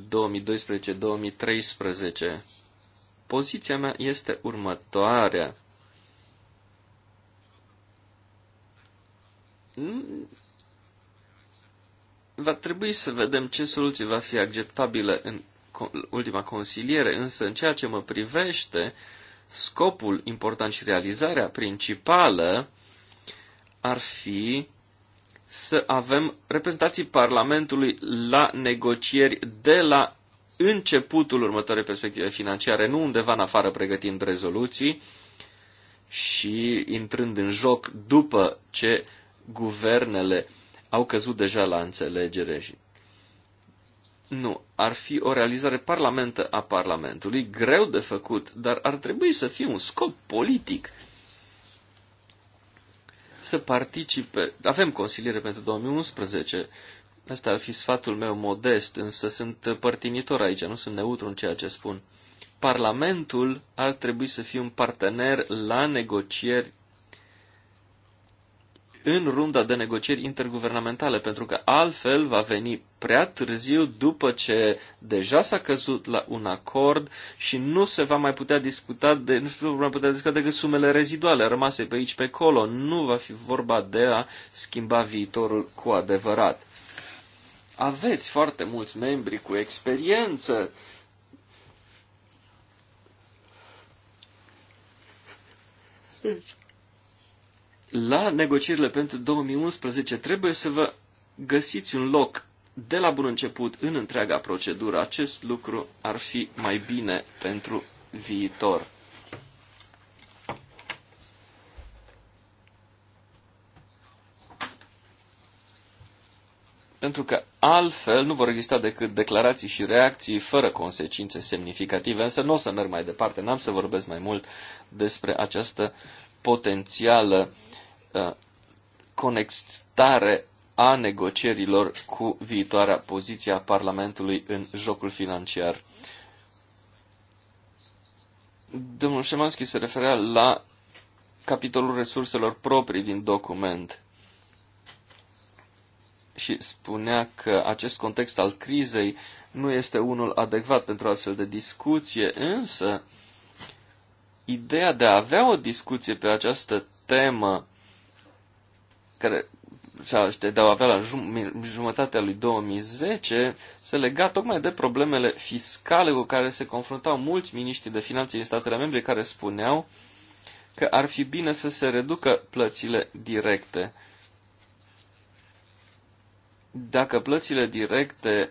2012-2013. Poziția mea este următoarea. Va trebui să vedem ce soluție va fi acceptabilă în ultima consiliere, însă în ceea ce mă privește, scopul important și realizarea principală ar fi să avem reprezentații Parlamentului la negocieri de la începutul următoarei perspective financiare, nu undeva în afară pregătind rezoluții și intrând în joc după ce guvernele au căzut deja la înțelegere nu, ar fi o realizare parlamentă a Parlamentului, greu de făcut, dar ar trebui să fie un scop politic să participe. Avem consiliere pentru 2011. Asta ar fi sfatul meu modest, însă sunt părtinitor aici, nu sunt neutru în ceea ce spun. Parlamentul ar trebui să fie un partener la negocieri în runda de negocieri interguvernamentale, pentru că altfel va veni prea târziu după ce deja s-a căzut la un acord și nu se va mai putea discuta de, nu se va mai putea discuta decât sumele reziduale rămase pe aici, pe acolo. Nu va fi vorba de a schimba viitorul cu adevărat. Aveți foarte mulți membri cu experiență la negocierile pentru 2011 trebuie să vă găsiți un loc de la bun început în întreaga procedură. Acest lucru ar fi mai bine pentru viitor. pentru că altfel nu vor exista decât declarații și reacții fără consecințe semnificative, însă nu o să merg mai departe, n-am să vorbesc mai mult despre această potențială Uh, conectare a negocierilor cu viitoarea poziție a Parlamentului în jocul financiar. Domnul Șemanski se referea la capitolul resurselor proprii din document și spunea că acest context al crizei nu este unul adecvat pentru astfel de discuție, însă ideea de a avea o discuție pe această temă care de a avea la jumătatea lui 2010 se lega tocmai de problemele fiscale cu care se confruntau mulți miniștri de finanțe din statele membre care spuneau că ar fi bine să se reducă plățile directe. Dacă plățile directe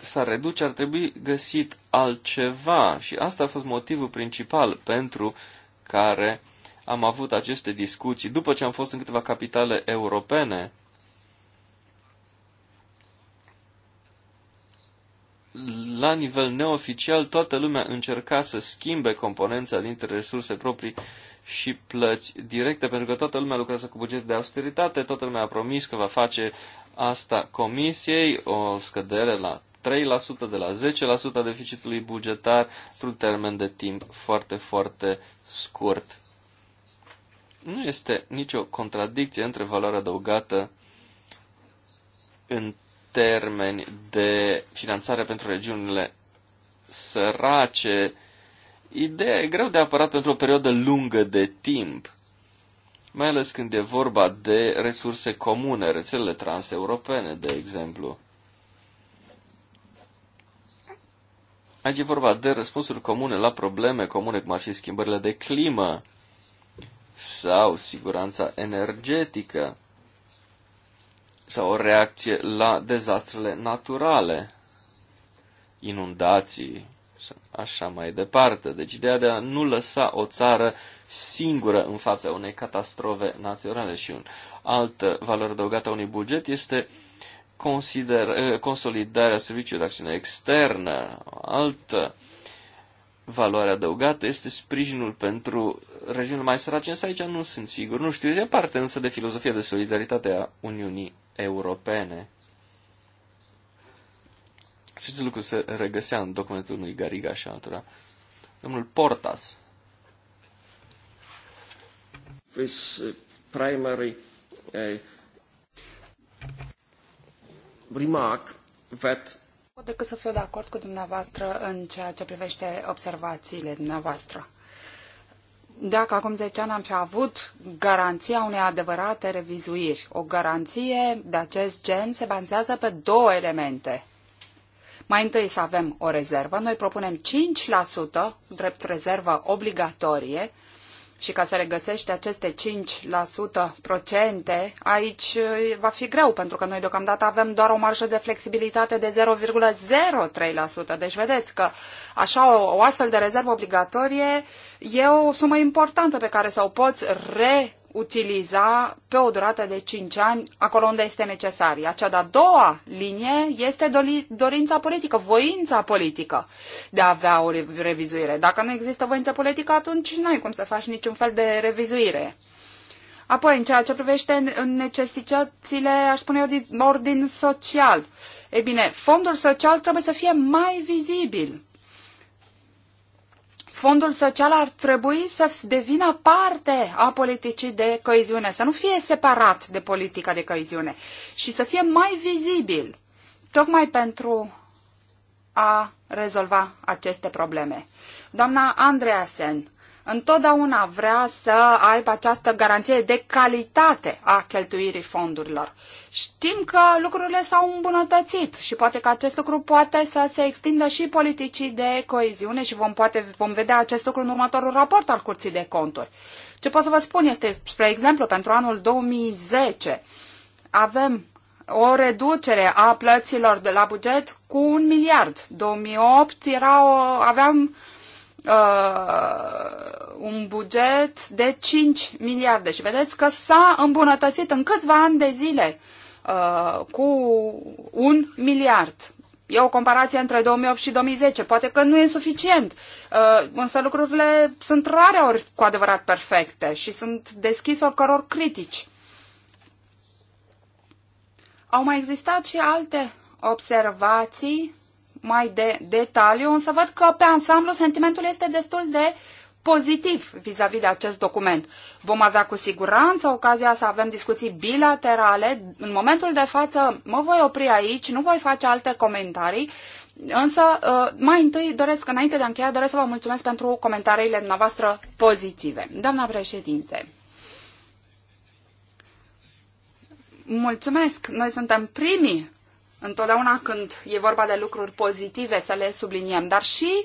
s-ar reduce, ar trebui găsit altceva și asta a fost motivul principal pentru care uh, am avut aceste discuții după ce am fost în câteva capitale europene. La nivel neoficial, toată lumea încerca să schimbe componența dintre resurse proprii și plăți directe, pentru că toată lumea lucrează cu buget de austeritate, toată lumea a promis că va face asta comisiei, o scădere la 3% de la 10% a deficitului bugetar într-un termen de timp foarte, foarte scurt nu este nicio contradicție între valoarea adăugată în termeni de finanțare pentru regiunile sărace. Ideea e greu de apărat pentru o perioadă lungă de timp, mai ales când e vorba de resurse comune, rețelele transeuropene, de exemplu. Aici e vorba de răspunsuri comune la probleme comune, cum ar fi schimbările de climă, sau siguranța energetică sau o reacție la dezastrele naturale, inundații, așa mai departe. Deci ideea de a nu lăsa o țară singură în fața unei catastrofe naturale și un altă valoare adăugată a unui buget este consider, eh, consolidarea serviciului de acțiune externă, altă uh, valoare adăugată este sprijinul pentru regiunile mai sărace, însă aici nu sunt sigur. Nu știu, e parte însă de filozofia de solidaritate a Uniunii Europene. Știți lucru se regăsea în documentul lui Gariga și altora. Domnul Portas. This uh, primary uh, remark that pot decât să fiu de acord cu dumneavoastră în ceea ce privește observațiile dumneavoastră. Dacă acum 10 ani am fi avut garanția unei adevărate revizuiri, o garanție de acest gen se bazează pe două elemente. Mai întâi să avem o rezervă. Noi propunem 5% drept rezervă obligatorie și ca să regăsești aceste 5% procente, aici eh, va fi greu, pentru că noi deocamdată avem doar o marjă de flexibilitate de 0,03%. Deci vedeți că așa o, o astfel de rezervă obligatorie e o sumă importantă pe care să o poți re utiliza pe o durată de 5 ani acolo unde este necesar. Iar cea de-a doua linie este dorința politică, voința politică de a avea o revizuire. Dacă nu există voință politică, atunci nu ai cum să faci niciun fel de revizuire. Apoi, în ceea ce privește necesitățile, aș spune eu, din ordin social. Ei bine, fondul social trebuie să fie mai vizibil fondul social ar trebui să devină parte a politicii de coeziune, să nu fie separat de politica de coeziune și să fie mai vizibil, tocmai pentru a rezolva aceste probleme. Doamna Andreasen întotdeauna vrea să aibă această garanție de calitate a cheltuirii fondurilor. Știm că lucrurile s-au îmbunătățit și poate că acest lucru poate să se extindă și politicii de coeziune și vom, poate, vom vedea acest lucru în următorul raport al Curții de Conturi. Ce pot să vă spun este, spre exemplu, pentru anul 2010 avem o reducere a plăților de la buget cu un miliard. 2008 era o, aveam uh, un buget de 5 miliarde și vedeți că s-a îmbunătățit în câțiva ani de zile uh, cu un miliard. E o comparație între 2008 și 2010. Poate că nu e suficient, uh, însă lucrurile sunt rare ori cu adevărat perfecte și sunt deschis oricăror critici. Au mai existat și alte observații mai de detaliu, însă văd că pe ansamblu sentimentul este destul de pozitiv vis-a-vis -vis de acest document. Vom avea cu siguranță ocazia să avem discuții bilaterale. În momentul de față mă voi opri aici, nu voi face alte comentarii, însă uh, mai întâi doresc, înainte de a încheia, doresc să vă mulțumesc pentru comentariile dumneavoastră pozitive. Doamna președinte, mulțumesc! Noi suntem primii întotdeauna când e vorba de lucruri pozitive să le subliniem, dar și,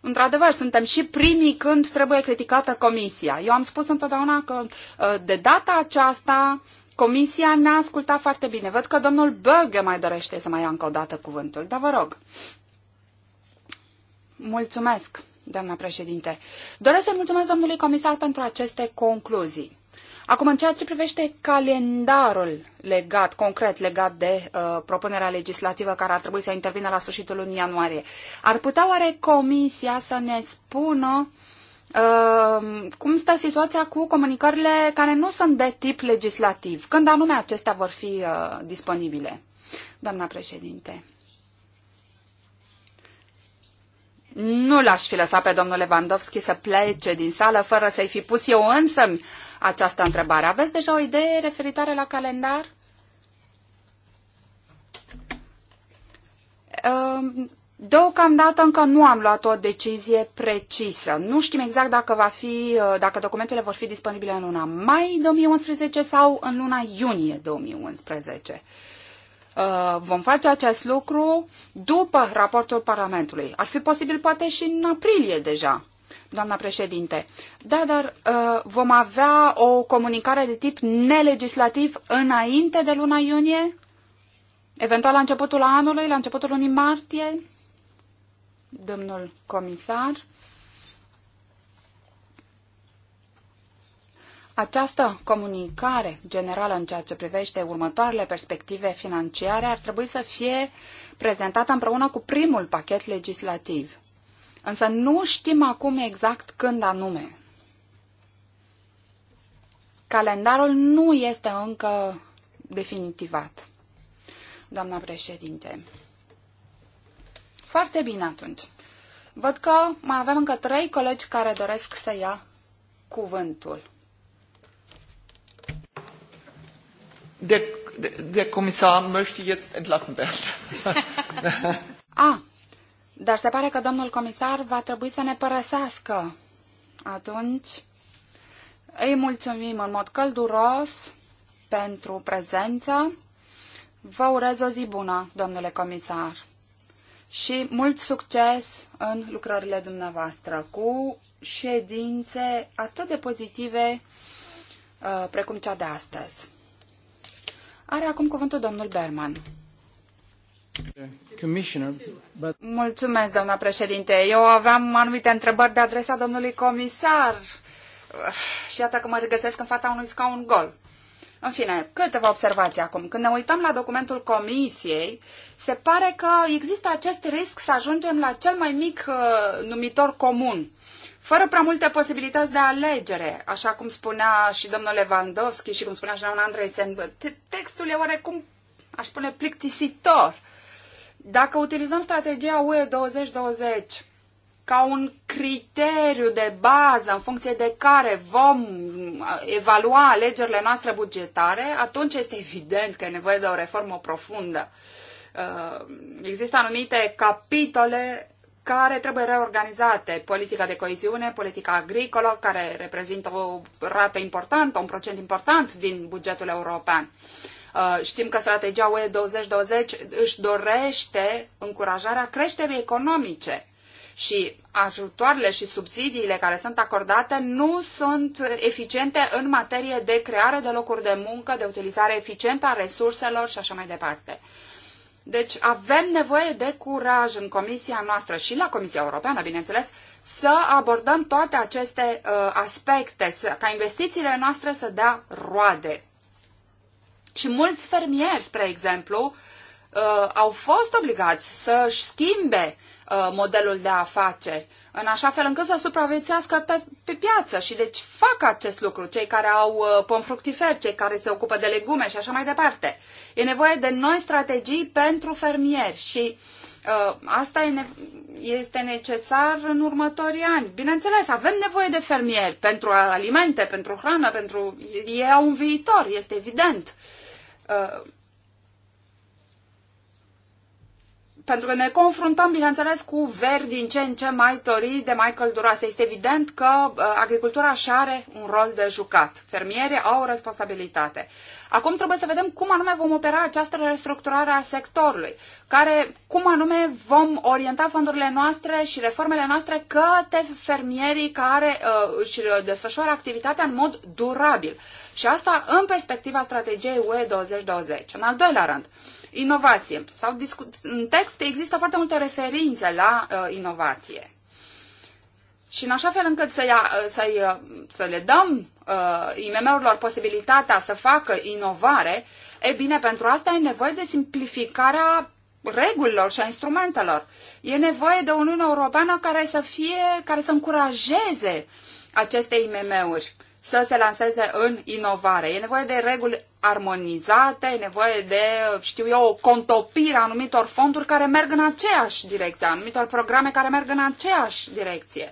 într-adevăr, suntem și primii când trebuie criticată comisia. Eu am spus întotdeauna că ă, de data aceasta comisia ne-a ascultat foarte bine. Văd că domnul Böge mai dorește să mai ia încă o dată cuvântul, dar vă rog. Mulțumesc, doamna președinte. Doresc să mulțumesc domnului comisar pentru aceste concluzii. Acum, în ceea ce privește calendarul legat, concret legat de uh, propunerea legislativă care ar trebui să intervină la sfârșitul lunii ianuarie, ar putea oare Comisia să ne spună Uh, cum stă situația cu comunicările care nu sunt de tip legislativ? Când anume acestea vor fi uh, disponibile? Doamna președinte. Nu l-aș fi lăsat pe domnul Lewandowski să plece din sală fără să-i fi pus eu însă această întrebare. Aveți deja o idee referitoare la calendar? Ehm, deocamdată încă nu am luat o decizie precisă. Nu știm exact dacă, va fi, eh, dacă documentele vor fi disponibile în luna mai 2011 sau în luna iunie 2011. Eh, vom face acest lucru după raportul Parlamentului. Ar fi posibil poate și în aprilie deja. Doamna președinte, da, dar uh, vom avea o comunicare de tip nelegislativ înainte de luna iunie? Eventual la începutul anului, la începutul lunii martie? Domnul comisar. Această comunicare generală în ceea ce privește următoarele perspective financiare ar trebui să fie prezentată împreună cu primul pachet legislativ însă nu știm acum exact când anume. Calendarul nu este încă definitivat, doamna președinte. Foarte bine atunci. Văd că mai avem încă trei colegi care doresc să ia cuvântul. De de Kommissar möchte jetzt entlassen werden. *laughs* *laughs* ah, dar se pare că domnul comisar va trebui să ne părăsească. Atunci îi mulțumim în mod călduros pentru prezență. Vă urez o zi bună, domnule comisar, și mult succes în lucrările dumneavoastră cu ședințe atât de pozitive uh, precum cea de astăzi. Are acum cuvântul domnul Berman. Mulțumesc, doamna președinte. Eu aveam anumite întrebări de adresa domnului comisar și iată că mă regăsesc în fața unui scaun gol. În fine, câteva observații acum. Când ne uităm la documentul comisiei, se pare că există acest risc să ajungem la cel mai mic uh, numitor comun, fără prea multe posibilități de alegere, așa cum spunea și domnul Lewandowski și cum spunea și domnul Andrei Sen, textul e oarecum, aș spune, plictisitor. Dacă utilizăm strategia UE 2020 ca un criteriu de bază în funcție de care vom uh, evalua alegerile noastre bugetare, atunci este evident că e nevoie de o reformă profundă. Uh, există anumite capitole care trebuie reorganizate. Politica de coeziune, politica agricolă, care reprezintă o rată importantă, un procent important din bugetul european. Uh, Uh, știm că strategia UE 2020 își dorește încurajarea creșterii economice și ajutoarele și subsidiile care sunt acordate nu sunt eficiente în materie de creare de locuri de muncă, de utilizare eficientă a resurselor și așa mai departe. Deci avem nevoie de curaj în comisia noastră și la Comisia Europeană, bineînțeles, să abordăm toate aceste uh, aspecte, să, ca investițiile noastre să dea roade. Și mulți fermieri, spre exemplu, uh, au fost obligați să-și schimbe uh, modelul de afaceri, în așa fel încât să supraviețuiască pe, pe piață. Și deci fac acest lucru cei care au uh, pom fructiferi, cei care se ocupă de legume și așa mai departe. E nevoie de noi strategii pentru fermieri și uh, asta e ne- este necesar în următorii ani. Bineînțeles, avem nevoie de fermieri pentru alimente, pentru hrană, pentru... ei au un viitor, este evident uh, pentru că ne confruntăm, bineînțeles, cu veri din ce în ce mai tori de mai călduroase. Este evident că uh, agricultura și are un rol de jucat. Fermierii au o responsabilitate. Acum trebuie să vedem cum anume vom opera această restructurare a sectorului, care, cum anume vom orienta fondurile noastre și reformele noastre către fermierii care uh, își desfășoară activitatea în mod durabil. Și asta în perspectiva strategiei UE 2020. În al doilea rând, uh, inovație. Sau în text există foarte multe referințe la uh, inovație. Și în așa fel încât să, ia, uh, să, uh, să le dăm uh, IMM-urilor posibilitatea să facă inovare, e bine, pentru asta e nevoie de simplificarea regulilor și a instrumentelor. E nevoie de o Uniune Europeană care să fie, care să încurajeze aceste IMM-uri să se lanseze în inovare. E nevoie de reguli armonizate, e nevoie de, știu eu, o contopire a anumitor fonduri care merg în aceeași direcție, a anumitor programe care merg în aceeași direcție.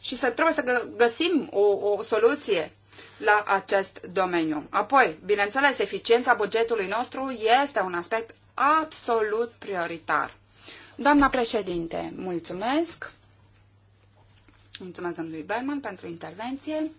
Și să, trebuie să găsim o, o soluție la acest domeniu. Apoi, bineînțeles, eficiența bugetului nostru este un aspect absolut prioritar. Doamna președinte, mulțumesc. Mulțumesc domnului Berman pentru intervenție.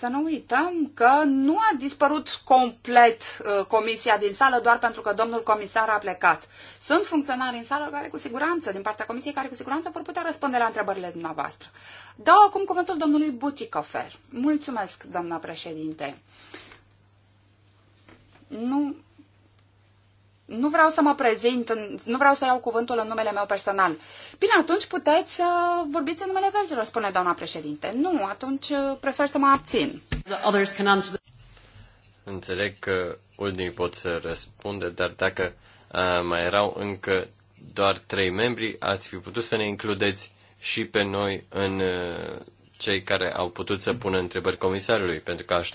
Să nu uităm că nu a dispărut complet uh, comisia din sală doar pentru că domnul comisar a plecat. Sunt funcționari în sală care cu siguranță, din partea comisiei, care cu siguranță vor putea răspunde la întrebările dumneavoastră. Dau acum cuvântul domnului Buticofer. Mulțumesc, doamna președinte. Nu nu vreau să mă prezint, nu vreau să iau cuvântul în numele meu personal. Bine, atunci puteți să vorbiți în numele verzilor, spune doamna președinte. Nu, atunci uh, prefer să mă abțin. Înțeleg că unii pot să răspunde, dar dacă uh, mai erau încă doar trei membri, ați fi putut să ne includeți și pe noi în uh, cei care au putut să pună întrebări comisarului, pentru că aș,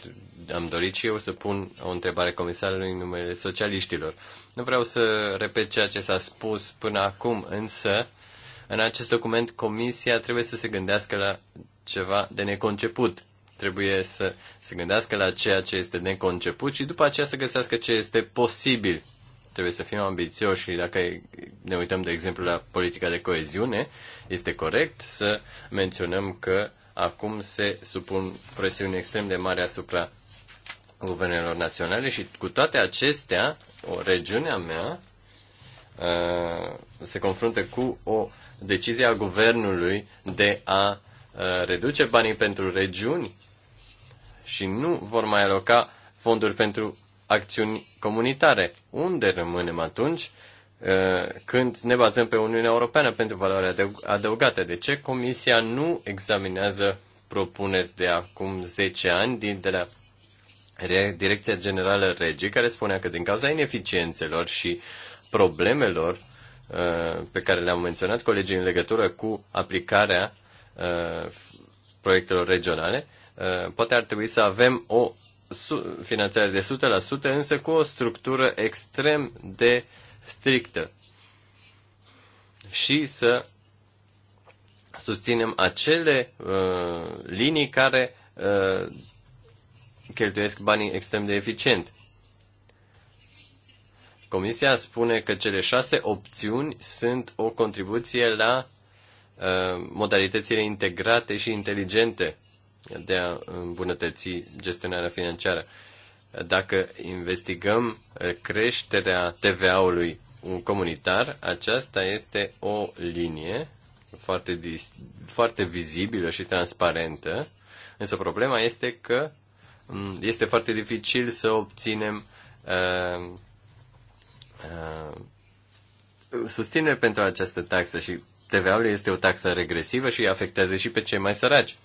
am dorit și eu să pun o întrebare comisarului în numele socialiștilor. Nu vreau să repet ceea ce s-a spus până acum, însă în acest document comisia trebuie să se gândească la ceva de neconceput. Trebuie să se gândească la ceea ce este neconceput și după aceea să găsească ce este posibil. Trebuie să fim ambițioși și dacă ne uităm, de exemplu, la politica de coeziune, este corect să menționăm că uh, acum se supun presiuni extrem de mari asupra guvernelor naționale și cu toate acestea, o regiunea mea uh, se confruntă cu o decizie a guvernului de a uh, reduce banii pentru regiuni și nu vor mai aloca fonduri pentru acțiuni comunitare. Unde rămânem atunci? Uh, când ne bazăm pe Uniunea Europeană pentru valoarea adăugată. De ce Comisia nu examinează propuneri de acum 10 ani din de la Direcția Generală Regii, care spunea că din cauza ineficiențelor și problemelor uh, pe care le-am menționat colegii în legătură cu aplicarea uh, proiectelor regionale, poate ar trebui să avem o finanțare de 100%, însă cu o structură extrem de uh, strictă și să susținem acele uh, linii care uh, cheltuiesc banii extrem de eficient. Comisia spune că cele șase opțiuni sunt o contribuție la uh, modalitățile integrate și inteligente de a îmbunătăți gestionarea financiară. Uh, dacă investigăm uh, creșterea TVA-ului comunitar, aceasta este o linie foarte, foarte vizibilă și transparentă, însă problema este că mm, este foarte dificil să obținem uh, uh, susținere pentru această taxă și TVA-ul este o taxă regresivă și afectează și pe cei mai săraci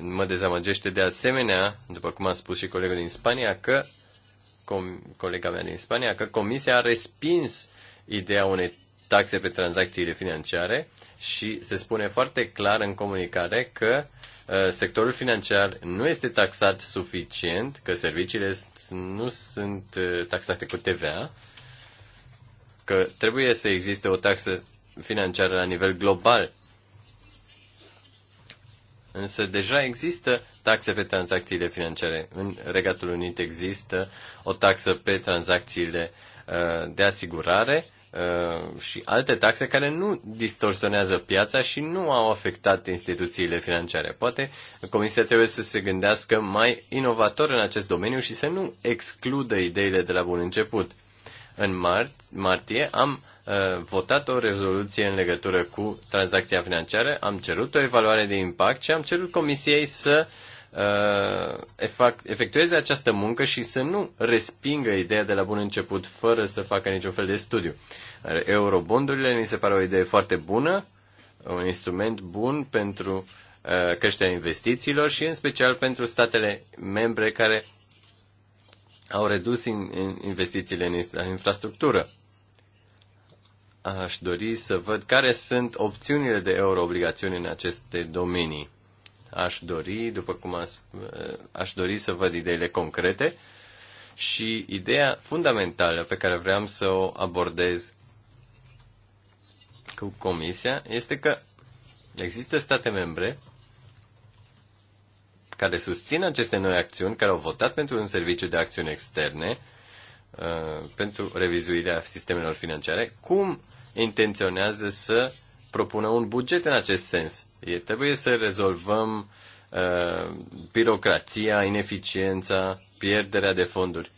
mă dezamăgește de asemenea, după cum a spus și colegul din Spania, că com- colega mea din Spania, că Comisia a respins ideea unei taxe pe tranzacțiile financiare și se spune foarte clar în comunicare că uh, sectorul financiar nu este taxat suficient, că serviciile nu sunt uh, taxate cu TVA, că trebuie să existe o taxă financiară la nivel global Însă deja există taxe pe tranzacțiile financiare. În Regatul Unit există o taxă pe tranzacțiile uh, de asigurare uh, și alte taxe care nu distorsionează piața și nu au afectat instituțiile financiare. Poate Comisia trebuie să se gândească mai inovator în acest domeniu și să nu excludă ideile de la bun început. În martie am Uh, votat o rezoluție în legătură cu tranzacția financiară, am cerut o evaluare de impact și am cerut comisiei să uh, efectueze această muncă și să nu respingă ideea de la bun început fără să facă niciun fel de studiu. Eurobondurile mi se pare o idee foarte bună, un instrument bun pentru uh, creșterea investițiilor și în special pentru statele membre care au redus investițiile în infrastructură aș dori să văd care sunt opțiunile de euroobligațiuni în aceste domenii. Aș dori, după cum aș, aș dori să văd ideile concrete și ideea fundamentală pe care vreau să o abordez cu Comisia este că există state membre care susțin aceste noi acțiuni, care au votat pentru un serviciu de acțiuni externe, uh, pentru revizuirea sistemelor financiare, cum intenționează să propună un buget în acest sens. E, trebuie să rezolvăm uh, birocrația, ineficiența, pierderea de fonduri.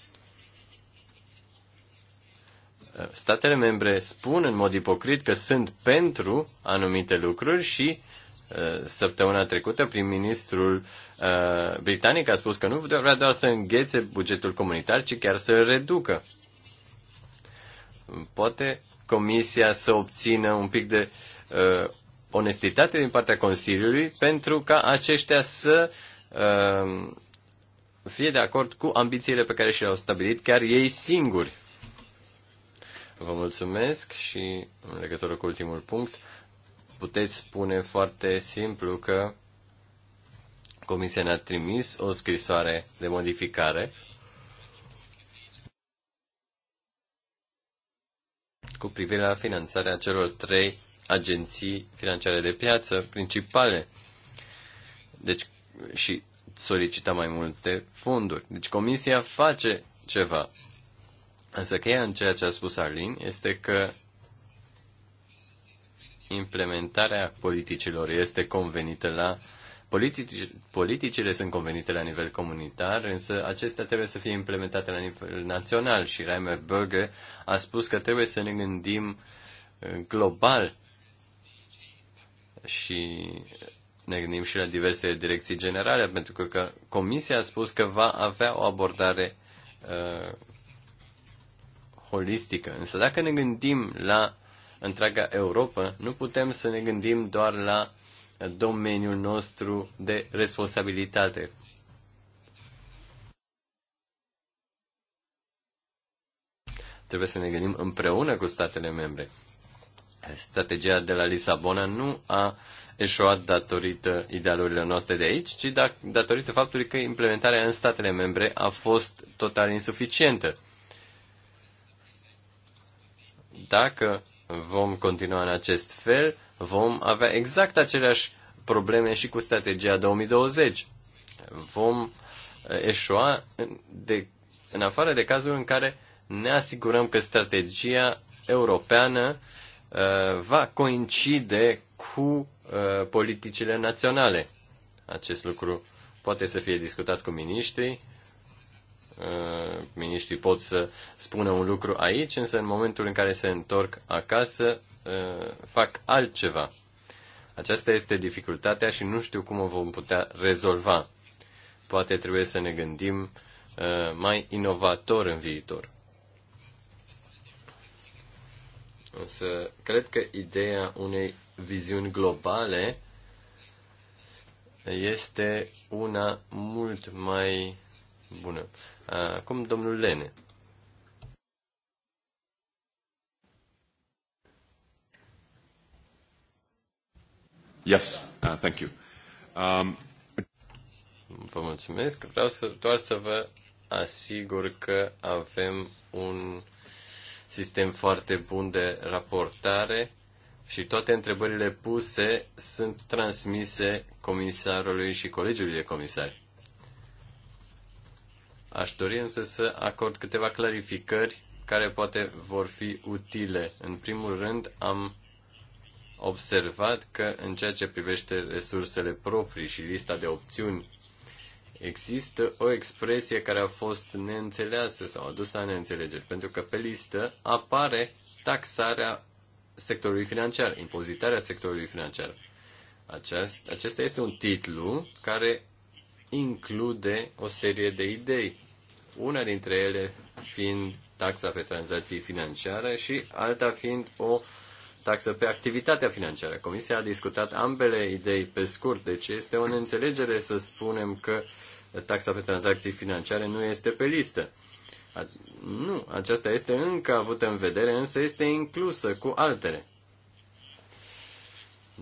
Uh, statele membre spun în mod ipocrit că sunt pentru anumite lucruri și uh, săptămâna trecută prim-ministrul uh, britanic a spus că nu vrea doar să înghețe bugetul comunitar, ci chiar să l reducă. Poate Comisia să obțină un pic de uh, onestitate din partea Consiliului pentru ca aceștia să uh, fie de acord cu ambițiile pe care și le-au stabilit chiar ei singuri. Vă mulțumesc și în legătură cu ultimul punct, puteți spune foarte simplu că Comisia ne-a trimis o scrisoare de modificare cu privire la finanțarea celor trei agenții financiare de piață principale. Deci, și solicita mai multe fonduri. Deci comisia face ceva. Însă cheia în ceea ce a spus Arlin este că implementarea politicilor este convenită la Politici, politicile sunt convenite la nivel comunitar, însă acestea trebuie să fie implementate la nivel național și Reimer Berger a spus că trebuie să ne gândim uh, global și ne gândim și la diverse direcții generale, pentru că, că Comisia a spus că va avea o abordare uh, holistică. Însă dacă ne gândim la întreaga Europa, nu putem să ne gândim doar la domeniul nostru de responsabilitate. Trebuie să ne gândim împreună cu statele membre. Strategia de la Lisabona nu a eșuat datorită idealurilor noastre de aici, ci da- datorită faptului că implementarea în statele membre a fost total insuficientă. Dacă vom continua în acest fel, vom avea exact aceleași probleme și cu strategia 2020. Vom uh, eșua de, în afară de cazul în care ne asigurăm că strategia europeană uh, va coincide cu uh, politicile naționale. Acest lucru poate să fie discutat cu miniștrii. miniștrii pot să spună un lucru aici, însă în momentul în care se întorc acasă, Uh, fac altceva. Aceasta este dificultatea și nu știu cum o vom putea rezolva. Poate trebuie să ne gândim uh, mai inovator în viitor. Însă, cred că ideea unei viziuni globale este una mult mai bună. Acum, domnul Lene. Yes, uh, thank you. Um... Vă mulțumesc. Vreau să, doar să vă asigur că avem un sistem foarte bun de raportare și toate întrebările puse sunt transmise comisarului și colegiului de comisari. Aș dori însă să acord câteva clarificări care poate vor fi utile. În primul rând, am observat că în ceea ce privește resursele proprii și lista de opțiuni, există o expresie care a fost neînțeleasă sau adusă la neînțelegeri, pentru că pe listă apare taxarea sectorului financiar, impozitarea sectorului financiar. Aceast, acesta este un titlu care include o serie de idei, una dintre ele fiind taxa pe tranzacții financiare și alta fiind o uh, taxă pe activitatea financiară. Comisia a discutat ambele idei pe scurt, deci este o neînțelegere să spunem că taxa pe tranzacții financiare nu este pe listă. Nu, aceasta este încă avută în vedere, însă este inclusă cu altele.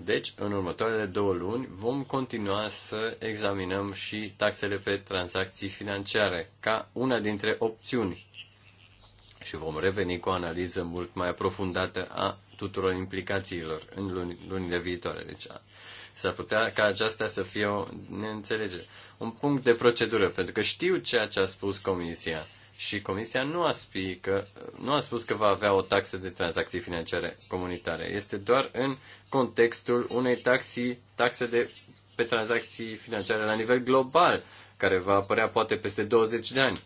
Deci, în următoarele două luni vom continua să examinăm și taxele pe tranzacții financiare ca una dintre opțiuni și vom reveni cu o analiză mult mai aprofundată a tuturor implicațiilor în luni, lunile viitoare. Deci s-ar putea ca aceasta să fie o neînțelegere. Un punct de procedură, pentru că știu ceea ce a spus Comisia și Comisia nu a, spică, nu a spus că va avea o taxă de tranzacții financiare comunitare. Este doar în contextul unei taxi, taxe de, pe tranzacții financiare la nivel global, care va apărea poate peste 20 de ani.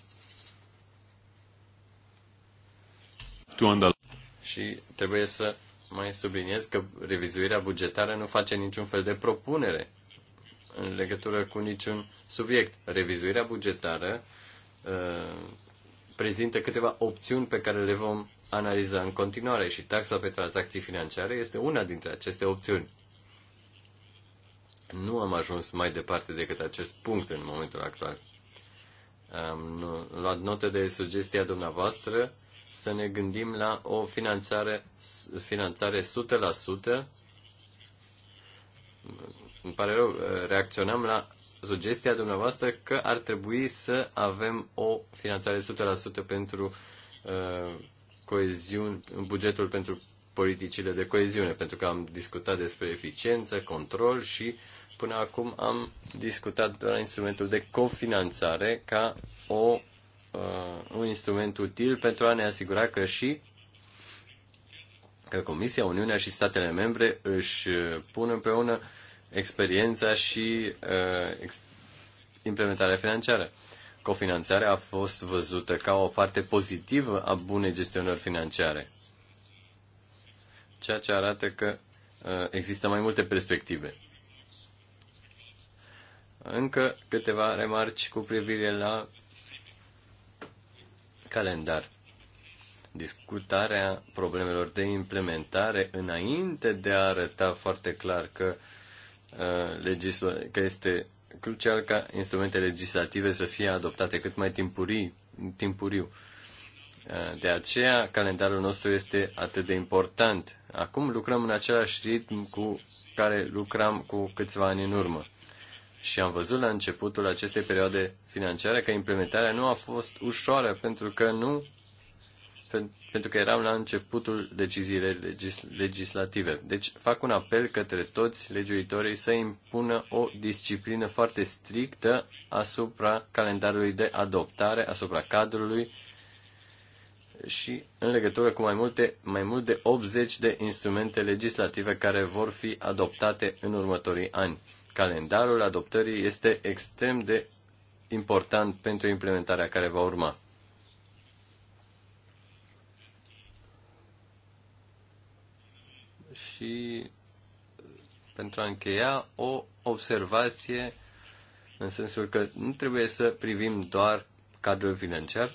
Și trebuie să mai subliniez că revizuirea bugetară nu face niciun fel de propunere în legătură cu niciun subiect. Revizuirea bugetară uh, prezintă câteva opțiuni pe care le vom analiza în continuare și taxa pe tranzacții financiare este una dintre aceste opțiuni. Nu am ajuns mai departe decât acest punct în momentul actual. Am luat notă de sugestia dumneavoastră să ne gândim la o finanțare, finanțare 100%. Îmi pare rău, reacționăm la sugestia dumneavoastră că ar trebui să avem o finanțare 100% pentru uh, coeziune, în bugetul pentru politicile de coeziune, pentru că am discutat despre eficiență, control și până acum am discutat doar instrumentul de cofinanțare ca o uh, un instrument util pentru a ne asigura că și că Comisia, Uniunea și statele membre își uh, pun împreună experiența și uh, ex- implementarea financiară. Cofinanțarea a fost văzută ca o parte pozitivă a bunei gestionări financiare, ceea ce arată că uh, există mai multe perspective. Încă câteva remarci cu privire la calendar. Discutarea problemelor de implementare înainte de a arăta foarte clar că, uh, că este crucial ca instrumente legislative să fie adoptate cât mai timpurii, timpuriu. Uh, de aceea, calendarul nostru este atât de important. Acum lucrăm în același ritm cu care lucram cu câțiva ani în urmă. Și am văzut la începutul acestei perioade financiare că implementarea nu a fost ușoară pentru că nu pentru că eram la începutul deciziile legis, legislative. Deci fac un apel către toți legiuitorii să impună o disciplină foarte strictă asupra calendarului de adoptare, asupra cadrului și în legătură cu mai, multe, mai mult de 80 de instrumente legislative care vor fi adoptate în următorii ani calendarul adoptării este extrem de important pentru implementarea care va urma. Și pentru a încheia o observație în sensul că nu trebuie să privim doar cadrul financiar,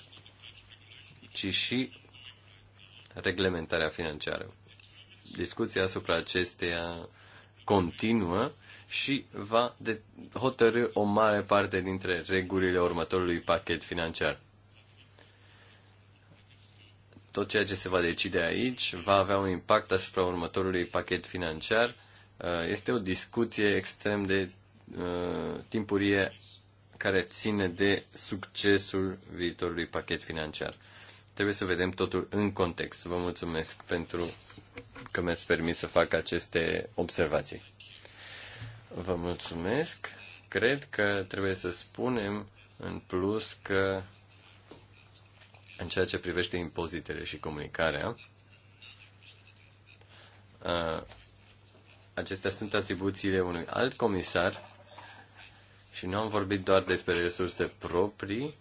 ci și reglementarea financiară. Discuția asupra acesteia continuă și va de- hotărâ o mare parte dintre regulile următorului pachet financiar. Tot ceea ce se va decide aici va avea un impact asupra următorului pachet financiar. Uh, este o discuție extrem de uh, timpurie care ține de succesul viitorului pachet financiar. Trebuie să vedem totul în context. Vă mulțumesc pentru că mi-ați permis să fac aceste observații. Vă mulțumesc. Cred că trebuie să spunem în plus că în ceea ce privește impozitele și comunicarea, acestea sunt atribuțiile unui alt comisar și nu am vorbit doar despre resurse proprii,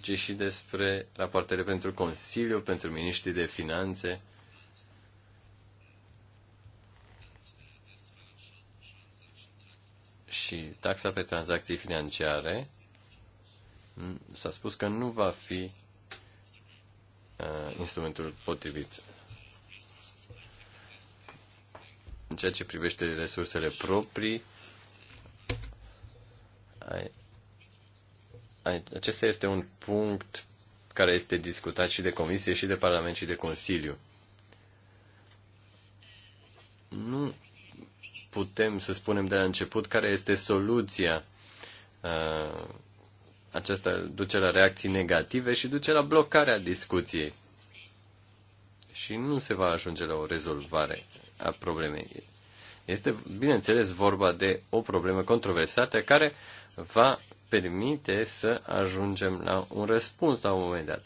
ci și despre rapoartele pentru Consiliu, pentru Miniștrii de Finanțe și taxa pe tranzacții financiare s-a spus că nu va fi uh, instrumentul potrivit. În ceea ce privește resursele proprii, ai, ai, acesta este un punct care este discutat și de Comisie, și de Parlament, și de Consiliu. Nu putem să spunem de la început care este soluția. Uh, aceasta duce la reacții negative și duce la blocarea discuției. Și nu se va ajunge la o rezolvare a problemei. Este, bineînțeles, vorba de o problemă controversată care va permite să ajungem la un răspuns la un moment dat.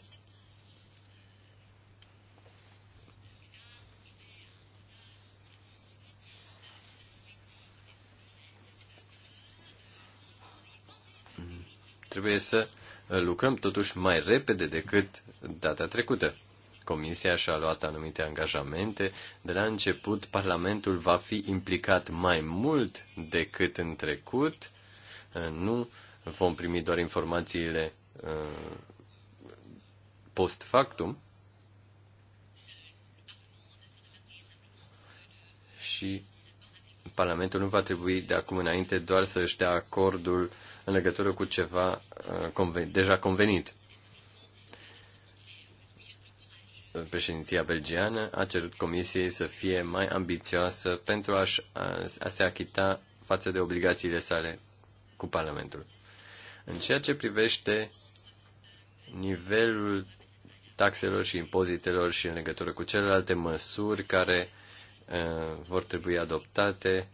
Trebuie să uh, lucrăm totuși mai repede decât data trecută. Comisia și-a luat anumite angajamente. De la început, Parlamentul va fi implicat mai mult decât în trecut. Uh, nu vom primi doar informațiile uh, post factum. Și Parlamentul nu va trebui de acum înainte doar să își dea acordul în legătură cu ceva uh, conven- deja convenit. Președinția belgiană a cerut Comisiei să fie mai ambițioasă pentru a, a se achita față de obligațiile sale cu Parlamentul. În ceea ce privește nivelul taxelor și impozitelor și în legătură cu celelalte măsuri care uh, Uh, vor trebui adoptate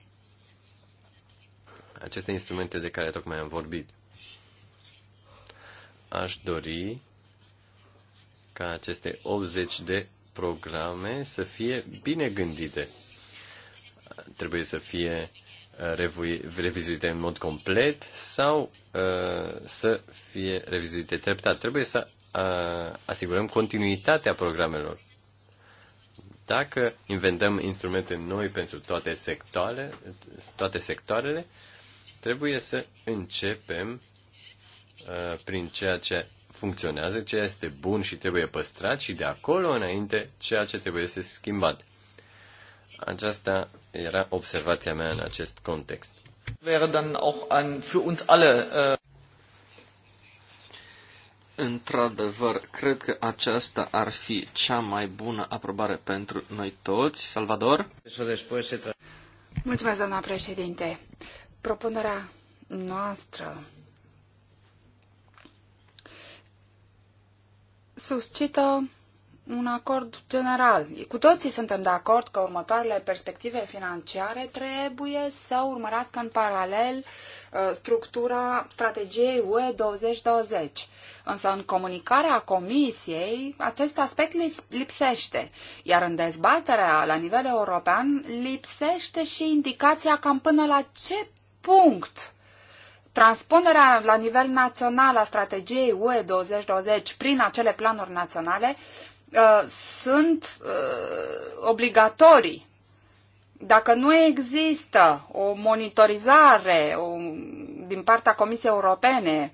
aceste instrumente de care tocmai am vorbit. Aș dori ca aceste 80 de programe să fie bine gândite. Trebuie să fie uh, revizuite în mod complet sau uh, să fie revizuite treptat. Trebuie să asigurăm continuitatea programelor. Dacă inventăm instrumente noi pentru toate sectoarele, toate sectoarele trebuie să începem uh, prin ceea ce funcționează, ceea ce este bun și trebuie păstrat și de acolo înainte ceea ce trebuie să schimbat. Aceasta era observația mea în acest context. Wäre dann auch an, für uns alle, uh... Într-adevăr, cred că aceasta ar fi cea mai bună aprobare pentru noi toți. Salvador? Mulțumesc, doamna președinte. Propunerea noastră suscită un acord general. Cu toții suntem de acord că următoarele perspective financiare trebuie să urmărească în paralel uh, structura strategiei UE 2020. Însă în comunicarea Comisiei acest aspect lipsește, iar în dezbaterea la nivel european lipsește și indicația cam până la ce punct Transpunerea la nivel național a strategiei UE 2020 prin acele planuri naționale Uh, sunt uh, obligatorii. Dacă nu există o monitorizare o, din partea Comisiei Europene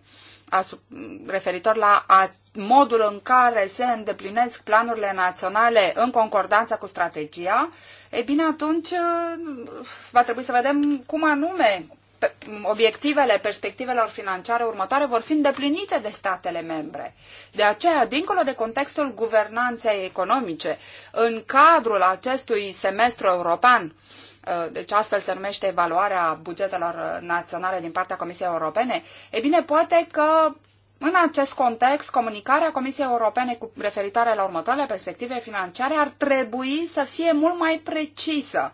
asup, referitor la a, modul în care se îndeplinesc planurile naționale în concordanță cu strategia, e bine, atunci uh, va trebui să vedem cum anume obiectivele perspectivelor financiare următoare vor fi îndeplinite de statele membre. De aceea, dincolo de contextul guvernanței economice, în cadrul acestui semestru european, uh, deci astfel se numește evaluarea bugetelor uh, naționale din partea Comisiei Europene, e bine, poate că în acest context, comunicarea Comisiei Europene cu referitoare la următoarele perspective financiare ar trebui să fie mult mai precisă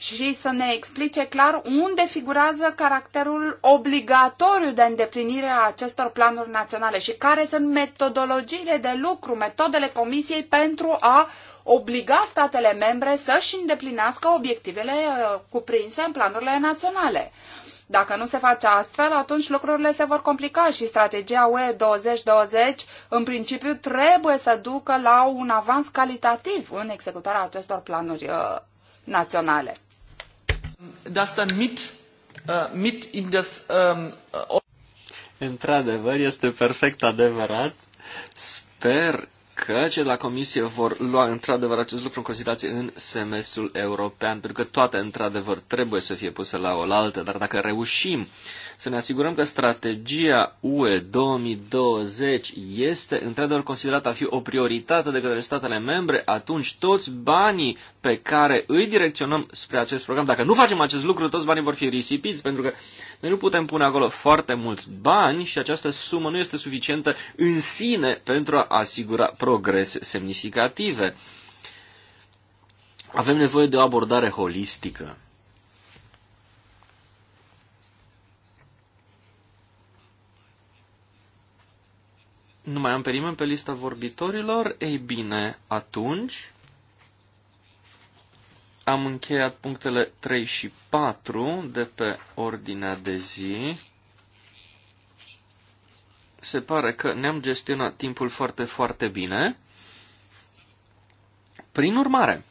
și să ne explice clar unde figurează caracterul obligatoriu de îndeplinire a acestor planuri naționale și care sunt metodologiile de lucru, metodele Comisiei pentru a obliga statele membre să-și îndeplinească obiectivele uh, cuprinse în planurile naționale. Dacă nu se face astfel, atunci lucrurile se vor complica și strategia UE 2020 în principiu trebuie să ducă la un avans calitativ în executarea acestor planuri uh, naționale das dann mit, äh, mit in das... Ähm, äh, într-adevăr, este perfect adevărat. Sper că cei la comisie vor lua într-adevăr acest lucru în considerație în semestrul european, pentru că toate într-adevăr trebuie să fie puse la oaltă, dar dacă reușim să ne asigurăm că strategia UE 2020 este într-adevăr considerată a fi o prioritate de către statele membre, atunci toți banii pe care îi direcționăm spre acest program, dacă nu facem acest lucru, toți banii vor fi risipiți, pentru că noi nu putem pune acolo foarte mulți bani și această sumă nu este suficientă în sine pentru a asigura progrese semnificative. Avem nevoie de o abordare holistică. Nu mai am pe nimeni pe lista vorbitorilor? Ei bine, atunci am încheiat punctele 3 și 4 de pe ordinea de zi. Se pare că ne-am gestionat timpul foarte, foarte bine. Prin urmare,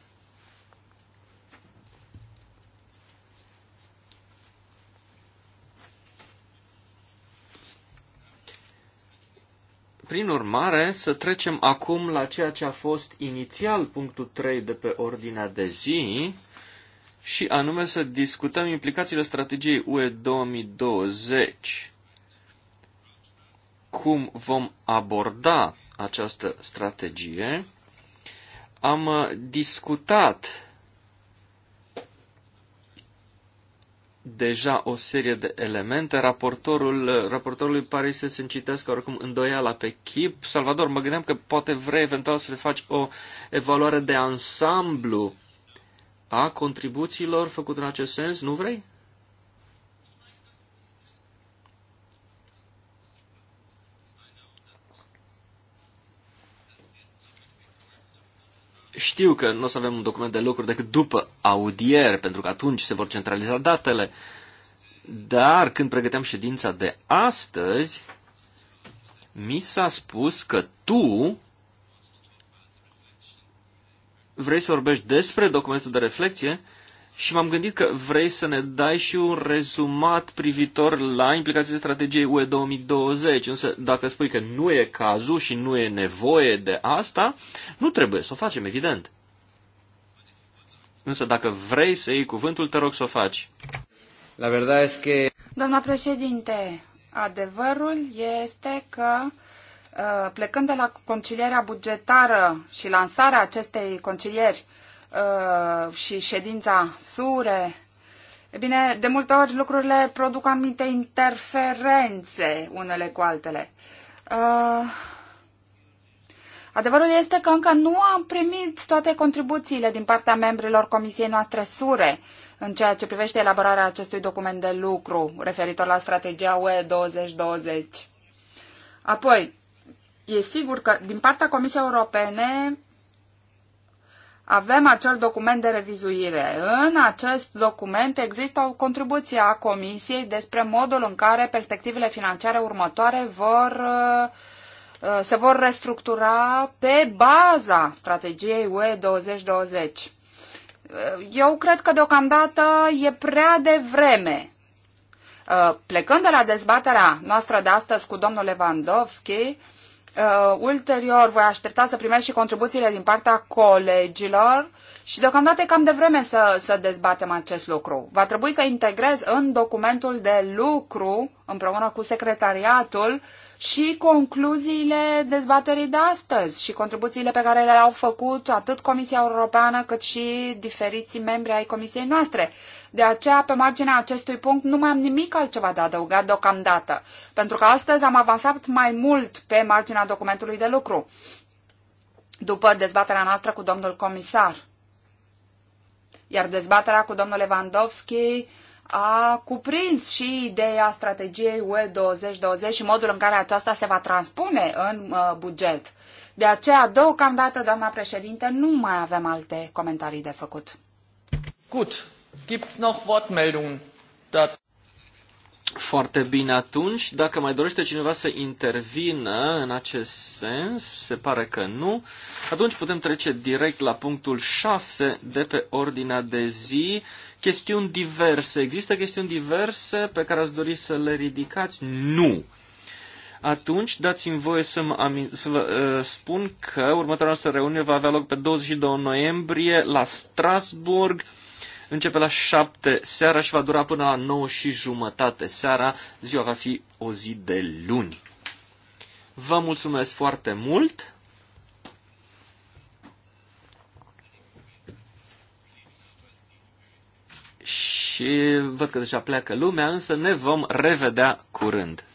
Prin urmare, să trecem acum la ceea ce a fost inițial punctul 3 de pe ordinea de zi, și anume să discutăm implicațiile strategiei UE 2020. Cum vom aborda această strategie? Am discutat deja o serie de elemente. Raportorul, raportorului pare să se citească oricum îndoiala pe chip. Salvador, mă gândeam că poate vrei eventual să le faci o evaluare de ansamblu a contribuțiilor făcute în acest sens. Nu vrei? Știu că nu o să avem un document de lucru decât după audier, pentru că atunci se vor centraliza datele. Dar când pregăteam ședința de astăzi, mi s-a spus că tu vrei să vorbești despre documentul de reflexie și m-am gândit că vrei să ne dai și un rezumat privitor la implicațiile strategiei UE 2020, însă dacă spui că nu e cazul și nu e nevoie de asta, nu trebuie să o facem, evident. Însă dacă vrei să iei cuvântul, te rog să o faci. La verdad es que... Doamna președinte, adevărul este că uh, plecând de la concilierea bugetară și lansarea acestei concilieri Uh, și ședința SURE, e bine, de multe ori lucrurile produc anumite interferențe unele cu altele. Uh, Adevărul este că încă nu am primit toate contribuțiile din partea membrilor Comisiei noastre SURE în ceea ce privește elaborarea acestui document de lucru referitor la strategia UE 2020. Apoi, e sigur că din partea Comisiei Europene avem acel document de revizuire. În acest document există o contribuție a Comisiei despre modul în care perspectivele financiare următoare vor, uh, uh, se vor restructura pe baza strategiei UE 2020. Uh, eu cred că deocamdată e prea devreme. Plecând de la dezbaterea noastră de astăzi cu domnul Lewandowski, Uh, ulterior voi aștepta să primești și contribuțiile din partea colegilor și deocamdată e cam de vreme să, să dezbatem acest lucru. Va trebui să integrez în documentul de lucru, împreună cu secretariatul, și concluziile dezbaterii de astăzi și contribuțiile pe care le-au făcut atât Comisia Europeană cât și diferiții membri ai Comisiei noastre. De aceea, pe marginea acestui punct, nu mai am nimic altceva de adăugat deocamdată, pentru că astăzi am avansat mai mult pe marginea documentului de lucru, după dezbaterea noastră cu domnul comisar. Iar dezbaterea cu domnul Lewandowski a cuprins și ideea strategiei UE 2020 și modul în care aceasta se va transpune în uh, buget. De aceea, deocamdată, doamna președinte, nu mai avem alte comentarii de făcut. Gut, gibt's noch Wortmeldungen dazu? Foarte bine atunci. Dacă mai dorește cineva să intervină în acest sens, se pare că nu, atunci putem trece direct la punctul 6 de pe ordinea de zi. Chestiuni diverse. Există chestiuni diverse pe care ați dori să le ridicați? Nu. Atunci dați-mi voie să, mă să vă uh, spun că următoarea noastră reuniune va avea loc pe 22 noiembrie la Strasburg. Începe la 7 seara și va dura până la 9 și jumătate seara. Ziua va fi o zi de luni. Vă mulțumesc foarte mult! Și văd că deja pleacă lumea, însă ne vom revedea curând.